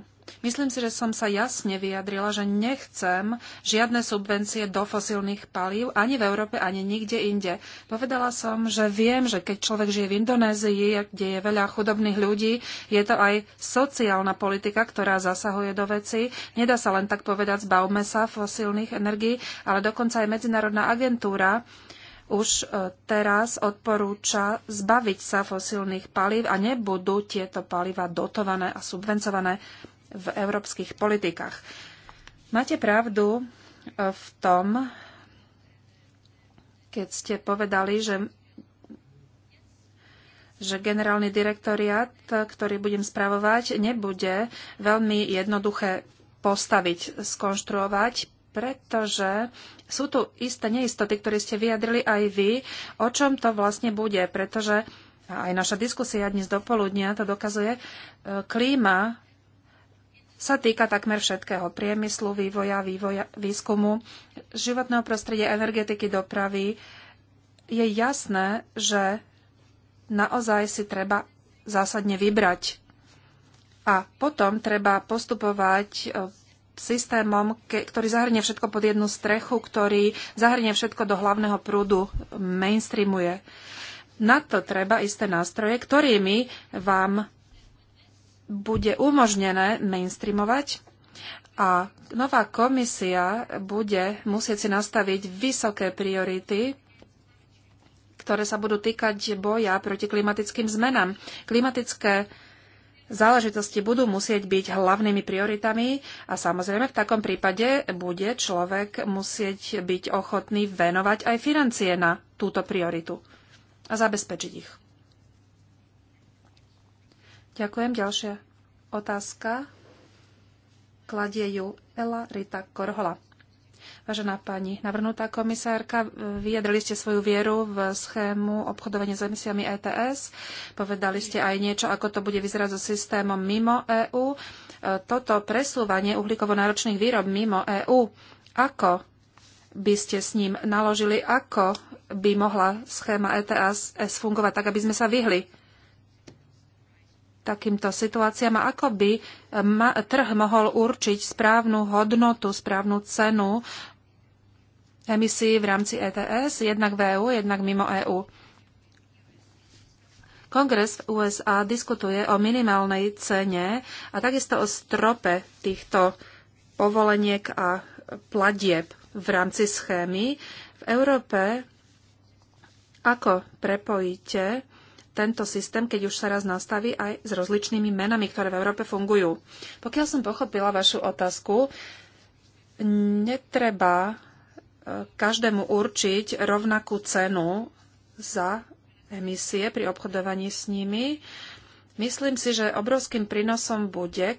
C: Myslím si, že som sa jasne vyjadrila, že nechcem žiadne subvencie do fosilných palív ani v Európe, ani nikde inde. Povedala som, že viem, že keď človek žije v Indonézii, kde je veľa chudobných ľudí, je to aj sociálna politika, ktorá zasahuje do veci. Nedá sa len tak povedať, zbavme sa fosilných energií, ale dokonca aj Medzinárodná agentúra už e, teraz odporúča zbaviť sa fosilných palív a nebudú tieto paliva dotované a subvencované v európskych politikách. Máte pravdu e, v tom, keď ste povedali, že, že generálny direktoriat, ktorý budem spravovať, nebude veľmi jednoduché postaviť, skonštruovať, pretože sú tu isté neistoty, ktoré ste vyjadrili aj vy, o čom to vlastne bude, pretože aj naša diskusia dnes poludnia to dokazuje, e, klíma sa týka takmer všetkého priemyslu, vývoja, vývoja, výskumu, životného prostredia, energetiky, dopravy. Je jasné, že naozaj si treba zásadne vybrať. A potom treba postupovať e, systémom, ktorý zahrnie všetko pod jednu strechu, ktorý zahrnie všetko do hlavného prúdu, e, mainstreamuje. Na to treba isté nástroje, ktorými vám bude umožnené mainstreamovať a nová komisia bude musieť si nastaviť vysoké priority, ktoré sa budú týkať boja proti klimatickým zmenám. Klimatické záležitosti budú musieť byť hlavnými prioritami a samozrejme v takom prípade bude človek musieť byť ochotný venovať aj financie na túto prioritu a zabezpečiť ich. Ďakujem. Ďalšia otázka kladie ju Ela Rita Korhola. Vážená pani navrhnutá komisárka, vyjadrili ste svoju vieru v schému obchodovania s emisiami ETS. Povedali ste aj niečo, ako to bude vyzerať so systémom mimo EÚ. Toto presúvanie uhlíkovo náročných výrob mimo EÚ, ako by ste s ním naložili, ako by mohla schéma ETS fungovať tak, aby sme sa vyhli takýmto situáciám a ako by eh, trh mohol určiť správnu hodnotu, správnu cenu emisí v rámci ETS, jednak v EU, jednak mimo EU. Kongres v USA diskutuje o minimálnej cene a takisto o strope týchto povoleniek a platieb v rámci schémy. V Európe ako prepojíte tento systém, keď už sa raz nastaví, aj s rozličnými menami, ktoré v Európe fungujú. Pokiaľ som pochopila vašu otázku, netreba e, každému určiť rovnakú cenu za emisie pri obchodovaní s nimi. Myslím si, že obrovským prínosom bude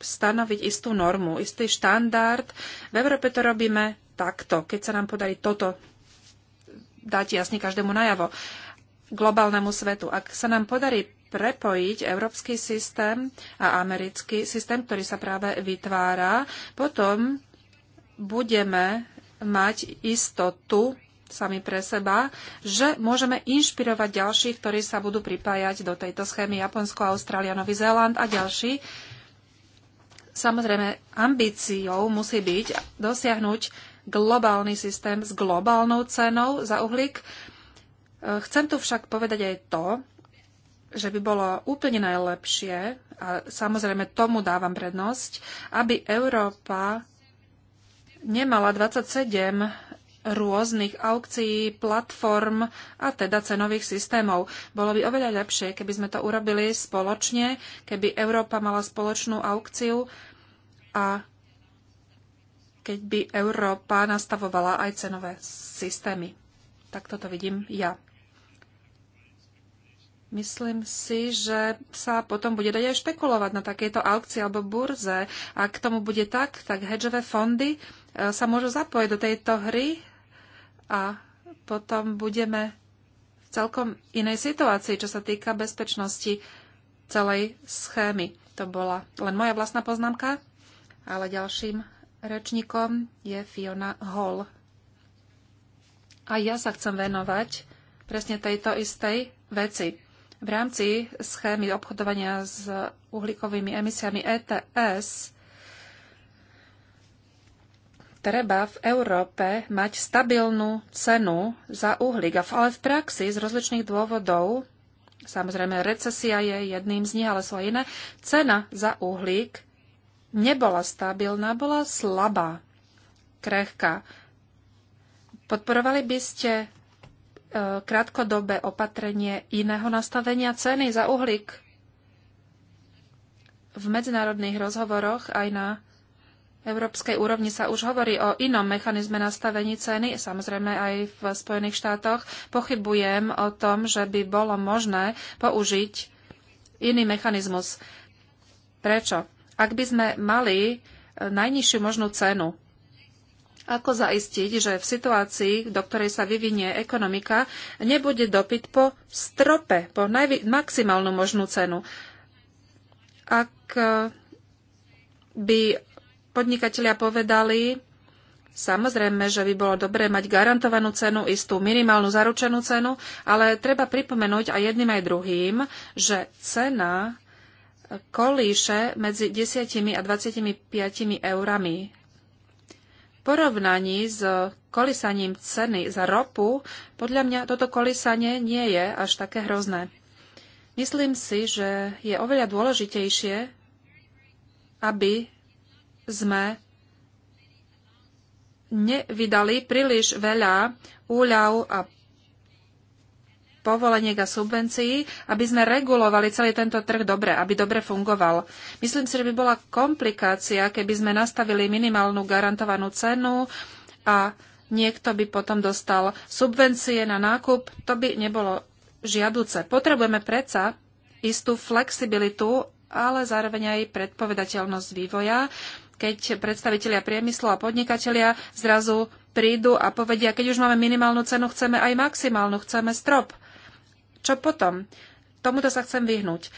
C: stanoviť istú normu, istý štandard. V Európe to robíme takto, keď sa nám podarí toto dať jasne každému najavo globálnemu svetu. Ak sa nám podarí prepojiť európsky systém a americký systém, ktorý sa práve vytvára, potom budeme mať istotu sami pre seba, že môžeme inšpirovať ďalších, ktorí sa budú pripájať do tejto schémy Japonsko, Austrália, Nový Zéland a ďalší. Samozrejme, ambíciou musí byť dosiahnuť globálny systém s globálnou cenou za uhlík Chcem tu však povedať aj to, že by bolo úplne najlepšie, a samozrejme tomu dávam prednosť, aby Európa nemala 27 rôznych aukcií, platform a teda cenových systémov. Bolo by oveľa lepšie, keby sme to urobili spoločne, keby Európa mala spoločnú aukciu a keď by Európa nastavovala aj cenové systémy. Tak toto vidím ja. Myslím si, že sa potom bude dať aj špekulovať na takejto aukcii alebo burze. Ak tomu bude tak, tak hedžové fondy e, sa môžu zapojiť do tejto hry a potom budeme v celkom inej situácii, čo sa týka bezpečnosti celej schémy. To bola len moja vlastná poznámka, ale ďalším rečníkom je Fiona Hall. A ja sa chcem venovať presne tejto istej veci. V rámci schémy obchodovania s uhlíkovými emisiami ETS treba v Európe mať stabilnú cenu za uhlík, ale v praxi z rozličných dôvodov, samozrejme recesia je jedným z nich, ale sú aj iné, cena za uhlík nebola stabilná, bola slabá, krehká. Podporovali by ste E, krátkodobé opatrenie iného nastavenia ceny za uhlík. V medzinárodných rozhovoroch aj na európskej úrovni sa už hovorí o inom mechanizme nastavení ceny, samozrejme aj v Spojených štátoch. Pochybujem o tom, že by bolo možné použiť iný mechanizmus. Prečo? Ak by sme mali najnižšiu možnú cenu ako zaistiť, že v situácii, do ktorej sa vyvinie ekonomika, nebude dopyt po strope, po maximálnu možnú cenu? Ak e, by podnikatelia povedali, Samozrejme, že by bolo dobré mať garantovanú cenu, istú minimálnu zaručenú cenu, ale treba pripomenúť aj jedným aj druhým, že cena kolíše medzi 10 a 25 eurami porovnaní s kolisaním ceny za ropu, podľa mňa toto kolisanie nie je až také hrozné. Myslím si, že je oveľa dôležitejšie, aby sme nevydali príliš veľa úľav a povoleniek a subvencií, aby sme regulovali celý tento trh dobre, aby dobre fungoval. Myslím si, že by bola komplikácia, keby sme nastavili minimálnu garantovanú cenu a niekto by potom dostal subvencie na nákup. To by nebolo žiaduce. Potrebujeme predsa istú flexibilitu, ale zároveň aj predpovedateľnosť vývoja, keď predstavitelia priemyslu a podnikatelia zrazu prídu a povedia, keď už máme minimálnu cenu, chceme aj maximálnu, chceme strop. Čo potom? Tomuto sa chcem vyhnúť.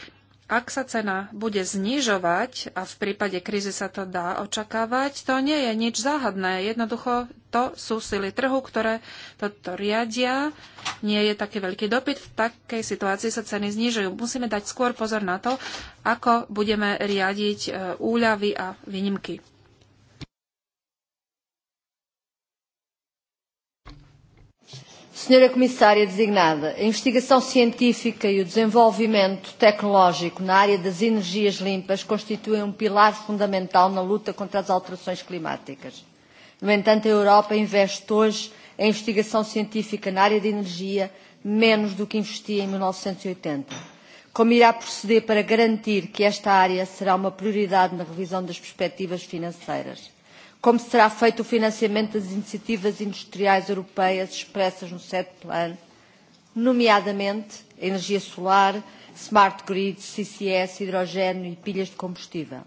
C: Ak sa cena bude znižovať, a v prípade krízy sa to dá očakávať, to nie je nič záhadné. Jednoducho to sú sily trhu, ktoré toto riadia. Nie je taký veľký dopyt. V takej situácii sa ceny znižujú. Musíme dať skôr pozor na to, ako budeme riadiť e, úľavy a výnimky. Senhora Comissária designada, a investigação científica e o desenvolvimento tecnológico na área das energias limpas constituem um pilar fundamental na luta contra as alterações climáticas. No entanto, a Europa investe hoje em investigação científica na área de energia menos do que investia em 1980.
A: E Como irá proceder para garantir que esta área será uma prioridade na revisão das perspectivas
C: financeiras? como será feito o financiamento das iniciativas industriais europeias expressas no sete plano, nomeadamente energia solar,
A: smart grids, CCS, hidrogênio e pilhas de combustível.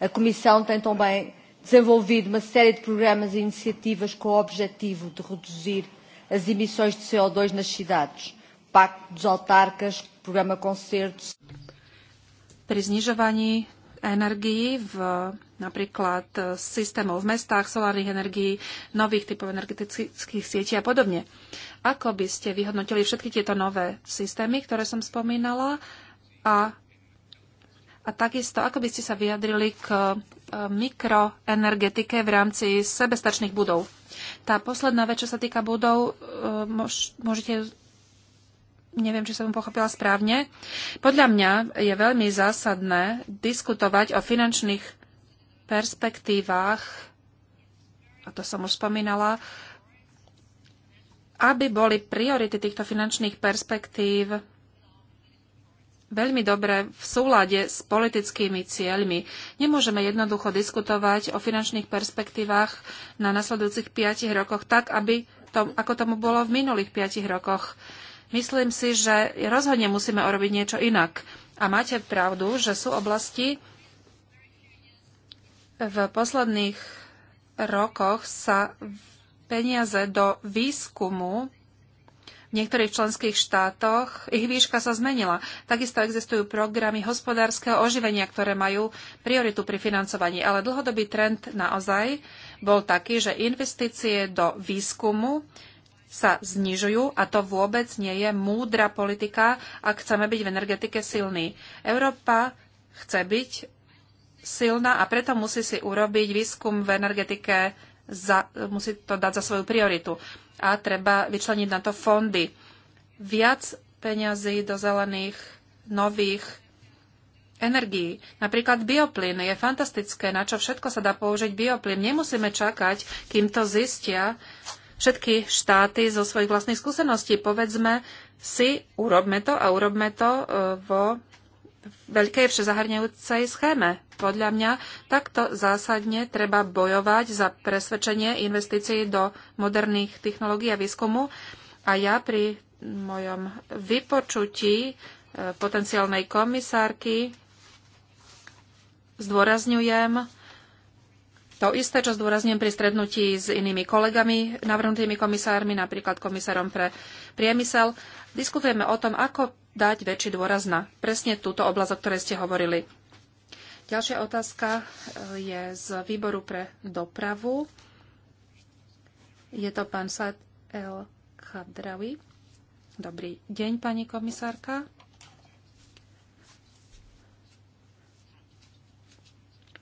A: A Comissão tem também desenvolvido uma série de programas e iniciativas com o objetivo de reduzir
C: as emissões de CO2 nas cidades. Pacto dos autarcas, programa concertos. Pri znižovaní v napríklad e, systémov v mestách, solárnych energií, nových typov energetických sietí a podobne. Ako by ste vyhodnotili všetky tieto nové systémy, ktoré som spomínala a, a takisto, ako by ste sa vyjadrili k e, mikroenergetike v rámci sebestačných budov? Tá posledná vec, čo sa týka budov, e, môžete neviem, či som pochopila správne. Podľa mňa je veľmi zásadné diskutovať o finančných perspektívach, a to som už spomínala, aby boli priority týchto finančných perspektív veľmi dobre v súlade s politickými cieľmi. Nemôžeme jednoducho diskutovať o finančných perspektívach na nasledujúcich 5 rokoch tak, aby tom, ako tomu bolo v minulých 5 rokoch. Myslím si, že rozhodne musíme urobiť niečo inak. A máte pravdu, že sú oblasti, v posledných rokoch sa peniaze do výskumu v niektorých členských štátoch ich výška sa zmenila. Takisto existujú programy hospodárskeho oživenia, ktoré majú prioritu pri financovaní, ale dlhodobý trend naozaj bol taký, že investície do výskumu sa znižujú a to vôbec nie je múdra politika, ak chceme byť v energetike silní. Európa chce byť silná a preto musí si urobiť výskum v energetike, za, musí to dať za svoju prioritu a treba vyčleniť na to fondy. Viac peňazí do zelených, nových energií. Napríklad bioplyn je fantastické, na čo všetko sa dá použiť bioplyn. Nemusíme čakať, kým to zistia všetky štáty zo svojich vlastných skúseností. Povedzme si, urobme to a urobme to eh, vo veľkej všezahrňujúcej schéme. Podľa mňa takto zásadne treba bojovať za presvedčenie investícií do moderných technológií a výskumu. A ja pri mojom vypočutí e, potenciálnej komisárky zdôrazňujem to isté, čo zdôrazňujem pri strednutí s inými kolegami, navrhnutými komisármi, napríklad komisárom pre priemysel. Diskutujeme o tom, ako dať väčší dôraz na presne túto oblasť, o ktorej ste hovorili. Ďalšia otázka e, je z výboru pre dopravu. Je to pán Sad El Khadrawi. Dobrý deň, pani komisárka.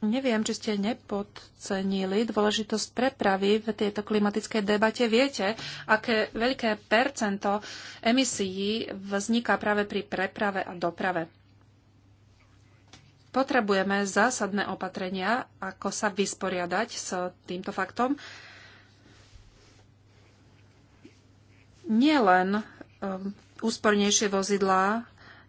C: Neviem, či ste nepodcenili dôležitosť prepravy v tejto klimatickej debate. Viete, aké veľké percento emisií vzniká práve pri preprave a doprave. Potrebujeme zásadné opatrenia, ako sa vysporiadať s týmto faktom. Nielen um, úspornejšie vozidlá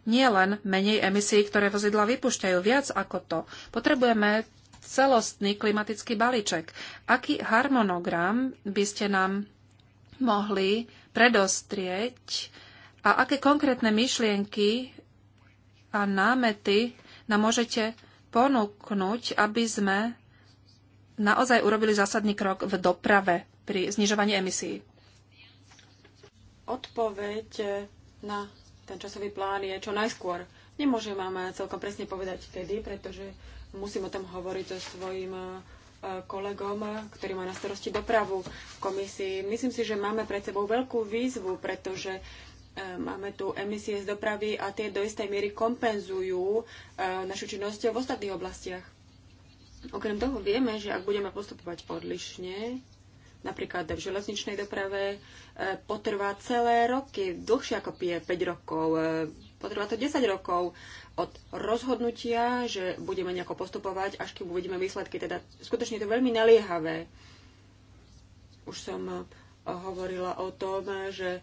C: nie len menej emisí, ktoré vozidla vypúšťajú viac ako to. Potrebujeme celostný klimatický balíček. Aký harmonogram by ste nám mohli predostrieť a aké konkrétne myšlienky a námety nám môžete ponúknuť, aby sme naozaj urobili zásadný krok v doprave pri znižovaní emisí?
A: Odpoveď na ten časový plán je čo najskôr. Nemôžem vám celkom presne povedať kedy, pretože musím o tom hovoriť so svojím e, kolegom, ktorý má na starosti dopravu v komisii. Myslím si, že máme pred sebou veľkú výzvu, pretože e, máme tu emisie z dopravy a tie do istej miery kompenzujú e, našu činnosť v ostatných oblastiach. Okrem toho vieme, že ak budeme postupovať odlišne, napríklad v železničnej doprave, e, potrvá celé roky, dlhšie ako 5 rokov, e, potrvá to 10 rokov od rozhodnutia, že budeme nejako postupovať, až keď uvidíme výsledky. Teda skutočne je to veľmi naliehavé. Už som e, hovorila o tom, že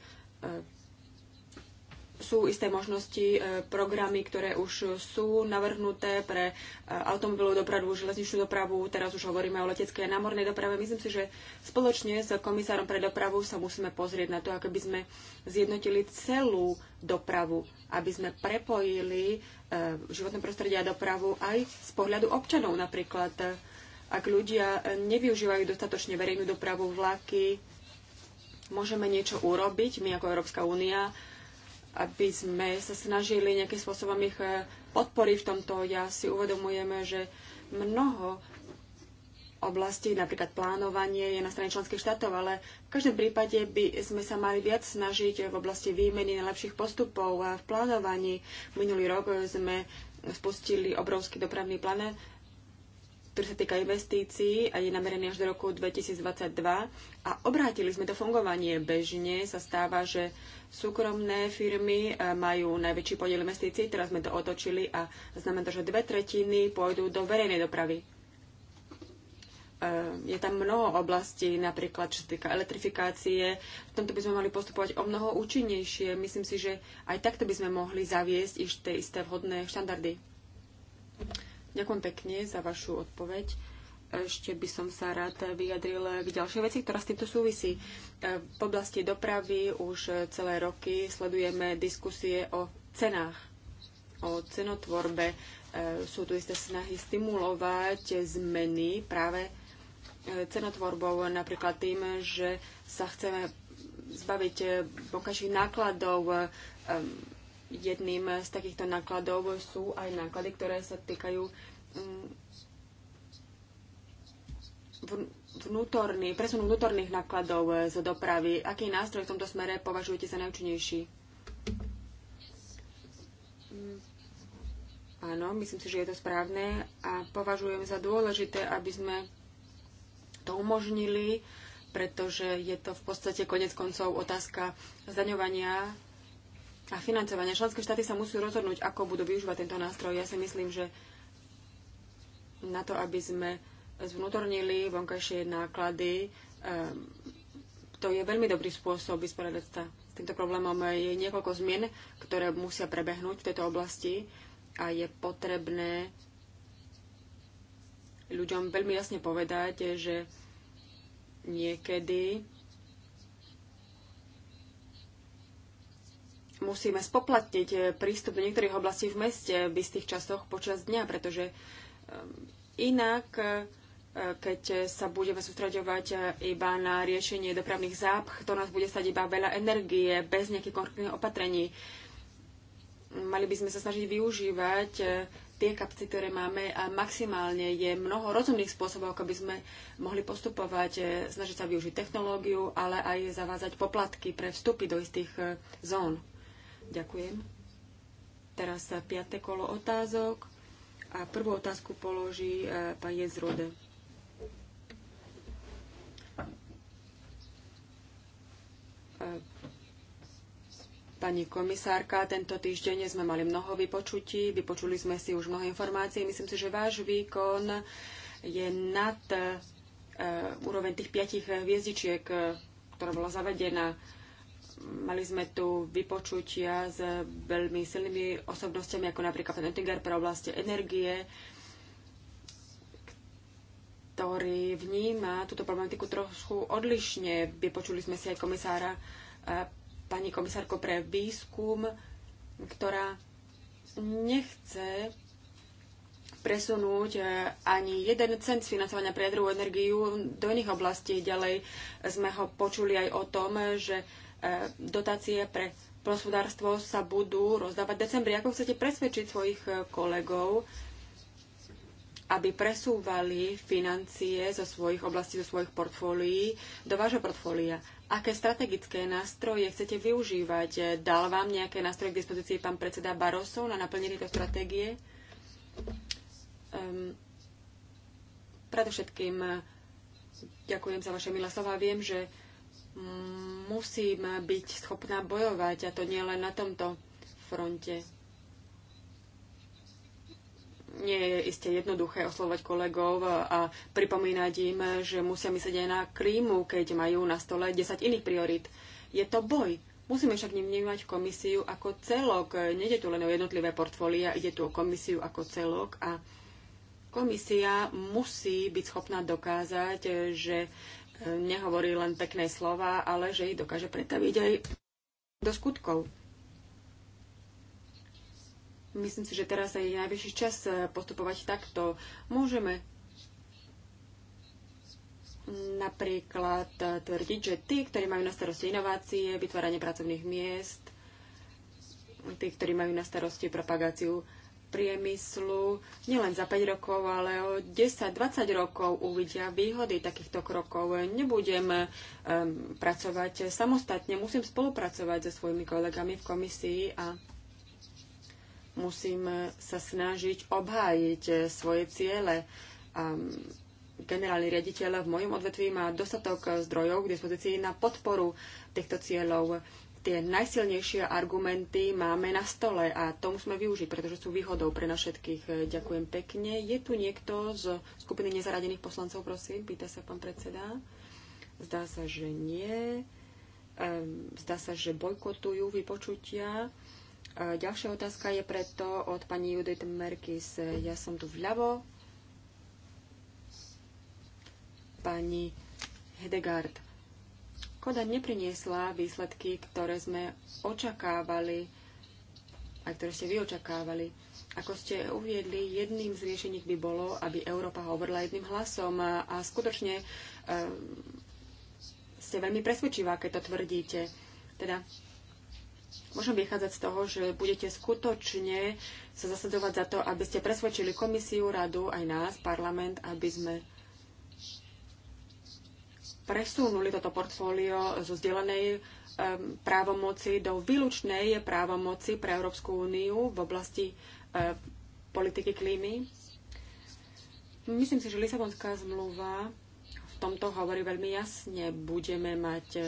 A: sú isté možnosti, e, programy, ktoré už sú navrhnuté pre e, automobilovú dopravu, železničnú dopravu, teraz už hovoríme o leteckej a námornej doprave. Myslím si, že spoločne s komisárom pre dopravu sa musíme pozrieť na to, ako by sme zjednotili celú dopravu, aby sme prepojili e, životné prostredie a dopravu aj z pohľadu občanov napríklad. Ak ľudia nevyužívajú dostatočne verejnú dopravu, vlaky, môžeme niečo urobiť, my ako Európska únia, aby sme sa snažili nejakým spôsobom ich eh, podpory v tomto. Ja si uvedomujeme, že mnoho oblastí, napríklad plánovanie je na strane členských štátov, ale v každom prípade by sme sa mali viac snažiť v oblasti výmeny najlepších postupov a v plánovaní. Minulý rok sme spustili obrovský dopravný plán ktorý sa týka investícií a je nameraný až do roku 2022. A obrátili sme to fungovanie. Bežne sa stáva, že súkromné firmy e, majú najväčší podiel investícií, teraz sme to otočili a znamená to, že dve tretiny pôjdu do verejnej dopravy. E, je tam mnoho oblastí, napríklad čo sa týka elektrifikácie. V tomto by sme mali postupovať o mnoho účinnejšie. Myslím si, že aj takto by sme mohli zaviesť isté, isté vhodné štandardy. Ďakujem pekne za vašu odpoveď. Ešte by som sa rád vyjadril k ďalšej veci, ktorá s týmto súvisí. E, v oblasti dopravy už celé roky sledujeme diskusie o cenách, o cenotvorbe. E, sú tu isté snahy stimulovať zmeny práve e, cenotvorbou, napríklad tým, že sa chceme zbaviť vonkajších nákladov, jedným z takýchto nákladov sú aj náklady, ktoré sa týkajú mm, vnútorný, presun vnútorných nákladov eh, z dopravy. Aký nástroj v tomto smere považujete za najúčinnejší? Mm, áno, myslím si, že je to správne a považujem za dôležité, aby sme to umožnili, pretože je to v podstate konec koncov otázka zdaňovania a financovania. Členské štáty sa musí rozhodnúť, ako budú využívať tento nástroj. Ja si myslím, že na to, aby sme zvnútornili vonkajšie náklady, ehm, to je veľmi dobrý spôsob vysporiadať sa s týmto problémom. Je niekoľko zmien, ktoré musia prebehnúť v tejto oblasti a je potrebné ľuďom veľmi jasne povedať, že niekedy musíme spoplatniť eh, prístup do niektorých oblastí v meste v istých časoch počas dňa, pretože ehm, inak, eh, keď sa budeme sústraďovať eh, iba na riešenie dopravných zápch, to nás bude stať iba veľa energie, bez nejakých konkrétnych opatrení. Mali by sme sa snažiť využívať tie kapacity, ktoré máme a maximálne je mnoho rozumných spôsobov, ako by sme mohli postupovať, snažiť sa využiť technológiu, ale aj zavázať poplatky pre vstupy do istých zón. Ďakujem. Teraz sa piate kolo otázok a prvú otázku položí e, pán Jezrode. E, pani komisárka, tento týždeň sme mali mnoho vypočutí, vypočuli sme si už mnoho informácií. Myslím si, že váš výkon je nad e, úroveň tých piatich hviezdičiek, ktorá bola zavedená Mali sme tu vypočutia s veľmi silnými osobnostiami, ako napríklad pán Oettinger pre oblasti energie, ktorý vníma túto problematiku trošku odlišne. Vypočuli sme si aj komisára, pani komisárko pre výskum, ktorá nechce presunúť e, ani jeden cent financovania pre jadrovú energiu do iných oblastí. Ďalej sme ho počuli aj o tom, že E, dotácie pre hospodárstvo sa budú rozdávať v decembri. Ako chcete presvedčiť svojich e, kolegov, aby presúvali financie zo svojich oblastí, zo svojich portfólií do vášho portfólia? Aké strategické nástroje chcete využívať? E, dal vám nejaké nástroje k dispozícii pán predseda Barosov na naplnenie tejto stratégie? Um, predovšetkým ďakujem za vaše milé slova. Viem, že um, musí byť schopná bojovať, a to nie len na tomto fronte. Nie je iste jednoduché oslovať kolegov a pripomínať im, že musia myslieť aj na Krímu, keď majú na stole 10 iných priorit. Je to boj. Musíme však vnímať komisiu ako celok. Nede tu len o jednotlivé portfólia, ide tu o komisiu ako celok a komisia musí byť schopná dokázať, že nehovorí len pekné slova, ale že ich dokáže pretaviť aj do skutkov. Myslím si, že teraz je najvyšší čas eh, postupovať takto. Môžeme napríklad eh, tvrdiť, že tí, ktorí majú na starosti inovácie, vytváranie pracovných miest, tí, ktorí majú na starosti propagáciu priemyslu nielen za 5 rokov, ale o 10-20 rokov uvidia výhody takýchto krokov. Nebudem um, pracovať samostatne, musím spolupracovať so svojimi kolegami v komisii a musím sa snažiť obhájiť eh, svoje ciele. Um, generálny riaditeľ v mojom odvetví má dostatok eh, zdrojov k dispozícii na podporu týchto cieľov tie najsilnejšie argumenty máme na stole a to musíme využiť, pretože sú výhodou pre nás všetkých. Ďakujem pekne. Je tu niekto z skupiny nezaradených poslancov, prosím? Pýta sa pán predseda. Zdá sa, že nie. Ehm, zdá sa, že bojkotujú vypočutia. E, ďalšia otázka je preto od pani Judith Merkis. Ja som tu vľavo. Pani Hedegard škoda nepriniesla výsledky, ktoré sme očakávali, a ktoré ste vy očakávali. Ako ste uviedli, jedným z riešení by bolo, aby Európa hovorila jedným hlasom a, a skutočne e, ste veľmi presvedčivá, keď to tvrdíte. Teda môžem vychádzať z toho, že budete skutočne sa zasadzovať za to, aby ste presvedčili komisiu, radu, aj nás, parlament, aby sme presunuli toto portfólio zo zdieľanej právomoci do výlučnej právomoci pre Európsku úniu v oblasti e, politiky klímy. Myslím si, že Lisabonská zmluva v tomto hovorí veľmi jasne. Budeme mať e,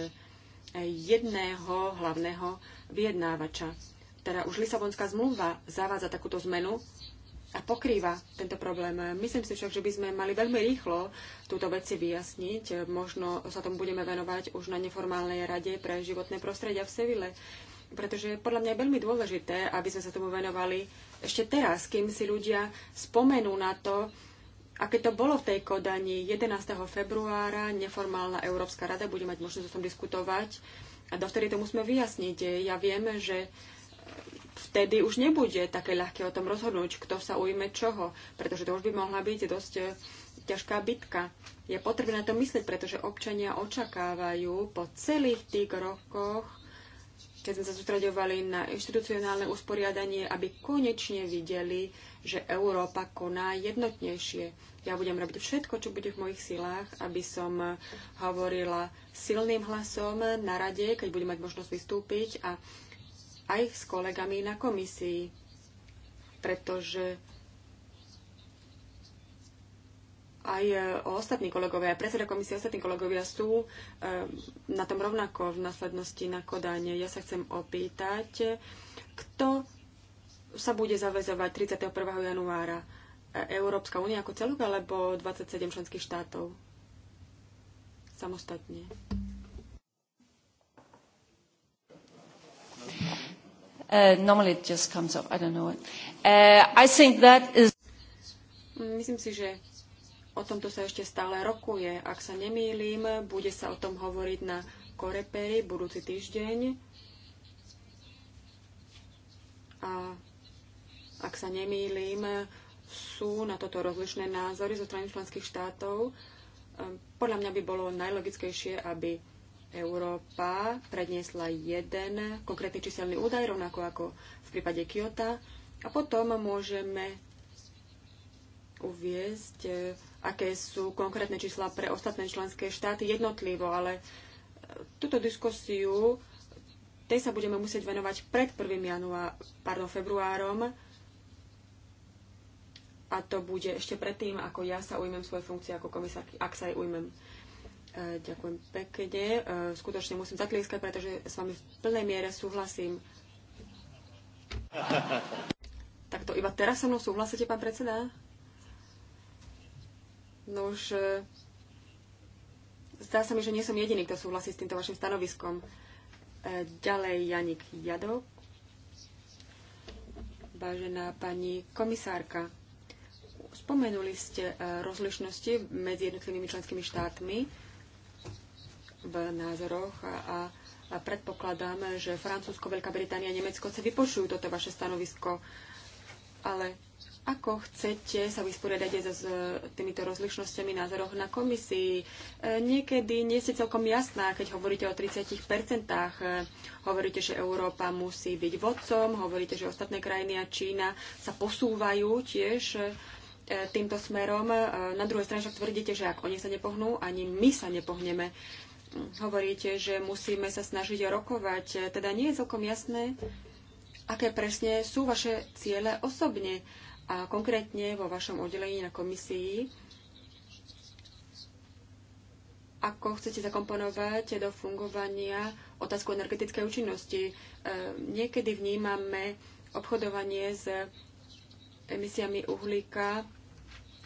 A: jedného hlavného vyjednávača. Teda už Lisabonská zmluva zavádza takúto zmenu a pokrýva tento problém. Myslím si však, že by sme mali veľmi rýchlo túto veci vyjasniť. Možno sa tomu budeme venovať už na neformálnej rade pre životné prostredia v Sevile, pretože podľa mňa je veľmi dôležité, aby sme sa tomu venovali ešte teraz, kým si ľudia spomenú na to, aké to bolo v tej Kodani 11. februára, neformálna Európska rada bude mať možnosť o tom diskutovať a dovtedy to musíme vyjasniť. Ja viem, že vtedy už nebude také ľahké o tom rozhodnúť, kto sa ujme čoho, pretože to už by mohla byť dosť e, ťažká bitka. Je potrebné na to myslieť, pretože občania očakávajú po celých tých rokoch, keď sme sa sústredovali na inštitucionálne usporiadanie, aby konečne videli, že Európa koná jednotnejšie. Ja budem robiť všetko, čo bude v mojich silách, aby som hovorila silným hlasom na rade, keď budem mať možnosť vystúpiť a aj s kolegami na komisii, pretože aj e, ostatní kolegovia, aj predseda komisie, ostatní kolegovia sú e, na tom rovnako v následnosti na Kodáne. Ja sa chcem opýtať, kto sa bude zavezovať 31. januára? E, Európska únia ako celok alebo 27 členských štátov? Samostatne.
C: Uh, normally it just comes up. I don't know. Uh, I think that is...
A: Myslím si, že o tomto sa ešte stále rokuje. Ak sa nemýlim, bude sa o tom hovoriť na Korepery budúci týždeň. A ak sa nemýlim, sú na toto rozlišné názory zo strany členských štátov. Ehm, podľa mňa by bolo najlogickejšie, aby Európa predniesla jeden konkrétny číselný údaj, rovnako ako v prípade Kyoto. A potom môžeme uviezť, e, aké sú konkrétne čísla pre ostatné členské štáty jednotlivo, ale e, túto diskusiu tej sa budeme musieť venovať pred 1. Január, pardon, februárom a to bude ešte predtým, ako ja sa ujmem svoje funkcie ako komisárky, ak sa jej ujmem. E, ďakujem pekne. E, skutočne musím zatlieskať, pretože s vami v plnej miere súhlasím. Tak to iba teraz so mnou súhlasíte, pán predseda? No už e, zdá sa mi, že nie som jediný, kto súhlasí s týmto vašim stanoviskom. Ďalej Janik Jadok. Vážená pani komisárka, spomenuli ste rozlišnosti medzi jednotlivými členskými štátmi v názoroch a, a predpokladám, že Francúzsko, Veľká Británia a Nemecko sa vypočujú toto vaše stanovisko. Ale ako chcete sa vysporiadať s týmito rozlišnosťami názoroch na komisii? E, niekedy nie ste celkom jasná, keď hovoríte o 30%. E, hovoríte, že Európa musí byť vodcom, hovoríte, že ostatné krajiny a Čína sa posúvajú tiež e, týmto smerom. Na druhej strane však tvrdíte, že ak oni sa nepohnú, ani my sa nepohneme hovoríte, že musíme sa snažiť rokovať. Teda nie je celkom jasné, aké presne sú vaše ciele osobne a konkrétne vo vašom oddelení na komisii. Ako chcete zakomponovať do fungovania otázku energetickej účinnosti? E, niekedy vnímame obchodovanie s emisiami uhlíka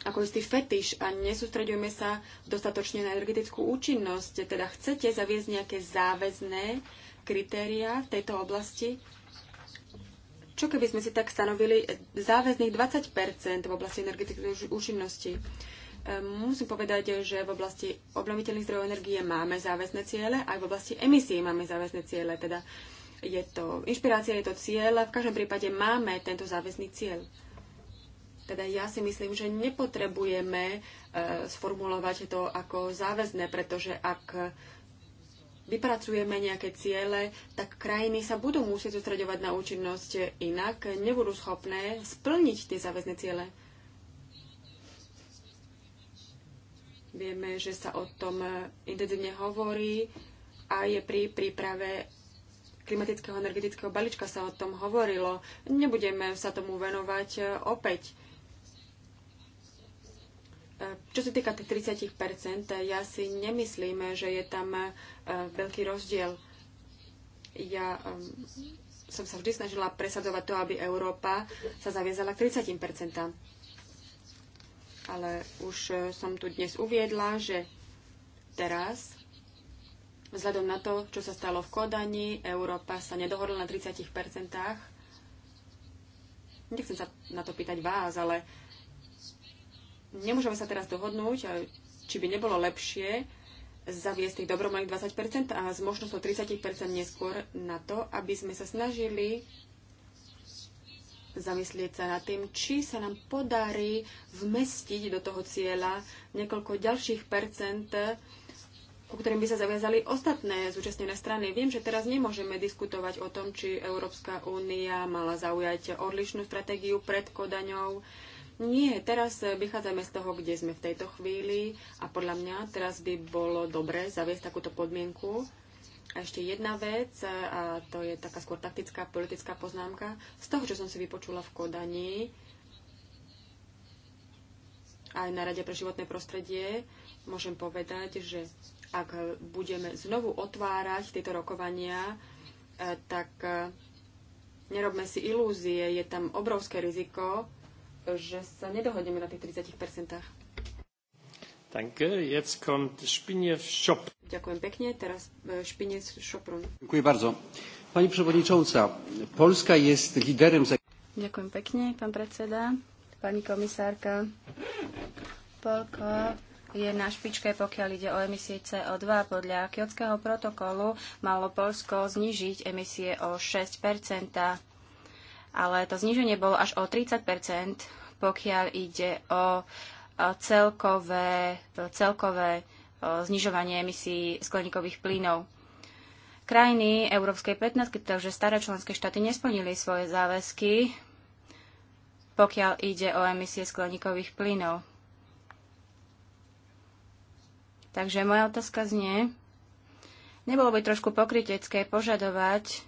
A: ako istý fetiš a nesústreďujeme sa dostatočne na energetickú účinnosť. Teda chcete zaviesť nejaké záväzné kritériá v tejto oblasti? Čo keby sme si tak stanovili záväzných 20 v oblasti energetickej účinnosti? Ehm, musím povedať, že v oblasti obnoviteľných zdrojov energie máme záväzné ciele, aj v oblasti emisí máme záväzné ciele. Teda je to inšpirácia, je to cieľ v každom prípade máme tento záväzný cieľ. Teda ja si myslím, že nepotrebujeme e, sformulovať to ako záväzné, pretože ak vypracujeme nejaké ciele, tak krajiny sa budú musieť sústreďovať na účinnosť, inak nebudú schopné splniť tie záväzné ciele. Vieme, že sa o tom e, intenzívne hovorí a je pri príprave klimatického energetického balíčka sa o tom hovorilo. Nebudeme sa tomu venovať e, opäť. Čo sa týka tých 30%, ja si nemyslím, že je tam e, veľký rozdiel. Ja e, som sa vždy snažila presadzovať to, aby Európa sa zaviazala k 30%. Ale už e, som tu dnes uviedla, že teraz, vzhľadom na to, čo sa stalo v Kodani, Európa sa nedohodla na 30%. Nechcem sa na to pýtať vás, ale Nemôžeme sa teraz dohodnúť, či by nebolo lepšie zaviesť tých dobromalých 20% a s možnosťou 30% neskôr na to, aby sme sa snažili zamyslieť sa nad tým, či sa nám podarí vmestiť do toho cieľa niekoľko ďalších percent, ku ktorým by sa zaviazali ostatné zúčastnené strany. Viem, že teraz nemôžeme diskutovať o tom, či Európska únia mala zaujať odlišnú stratégiu pred Kodaňou, nie, teraz eh, vychádzame z toho, kde sme v tejto chvíli a podľa mňa teraz by bolo dobre zaviesť takúto podmienku. A ešte jedna vec, eh, a to je taká skôr taktická politická poznámka. Z toho, čo som si vypočula v Kodani, aj na Rade pre životné prostredie, môžem povedať, že ak budeme znovu otvárať tieto rokovania, eh, tak nerobme si ilúzie, je tam obrovské riziko, že sa nedohodneme na tých 30%.
C: Danke, jetzt kommt Spiniew Shop.
A: Ďakujem pekne, teraz Špiniew e, Szopron. Ďakujem
C: bardzo. Pani przewodnicząca, Polska jest liderem... Za...
A: Ďakujem pekne, pán
B: predseda, pani komisárka. Polko je na špičke, pokiaľ ide o emisie CO2. Podľa Kyotského protokolu malo Polsko znižiť emisie o 6 ale to zníženie bolo až o 30 pokiaľ ide o celkové, celkové znižovanie emisí skleníkových plynov. Krajiny Európskej 15, takže staré členské štáty nesplnili svoje záväzky, pokiaľ ide o emisie skleníkových plynov. Takže moja otázka znie, nebolo by trošku pokrytecké požadovať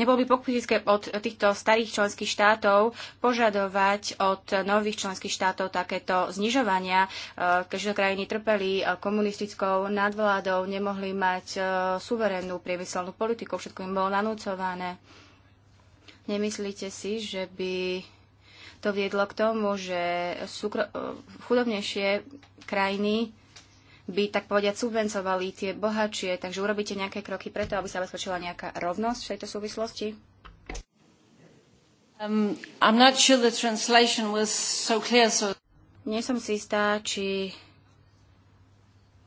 B: Nebol by pokrytické od týchto starých členských štátov požadovať od nových členských štátov takéto znižovania, e, keďže krajiny trpeli e, komunistickou nadvládou, nemohli mať e, suverénnu priemyselnú politiku, všetko im bolo nanúcované. Nemyslíte si, že by to viedlo k tomu, že chudobnejšie krajiny by, tak povediať, subvencovali tie bohatšie. Takže urobíte nejaké kroky preto, aby sa zabezpečila nejaká rovnosť v tejto súvislosti? Um, I'm not sure the translation was so clear, so... Nie som si istá, či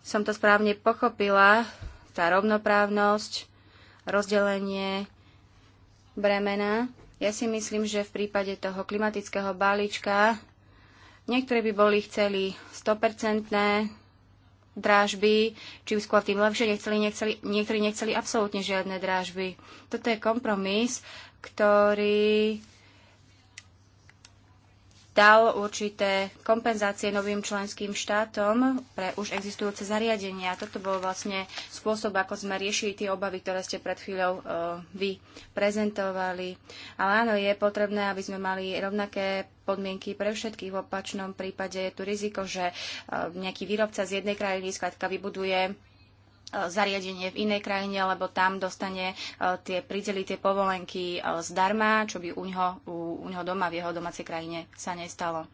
B: som to správne pochopila. Tá rovnoprávnosť, rozdelenie bremena. Ja si myslím, že v prípade toho klimatického balíčka niektorí by boli chceli 100%, drážby, či skôr tým lepšie, nechceli, nechceli, niektorí nechceli absolútne žiadne drážby. Toto je kompromis, ktorý dal určité kompenzácie novým členským štátom pre už existujúce zariadenia. Toto bol vlastne spôsob, ako sme riešili tie obavy, ktoré ste pred chvíľou uh, vy prezentovali. Ale áno, je potrebné, aby sme mali rovnaké podmienky pre všetkých. V opačnom prípade je tu riziko, že uh, nejaký výrobca z jednej krajiny skladka vybuduje zariadenie v inej krajine, lebo tam dostane e, tie prideli, tie povolenky e, zdarma, čo by u ňoho, u, u ňoho doma, v jeho domácej krajine sa nestalo.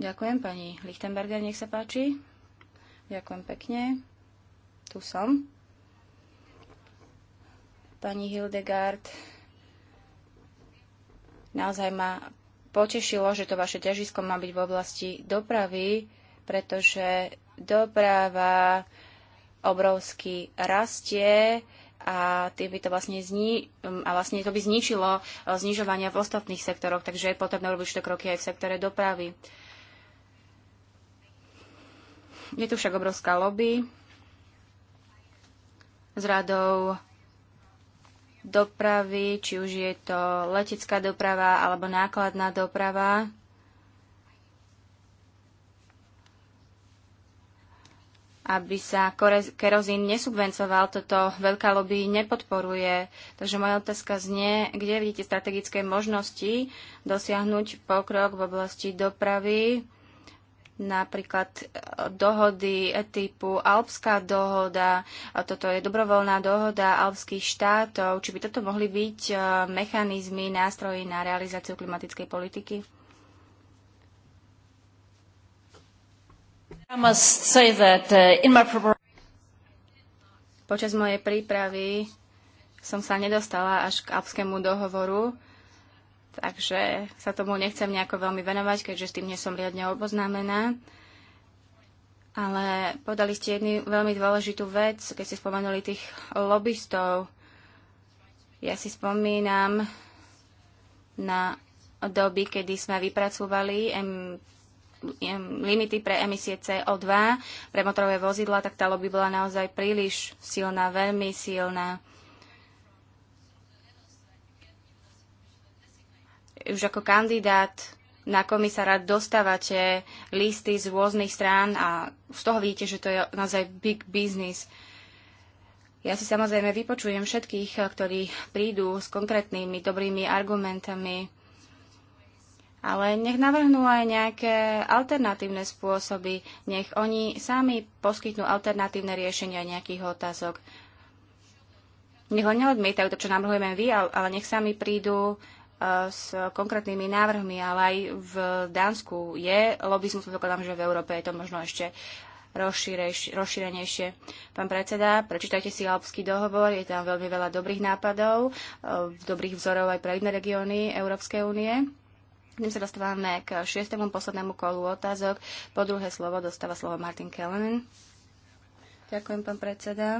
B: Ďakujem pani Lichtenberger, nech sa páči. Ďakujem pekne. Tu som. Pani Hildegard, naozaj ma potešilo, že to vaše ťažisko má byť v oblasti dopravy, pretože doprava obrovsky rastie a tým by to vlastne, zni- mm, a vlastne to by zničilo e, znižovania v ostatných sektoroch, takže je potrebné robiť to kroky aj v sektore dopravy. Je tu však obrovská lobby s radou dopravy, či už je to letecká doprava alebo nákladná doprava. aby sa kerozín nesubvencoval. Toto veľká lobby nepodporuje. Takže moja otázka znie, kde vidíte strategické možnosti dosiahnuť pokrok v oblasti dopravy, napríklad e, dohody typu Alpská dohoda, toto je dobrovoľná dohoda alpských štátov, či by toto mohli byť e, mechanizmy, nástroji na realizáciu klimatickej politiky? Uh, Počas mojej prípravy som sa nedostala až k Alpskému dohovoru, takže sa tomu nechcem nejako veľmi venovať, keďže s tým nie som riadne oboznámená. Ale podali ste jednu veľmi dôležitú vec, keď ste spomenuli tých lobbystov. Ja si spomínam na doby, kedy sme vypracovali limity pre emisie CO2 pre motorové vozidla, tak tá lobby bola naozaj príliš silná, veľmi silná. Už ako kandidát na komisára dostávate listy z rôznych strán a z toho vidíte, že to je naozaj big business. Ja si samozrejme vypočujem všetkých, ktorí prídu s konkrétnymi dobrými argumentami. Ale nech navrhnú aj nejaké alternatívne spôsoby, nech oni sami poskytnú alternatívne riešenia nejakých otázok. Nech ho neodmietajú to, čo navrhujeme vy, ale nech sami prídu uh, s konkrétnymi návrhmi, ale aj v Dánsku je lobizmus, dokladám, že v Európe je to možno ešte rozšírenejšie. Pán predseda, prečítajte si Alpský dohovor, je tam veľmi veľa dobrých nápadov, uh, dobrých vzorov aj pre iné regióny Európskej únie. Tým sa dostávame k šiestému poslednému kolu otázok. Po druhé slovo dostáva slovo Martin Kellen. Ďakujem, pán predseda.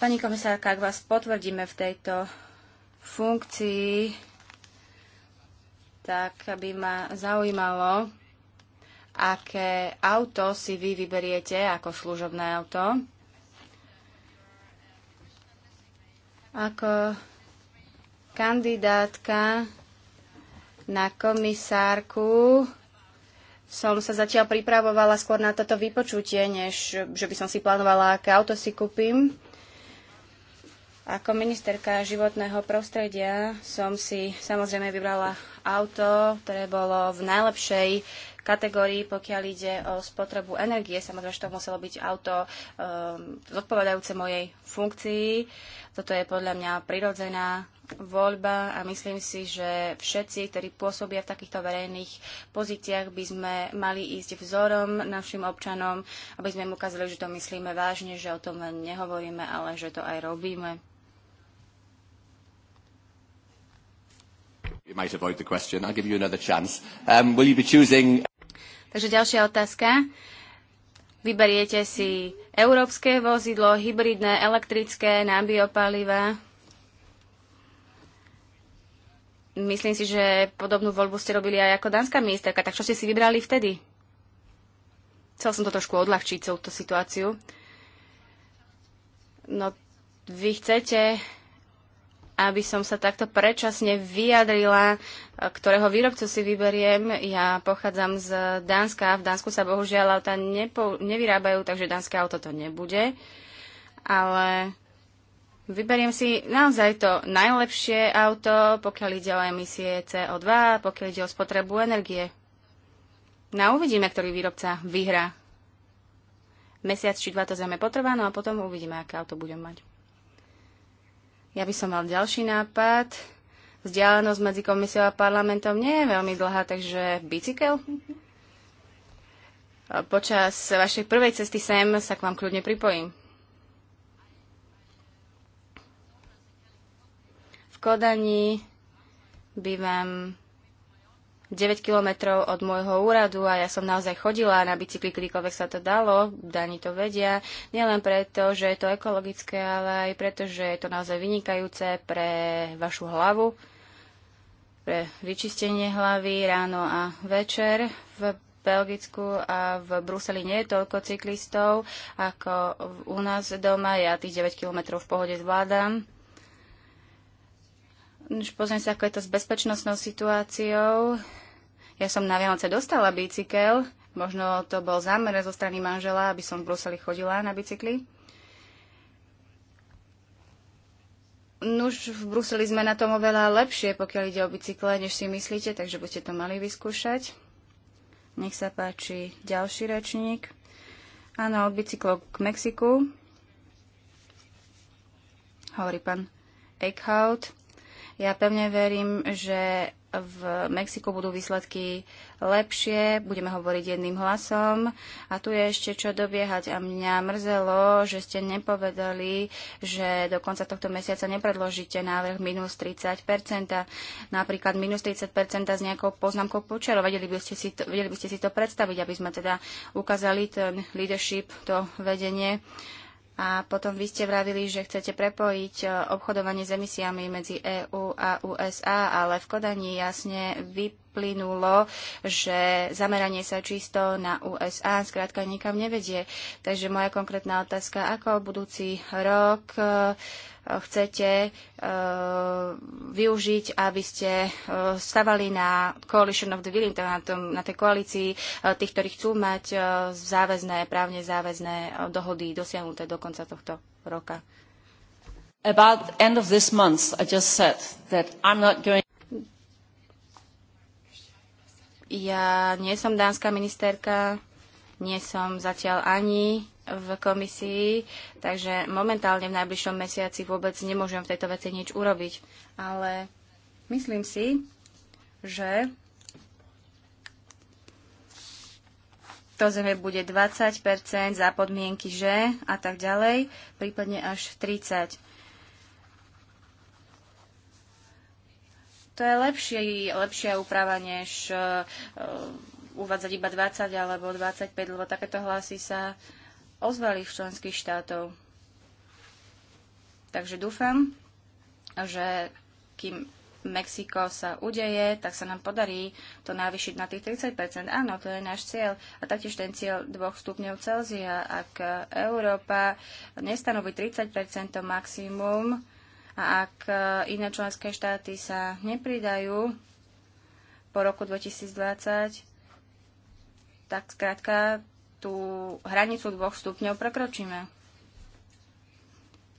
B: Pani komisárka, ak vás potvrdíme v tejto funkcii, tak by ma zaujímalo, aké auto si vy vyberiete ako služobné auto. Ako kandidátka na komisárku. Som sa zatiaľ pripravovala skôr na toto vypočutie, než že by som si plánovala, aké auto si kúpim. Ako ministerka životného prostredia som si samozrejme vybrala auto, ktoré bolo v najlepšej kategórií, pokiaľ ide o spotrebu energie. Samozrejme, že to muselo byť auto um, zodpovedajúce mojej funkcii. Toto je podľa mňa prirodzená voľba a myslím si, že všetci, ktorí pôsobia v takýchto verejných pozíciách, by sme mali ísť vzorom našim občanom, aby sme im ukázali, že to myslíme vážne, že o tom len nehovoríme, ale že to aj robíme.
A: You might avoid the question. I'll give you another chance. Um, will you be choosing...
B: Takže ďalšia otázka. Vyberiete si európske vozidlo, hybridné, elektrické, na biopaliva. Myslím si, že podobnú voľbu ste robili aj ako dánska ministerka. Tak čo ste si vybrali vtedy? Chcel som to trošku odľahčiť, celú tú situáciu. No, vy chcete aby som sa takto predčasne vyjadrila, e, ktorého výrobcu si vyberiem. Ja pochádzam z Dánska. V Dánsku sa bohužiaľ auta nepo, nevyrábajú, takže dánske auto to nebude. Ale vyberiem si naozaj to najlepšie auto, pokiaľ ide o emisie CO2, pokiaľ ide o spotrebu energie. No uvidíme, ktorý výrobca vyhrá. Mesiac či dva to zrejme potrvá, no a potom uvidíme, aké auto budem mať. Ja by som mal ďalší nápad. Vzdialenosť medzi komisiou a parlamentom nie je veľmi dlhá, takže bicykel. Počas vašej prvej cesty sem sa k vám kľudne pripojím. V Kodani by vám 9 kilometrov od môjho úradu a ja som naozaj chodila na bicykli, kedykoľvek sa to dalo, Dani to vedia, nielen preto, že je to ekologické, ale aj preto, že je to naozaj vynikajúce pre vašu hlavu, pre vyčistenie hlavy ráno a večer. V Belgicku a v Bruseli nie je toľko cyklistov ako u nás doma. Ja tých 9 kilometrov v pohode zvládam Pozriem sa, ako je to s bezpečnostnou situáciou. Ja som na Vianoce dostala bicykel. Možno to bol zámer zo strany manžela, aby som v Bruseli chodila na bicykli. Nuž, v Bruseli sme na tom oveľa lepšie, pokiaľ ide o bicykle, než si myslíte, takže by ste to mali vyskúšať. Nech sa páči ďalší rečník. Áno, od bicyklov k Mexiku. Hovorí pán Eichhout. Ja pevne verím, že v Mexiku budú výsledky lepšie, budeme hovoriť jedným hlasom a tu je ešte čo dobiehať a mňa mrzelo, že ste nepovedali, že do konca tohto mesiaca nepredložíte návrh minus 30%, napríklad minus 30% s nejakou poznámkou počiarov. Vedeli by, ste si to, vedeli by ste si to predstaviť, aby sme teda ukázali ten leadership, to vedenie a potom vy ste vravili, že chcete prepojiť eh, obchodovanie s emisiami medzi EÚ a USA, ale v Kodani jasne vy vyplynulo, že zameranie sa čisto na USA zkrátka nikam nevedie. Takže moja konkrétna otázka, ako budúci rok eh, chcete eh, využiť, aby ste eh, stavali na Coalition of the Willing, teda na, tom, na tej koalícii tých, ktorí chcú mať záväzné, právne záväzné dohody dosiahnuté do konca tohto roka.
C: About end of this month, I just said that
B: I'm not going ja nie som dánska ministerka, nie som zatiaľ ani v komisii, takže momentálne v najbližšom mesiaci vôbec nemôžem v tejto veci nič urobiť. Ale myslím si, že to zeme bude 20% za podmienky, že a tak ďalej, prípadne až 30. To je lepšie, lepšia úprava, než uh, uvádzať iba 20 alebo 25, lebo takéto hlasy sa ozvali v členských štátov. Takže dúfam, že kým Mexiko sa udeje, tak sa nám podarí to navýšiť na tých 30 Áno, to je náš cieľ. A taktiež ten cieľ 2 stupňov Celzia. Ak Európa nestanoví 30 maximum, a ak e, iné členské štáty sa nepridajú po roku 2020, tak skrátka tú hranicu dvoch stupňov prekročíme.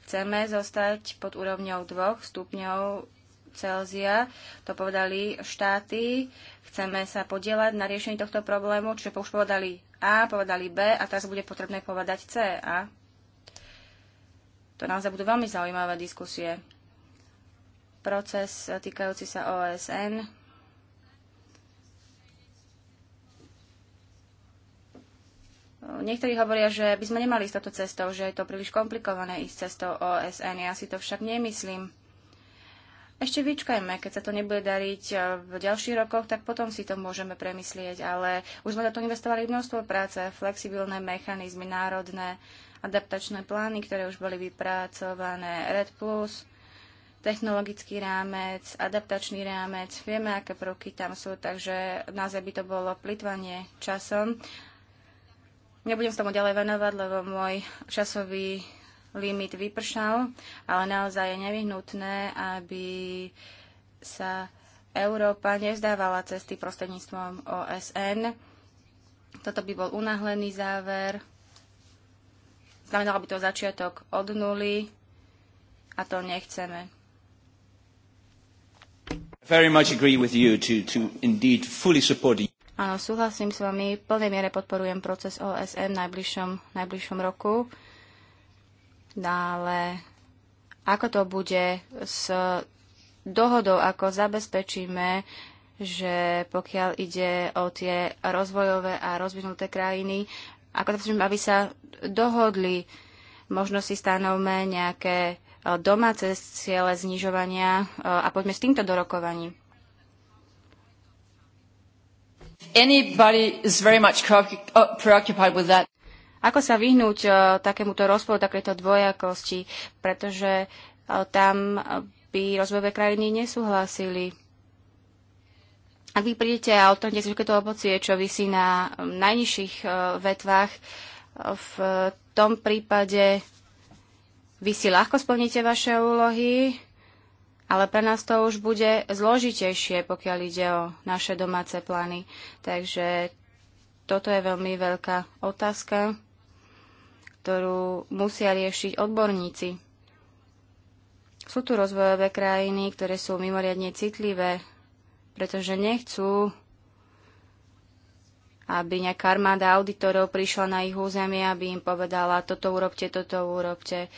B: Chceme zostať pod úrovňou dvoch stupňov Celzia. To povedali štáty. Chceme sa podielať na riešení tohto problému, čiže už povedali A, povedali B a teraz bude potrebné povedať C. A to naozaj budú veľmi zaujímavé diskusie. Proces týkajúci sa OSN. Niektorí hovoria, že by sme nemali ísť toto cestou, že je to príliš komplikované ísť cestou OSN. Ja si to však nemyslím. Ešte vyčkajme, keď sa to nebude dariť e, v ďalších rokoch, tak potom si to môžeme premyslieť, ale už sme do toho investovali množstvo práce, flexibilné mechanizmy, národné adaptačné plány, ktoré už boli vypracované, RED+, technologický rámec, adaptačný rámec, vieme, aké prvky tam sú, takže naozaj by to bolo plitvanie časom. Nebudem sa tomu ďalej venovať, lebo môj časový limit vypršal, ale naozaj je nevyhnutné, aby sa Európa nevzdávala cesty prostredníctvom OSN. Toto by bol unáhlený záver Znamenalo by to začiatok od nuly a to nechceme.
C: Very much agree with you to, to indeed fully support you.
B: Áno, súhlasím s vami. V plnej miere podporujem proces OSN v najbližšom, najbližšom roku. Ale ako to bude s dohodou, ako zabezpečíme, že pokiaľ ide o tie rozvojové a rozvinuté krajiny, ako to chcem, aby sa dohodli. Možno si stanovme nejaké e, domáce ciele znižovania e, a poďme s týmto dorokovaním. Uh, ako sa vyhnúť e, takémuto rozporu, takéto dvojakosti, pretože tam by rozvojové krajiny nesúhlasili. Ak vy prídete a odtrhnete si to ovocie, čo vysí na um, najnižších uh, vetvách, uh, v tom prípade vy si ľahko splníte vaše úlohy, ale pre nás to už bude zložitejšie, pokiaľ ide o naše domáce plány. Takže toto je veľmi veľká otázka, ktorú musia riešiť odborníci. Sú tu rozvojové krajiny, ktoré sú mimoriadne citlivé pretože nechcú, aby nejaká armáda auditorov prišla na ich územie, aby im povedala, toto urobte, toto urobte.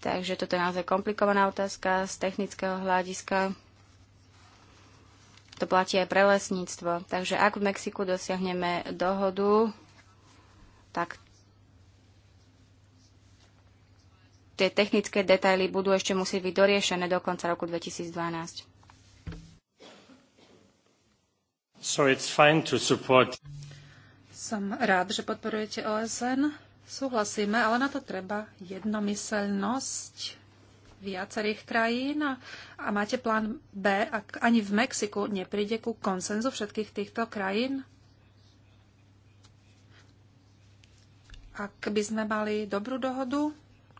B: Takže toto je naozaj komplikovaná otázka z technického hľadiska. To platí aj pre lesníctvo. Takže ak v Mexiku dosiahneme dohodu, tak tie technické detaily budú ešte musieť byť doriešené do konca roku 2012. So it's fine to support.
C: Som rád, že podporujete OSN. Súhlasíme, ale na to treba jednomyselnosť viacerých krajín a, a máte plán B, ak ani v Mexiku nepríde ku konsenzu všetkých týchto krajín? Ak by sme mali dobrú dohodu,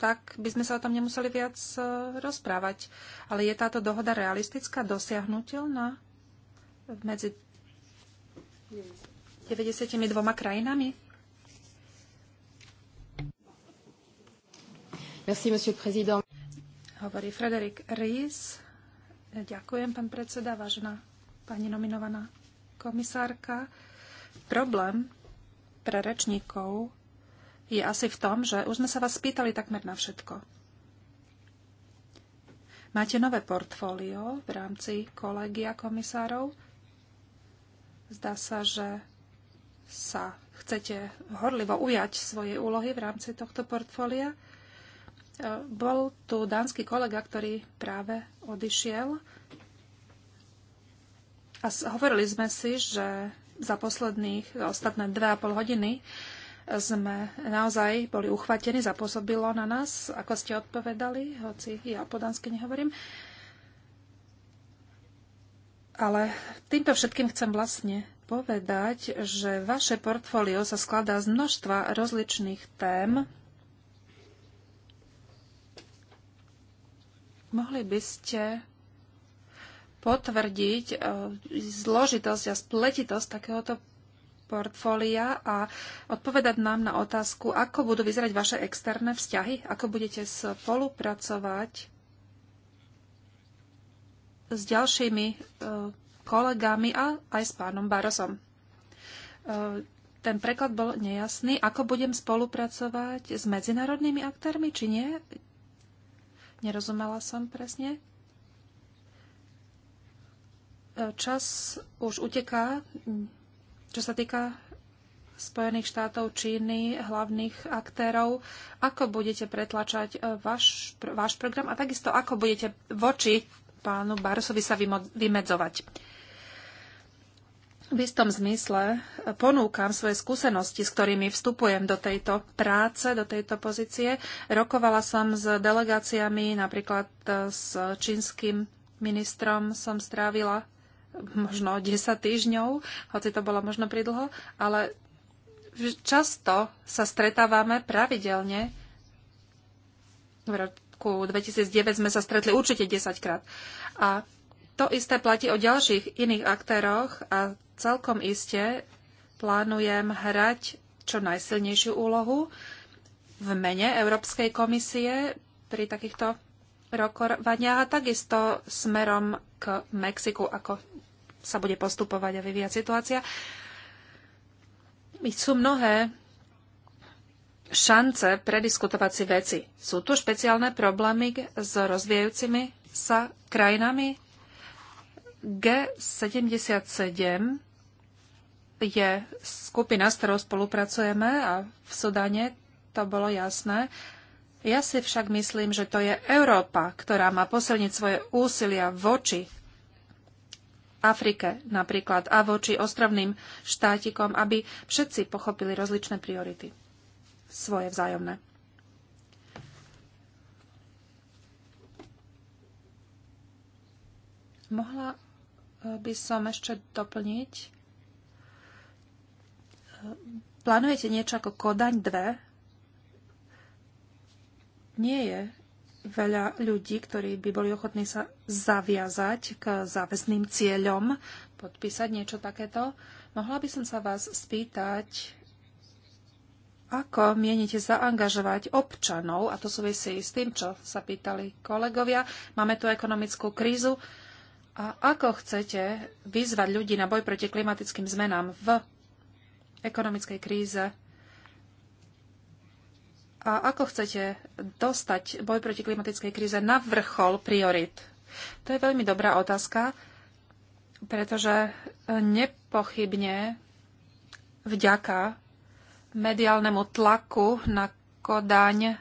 C: tak by sme sa o tom nemuseli viac e, rozprávať. Ale je táto dohoda realistická, dosiahnutelná medzi 92 krajinami? Merci, monsieur le président. Hovorí Frederik Ries. Ďakujem, pán predseda, vážená pani nominovaná komisárka. Problém pre rečníkov je asi v tom, že už sme sa vás spýtali takmer na všetko. Máte nové portfólio v rámci kolegia komisárov? Zdá sa, že sa chcete horlivo ujať svojej úlohy v rámci tohto portfólia. E, bol tu dánsky kolega, ktorý práve odišiel a hovorili sme si, že za posledných, za ostatné 2,5 hodiny e, sme naozaj boli uchvatení, zapôsobilo na nás, ako ste odpovedali, hoci ja po dánsky nehovorím. Ale týmto všetkým chcem vlastne povedať, že vaše portfólio sa skladá z množstva rozličných tém. Mohli by ste potvrdiť e, zložitosť a spletitosť takéhoto portfólia a odpovedať nám na otázku, ako budú vyzerať vaše externé vzťahy, ako budete spolupracovať s ďalšími e, kolegami a aj s pánom Barosom. E, ten preklad bol nejasný. Ako budem spolupracovať s medzinárodnými aktérmi, či nie? Nerozumela som presne. E, čas už uteká, čo sa týka Spojených štátov, Číny, hlavných aktérov. Ako budete pretlačať váš, váš program a takisto ako budete voči pánu Barsovi sa vymedzovať. V istom zmysle ponúkam svoje skúsenosti, s ktorými vstupujem do tejto práce, do tejto pozície. Rokovala som s delegáciami, napríklad e, s čínskym ministrom som strávila možno 10 týždňov, hoci to bolo možno pridlho, ale často sa stretávame pravidelne roku 2009 sme sa stretli určite 10 krát. A to isté platí o ďalších iných aktéroch a celkom iste plánujem hrať čo najsilnejšiu úlohu v mene Európskej komisie pri takýchto rokovaniach a takisto smerom k Mexiku, ako sa bude postupovať a vyvíjať situácia. Sú mnohé šance prediskutovať si veci. Sú tu špeciálne problémy s rozvíjajúcimi sa krajinami? G77 je skupina, s ktorou spolupracujeme a v Sudane to bolo jasné. Ja si však myslím, že to je Európa, ktorá má posilniť svoje úsilia voči Afrike napríklad a voči ostrovným štátikom, aby všetci pochopili rozličné priority svoje vzájomné. Mohla eh, by som ešte doplniť. Eh, plánujete niečo ako Kodaň 2? Nie je veľa ľudí, ktorí by boli ochotní sa zaviazať k záväzným cieľom, podpísať niečo takéto. Mohla by som sa vás spýtať, ako mienite zaangažovať občanov, a to súvisí s tým, čo sa pýtali kolegovia, máme tu ekonomickú krízu, a ako chcete vyzvať ľudí na boj proti klimatickým zmenám v ekonomickej kríze? A ako chcete dostať boj proti klimatickej kríze na vrchol priorit? To je veľmi dobrá otázka, pretože nepochybne vďaka mediálnemu tlaku na Kodaň e,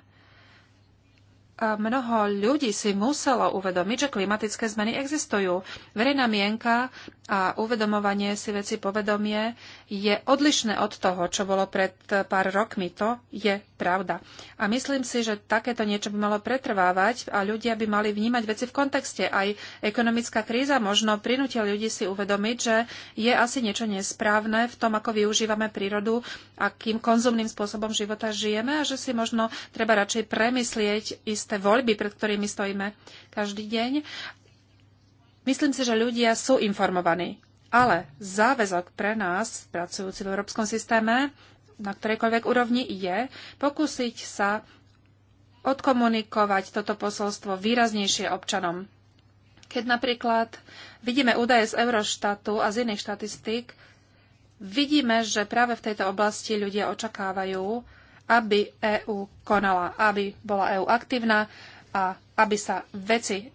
C: mnoho ľudí si muselo uvedomiť, že klimatické zmeny existujú. Verejná mienka a uvedomovanie si veci povedomie je odlišné od toho, čo bolo pred pár rokmi. To je pravda. A myslím si, že takéto niečo by malo pretrvávať a ľudia by mali vnímať veci v kontexte. Aj ekonomická kríza možno prinútia ľudí si uvedomiť, že je asi niečo nesprávne v tom, ako využívame prírodu, akým konzumným spôsobom života žijeme a že si možno treba radšej premyslieť isté voľby, pred ktorými stojíme každý deň Myslím si, že ľudia sú informovaní. Ale záväzok pre nás, pracujúci v európskom systéme, na ktorejkoľvek úrovni je pokúsiť sa odkomunikovať toto posolstvo výraznejšie občanom. Keď napríklad vidíme údaje z Eurostatu a z iných štatistík, vidíme, že práve v tejto oblasti ľudia očakávajú, aby EÚ konala, aby bola EÚ aktívna a aby sa veci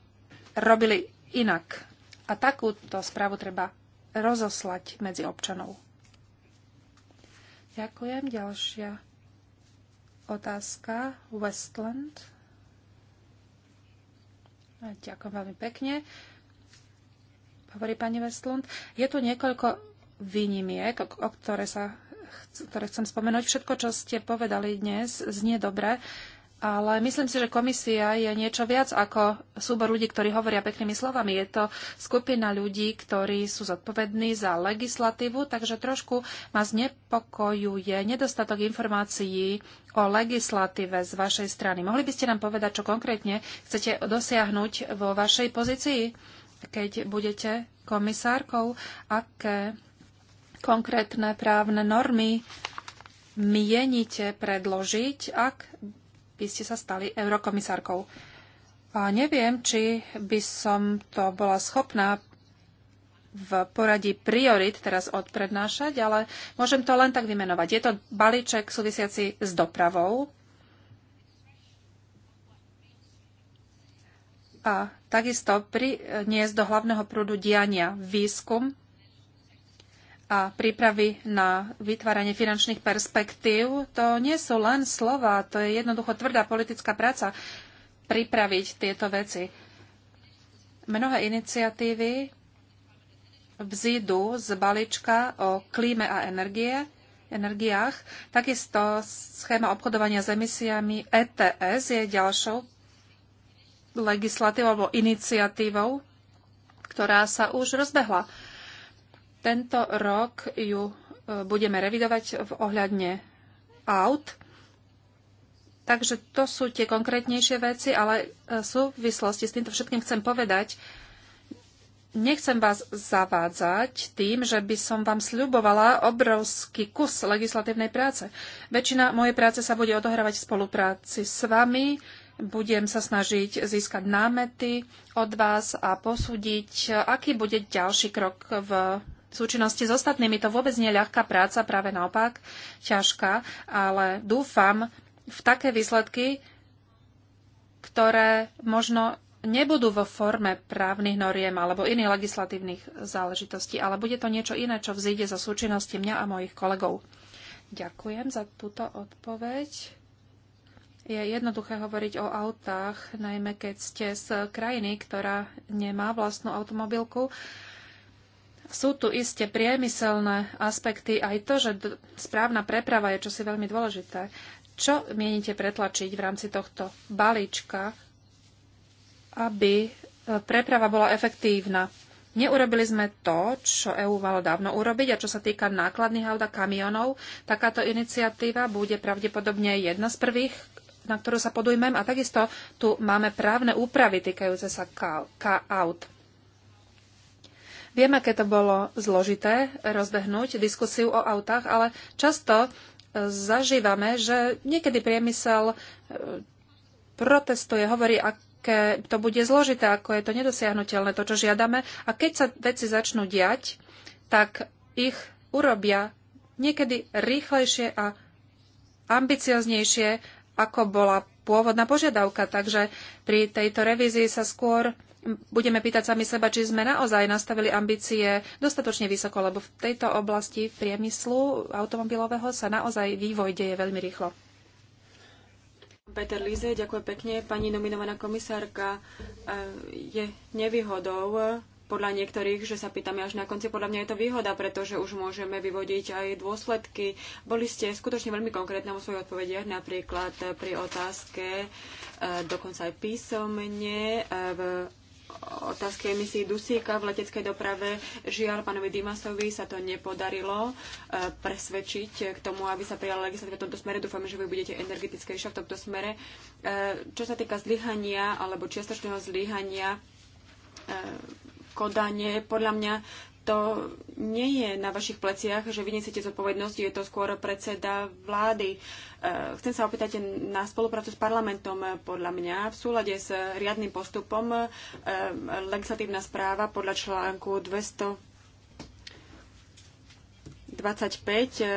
C: robili inak. A takúto správu treba rozoslať medzi občanov. Ďakujem. Ďalšia otázka. Westland. ďakujem veľmi pekne. Hovorí pani Westland. Je tu niekoľko výnimiek, o ktoré sa ktoré chcem spomenúť. Všetko, čo ste povedali dnes, znie dobre. Ale myslím si, že komisia je niečo viac ako súbor ľudí, ktorí hovoria peknými slovami. Je to skupina ľudí, ktorí sú zodpovední za legislatívu, takže trošku ma znepokojuje nedostatok informácií o legislatíve z vašej strany. Mohli by ste nám povedať, čo konkrétne chcete dosiahnuť vo vašej pozícii, keď budete komisárkou? Aké konkrétne právne normy mienite predložiť, ak by ste sa stali eurokomisárkou. A neviem, či by som to bola schopná v poradí priorit teraz odprednášať, ale môžem to len tak vymenovať. Je to balíček súvisiaci s dopravou. A takisto priniesť do hlavného prúdu diania výskum a prípravy na vytváranie finančných perspektív, to nie sú len slova, to je jednoducho tvrdá politická práca pripraviť tieto veci. Mnohé iniciatívy vzídu z balíčka o klíme a energie, energiách. Takisto schéma obchodovania s emisiami ETS je ďalšou legislatívou alebo iniciatívou, ktorá sa už rozbehla. Tento rok ju e, budeme revidovať v ohľadne aut. Takže to sú tie konkrétnejšie veci, ale e, v súvislosti s týmto všetkým chcem povedať, Nechcem vás zavádzať tým, že by som vám sľubovala obrovský kus legislatívnej práce. Väčšina mojej práce sa bude odohrávať v spolupráci s vami. Budem sa snažiť získať námety od vás a posúdiť, aký bude ďalší krok v v súčinnosti s ostatnými. To vôbec nie je ľahká práca, práve naopak ťažká, ale dúfam v také výsledky, ktoré možno nebudú vo forme právnych noriem alebo iných legislatívnych záležitostí, ale bude to niečo iné, čo vzíde za súčinnosti mňa a mojich kolegov. Ďakujem za túto odpoveď. Je jednoduché hovoriť o autách, najmä keď ste z krajiny, ktorá nemá vlastnú automobilku sú tu iste priemyselné aspekty, aj to, že správna preprava je čosi veľmi dôležité. Čo mienite pretlačiť v rámci tohto balíčka, aby e, preprava bola efektívna? Neurobili sme to, čo EU malo dávno urobiť a čo sa týka nákladných aut a kamionov, takáto iniciatíva bude pravdepodobne jedna z prvých, na ktorú sa podujmem a takisto tu máme právne úpravy týkajúce sa K-aut. Viem, aké to bolo zložité rozbehnúť diskusiu o autách, ale často e, zažívame, že niekedy priemysel e, protestuje, hovorí, aké to bude zložité, ako je to nedosiahnutelné, to, čo žiadame. A keď sa veci začnú diať, tak ich urobia niekedy rýchlejšie a ambicioznejšie, ako bola pôvodná požiadavka. Takže pri tejto revízii sa skôr budeme pýtať sami seba, či sme naozaj nastavili ambície dostatočne vysoko, lebo v tejto oblasti priemyslu automobilového sa naozaj vývoj deje veľmi rýchlo.
A: Peter Lize, ďakujem pekne. Pani nominovaná komisárka, e, je nevýhodou podľa niektorých, že sa pýtame až na konci, podľa mňa je to výhoda, pretože už môžeme vyvodiť aj dôsledky. Boli ste skutočne veľmi konkrétne vo svojich odpovediach, napríklad pri otázke, e, dokonca aj písomne e, v otázke emisí dusíka v leteckej doprave. Žiaľ, pánovi Dimasovi sa to nepodarilo e, presvedčiť k tomu, aby sa prijala legislatíva v tomto smere. Dúfam, že vy budete energetickejšia v tomto smere. E, čo sa týka zlyhania alebo čiastočného zlyhania e, Kodane, podľa mňa to nie je na vašich pleciach, že vy nesiete zodpovednosť, je to skôr predseda vlády. E, chcem sa opýtať na spoluprácu s parlamentom. Podľa mňa v súlade s riadnym postupom e, legislatívna správa podľa článku 200 25 e, e,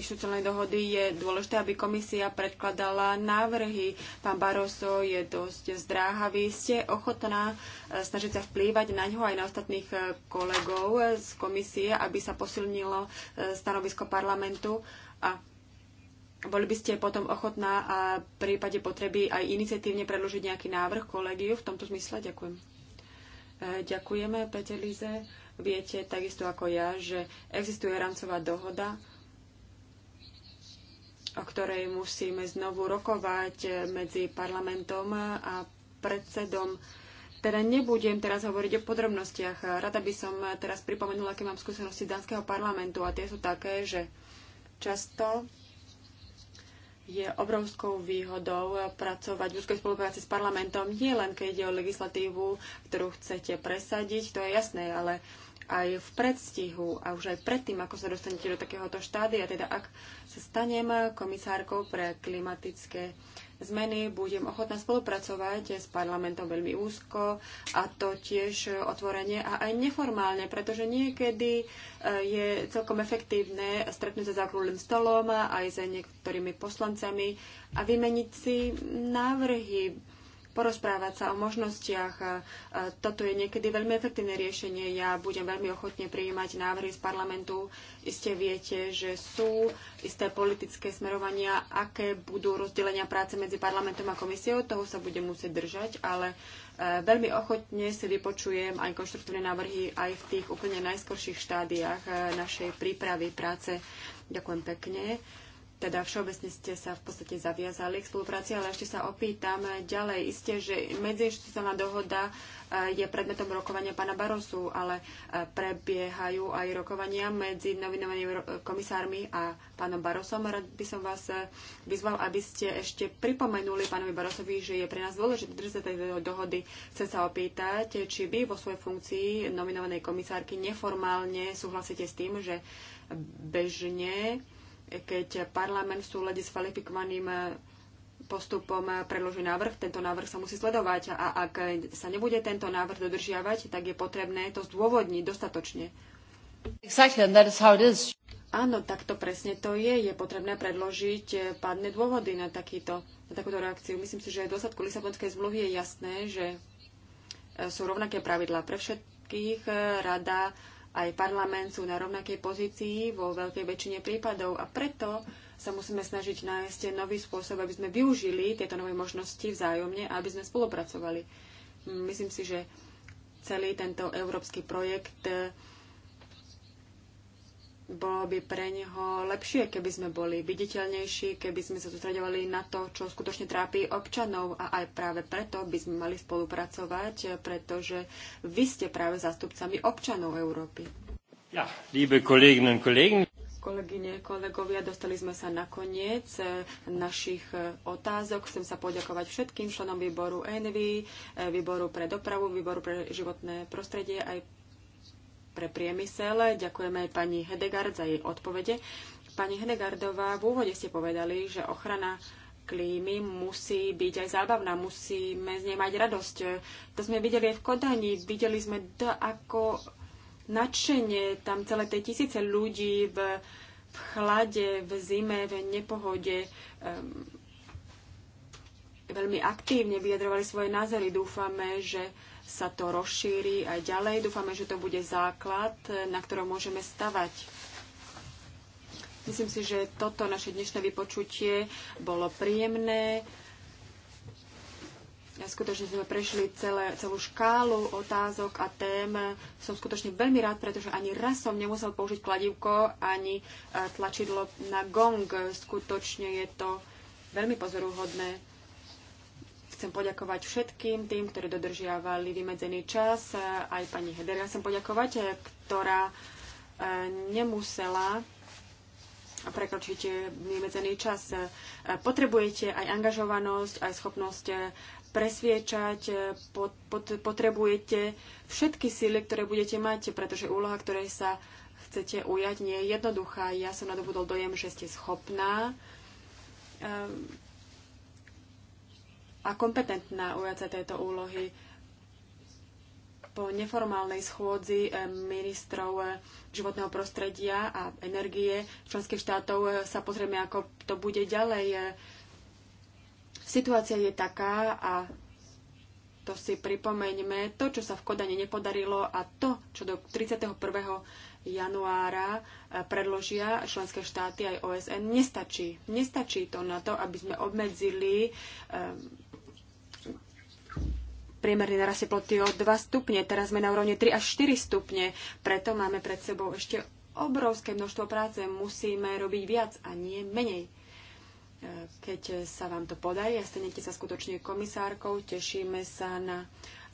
A: inštitucionálnej dohody je dôležité, aby komisia predkladala návrhy. Pán Barroso je dosť zdráhavý. Ste ochotná e, snažiť sa vplývať na ňo aj na ostatných kolegov z komisie, aby sa posilnilo stanovisko parlamentu a boli by ste potom ochotná a v prípade potreby aj iniciatívne predložiť nejaký návrh kolegiu v tomto zmysle? Ďakujem. Ďakujeme, Pete Lize. Viete takisto ako ja, že existuje rámcová dohoda, o ktorej musíme znovu rokovať medzi parlamentom a predsedom. Teda nebudem teraz hovoriť o podrobnostiach. Rada by som teraz pripomenula, aké mám skúsenosti Dánskeho parlamentu a tie sú také, že často je obrovskou výhodou pracovať v úzkej spolupráci s parlamentom, nie len keď ide o legislatívu, ktorú chcete presadiť, to je jasné, ale aj v predstihu a už aj predtým, ako sa dostanete do takéhoto štádia. Teda ak sa stanem komisárkou pre klimatické zmeny, budem ochotná spolupracovať s parlamentom veľmi úzko a to tiež otvorene a aj neformálne, pretože niekedy e, je celkom efektívne stretnúť sa za okrúhlym stolom aj s niektorými poslancami a vymeniť si návrhy, porozprávať sa o možnostiach. Toto je niekedy veľmi efektívne riešenie. Ja budem veľmi ochotne prijímať návrhy z parlamentu. Iste viete, že sú isté politické smerovania, aké budú rozdelenia práce medzi parlamentom a komisiou. Toho sa budem musieť držať, ale e, veľmi ochotne si vypočujem aj konštruktívne návrhy aj v tých úplne najskorších štádiách e, našej prípravy práce. Ďakujem pekne teda všeobecne ste sa v podstate zaviazali k spolupráci, ale ešte sa opýtam ďalej. Isté, že medziinstitucionálna dohoda eh, je predmetom rokovania pána Barosu, ale eh, prebiehajú aj rokovania medzi novinovanými eh, komisármi a pánom Barosom. Rád by som vás vyzval, aby ste ešte pripomenuli pánovi Barosovi, že je pre nás dôležité držať tejto dohody. Chcem sa opýtať, či vy vo svojej funkcii nominovanej komisárky neformálne súhlasíte s tým, že bežne keď parlament v súlade s kvalifikovaným postupom predloží návrh, tento návrh sa musí sledovať a ak sa nebude tento návrh dodržiavať, tak je potrebné to zdôvodniť dostatočne. Exactly, and that is how it is. Áno, takto presne to je. Je potrebné predložiť pádne dôvody na, takýto, na takúto reakciu. Myslím si, že v dôsledku Lisabonskej zmluvy je jasné, že sú rovnaké pravidlá pre všetkých. Rada aj parlament sú na rovnakej pozícii vo veľkej väčšine prípadov a preto sa musíme snažiť nájsť nový spôsob, aby sme využili tieto nové možnosti vzájomne a aby sme spolupracovali. Myslím si, že celý tento európsky projekt bolo by pre neho lepšie, keby sme boli viditeľnejší, keby sme sa sústredovali na to, čo skutočne trápi občanov a aj práve preto by sme mali spolupracovať, pretože vy ste práve zástupcami občanov Európy. Ja, liebe kolegyne, kolegyne. Kolegyne, kolegovia, dostali sme sa na koniec eh, našich eh, otázok. Chcem sa poďakovať všetkým členom výboru ENVY, eh, výboru pre dopravu, výboru pre životné prostredie, aj pre priemysel. Ďakujeme aj pani Hedegard za jej odpovede. Pani Hedegardová, v úvode ste povedali, že ochrana klímy musí byť aj zábavná, musíme z nej mať radosť. To sme videli aj v Kodani, videli sme to, ako nadšenie tam celé tie tisíce ľudí v, v chlade, v zime, v nepohode. Um, veľmi aktívne vyjadrovali svoje názory. Dúfame, že sa to rozšíri aj ďalej. Dúfame, že to bude základ, na ktorom môžeme stavať. Myslím si, že toto naše dnešné vypočutie bolo príjemné. Ja skutočne sme prešli celé, celú škálu otázok a tém. Som skutočne veľmi rád, pretože ani raz som nemusel použiť kladívko ani eh, tlačidlo na gong. Skutočne je to veľmi pozoruhodné. Chcem poďakovať všetkým tým, ktorí dodržiavali vymedzený čas. Aj pani Hedera chcem poďakovať, eh, ktorá eh, nemusela prekročiť eh, vymedzený čas. Potrebujete aj angažovanosť, aj schopnosť presviečať, potrebujete všetky síly, ktoré budete mať, pretože úloha, ktorej sa chcete ujať, nie je jednoduchá. Ja som nadobudol dojem, že ste schopná a kompetentná ujať sa tejto úlohy. Po neformálnej schôdzi eh, ministrov eh, životného prostredia a energie členských štátov eh, sa pozrieme, ako to bude ďalej. Situácia je taká a to si pripomeňme, to, čo sa v Kodane nepodarilo a to, čo do 31. januára predložia členské štáty aj OSN, nestačí. Nestačí to na to, aby sme obmedzili um, Priemerne narastie ploty o 2 stupne, teraz sme na úrovni 3 až 4 stupne, preto máme pred sebou ešte obrovské množstvo práce, musíme robiť viac a nie menej. E, keď sa vám to podarí a stanete sa skutočne komisárkou, tešíme sa na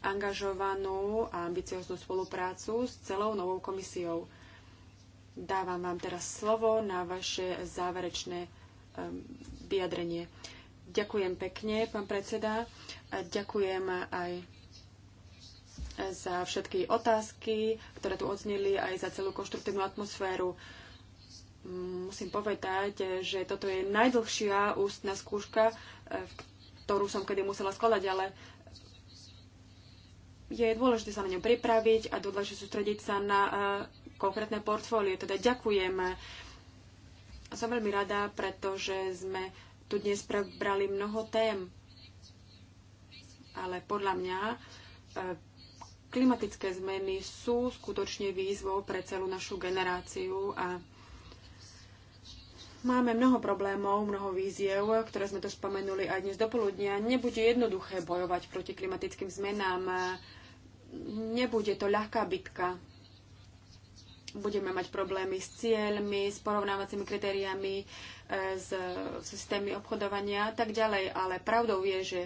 A: angažovanú a ambicioznú spoluprácu s celou novou komisiou. Dávam vám teraz slovo na vaše záverečné e, vyjadrenie. Ďakujem pekne, pán predseda. Ďakujem aj za všetky otázky, ktoré tu odznili aj za celú konštruktívnu atmosféru. Musím povedať, že toto je najdlhšia ústna skúška, eh, ktorú som kedy musela skladať, ale je dôležité sa na ňu pripraviť a dôležité sústrediť sa na eh, konkrétne portfólie. Teda ďakujem. Som veľmi rada, pretože sme tu dnes prebrali mnoho tém ale podľa mňa e, klimatické zmeny sú skutočne výzvou pre celú našu generáciu a máme mnoho problémov, mnoho víziev, ktoré sme to spomenuli aj dnes do poludnia. Nebude jednoduché bojovať proti klimatickým zmenám. Nebude to ľahká bitka. Budeme mať problémy s cieľmi, s porovnávacími kritériami, e, s systémy obchodovania a tak ďalej. Ale pravdou je, že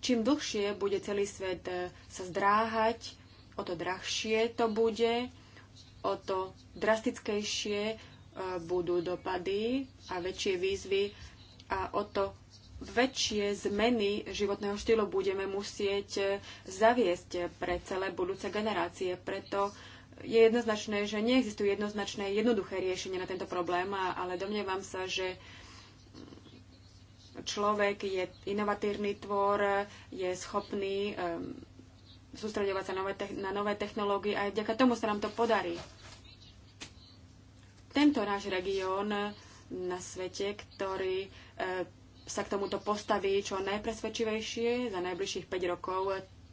A: čím dlhšie bude celý svet e, sa zdráhať, o to drahšie to bude, o to drastickejšie e, budú dopady a väčšie výzvy a o to väčšie zmeny životného štýlu budeme musieť e, zaviesť pre celé budúce generácie. Preto je jednoznačné, že neexistuje jednoznačné, jednoduché riešenie na tento problém, ale domnievam sa, že človek je inovatívny tvor, je schopný um, sústredovať sa nové na nové technológie a aj vďaka tomu sa nám to podarí. Tento náš región na svete, ktorý uh, sa k tomuto postaví čo najpresvedčivejšie za najbližších 5 rokov,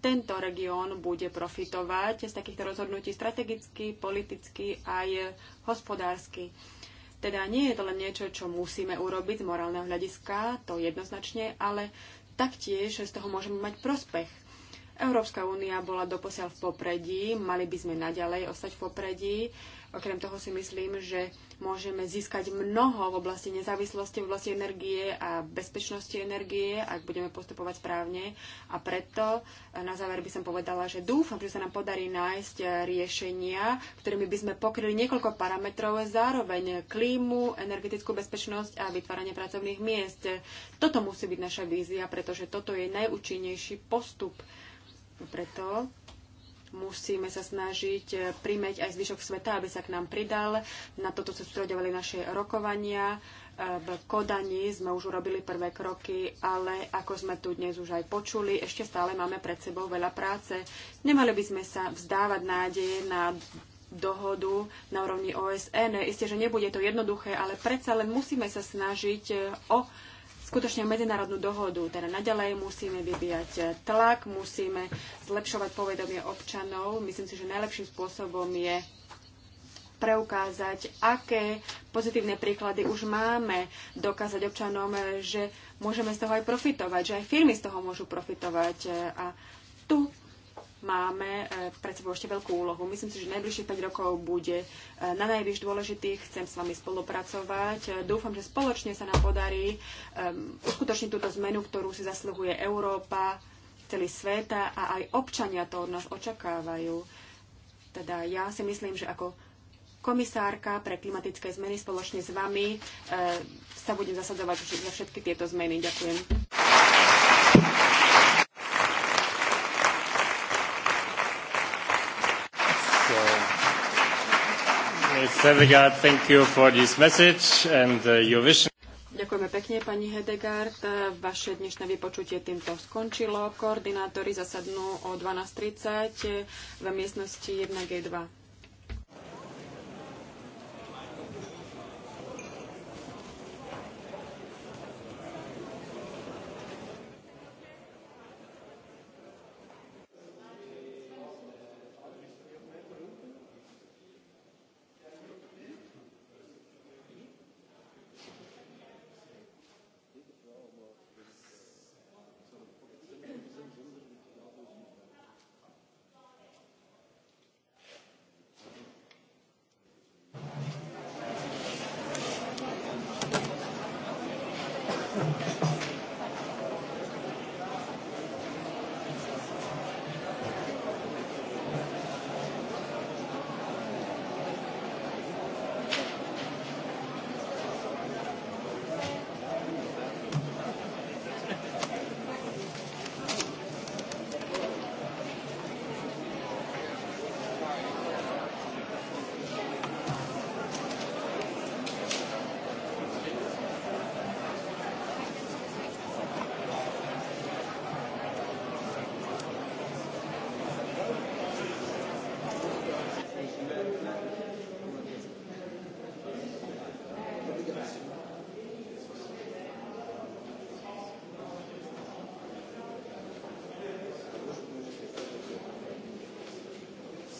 A: tento región bude profitovať z takýchto rozhodnutí strategicky, politicky aj hospodársky. Uh, teda nie je to len niečo, čo musíme urobiť z morálneho hľadiska, to jednoznačne, ale taktiež z toho môžeme mať prospech. Európska únia bola doposiaľ v popredí, mali by sme naďalej ostať v popredí. Okrem toho si myslím, že môžeme získať mnoho v oblasti nezávislosti, v oblasti energie a bezpečnosti energie, ak budeme postupovať správne. A preto eh, na záver by som povedala, že dúfam, že sa nám podarí nájsť eh, riešenia, ktorými by sme pokryli niekoľko parametrov zároveň klímu, energetickú bezpečnosť a vytváranie pracovných miest. Toto musí byť naša vízia, pretože toto je najúčinnejší postup. Preto musíme sa snažiť e, primeť aj zvyšok sveta, aby sa k nám pridal. Na toto sa sústredovali naše rokovania. E, v Kodani sme už urobili prvé kroky, ale ako sme tu dnes už aj počuli, ešte stále máme pred sebou veľa práce. Nemali by sme sa vzdávať nádeje na dohodu na úrovni OSN. Isté, že nebude to jednoduché, ale predsa len musíme sa snažiť e, o skutočne medzinárodnú dohodu. Teda naďalej musíme vyvíjať tlak, musíme zlepšovať povedomie občanov. Myslím si, že najlepším spôsobom je preukázať, aké pozitívne príklady už máme, dokázať občanom, že môžeme z toho aj profitovať, že aj firmy z toho môžu profitovať. A tu máme e, pred sebou ešte veľkú úlohu. Myslím si, že najbližších 5 rokov bude e, na najvyš dôležitých. Chcem s vami spolupracovať. E, dúfam, že spoločne sa nám podarí uskutočniť túto zmenu, ktorú si zasluhuje Európa, celý sveta a aj občania to od nás očakávajú. Teda ja si myslím, že ako komisárka pre klimatické zmeny spoločne s vami e, sa budem zasadzovať za všetky tieto zmeny. Ďakujem. Uh, Ďakujeme pekne, pani Hedegaard. Vaše dnešné vypočutie týmto skončilo. Koordinátori zasadnú o 12.30 v miestnosti 1G2.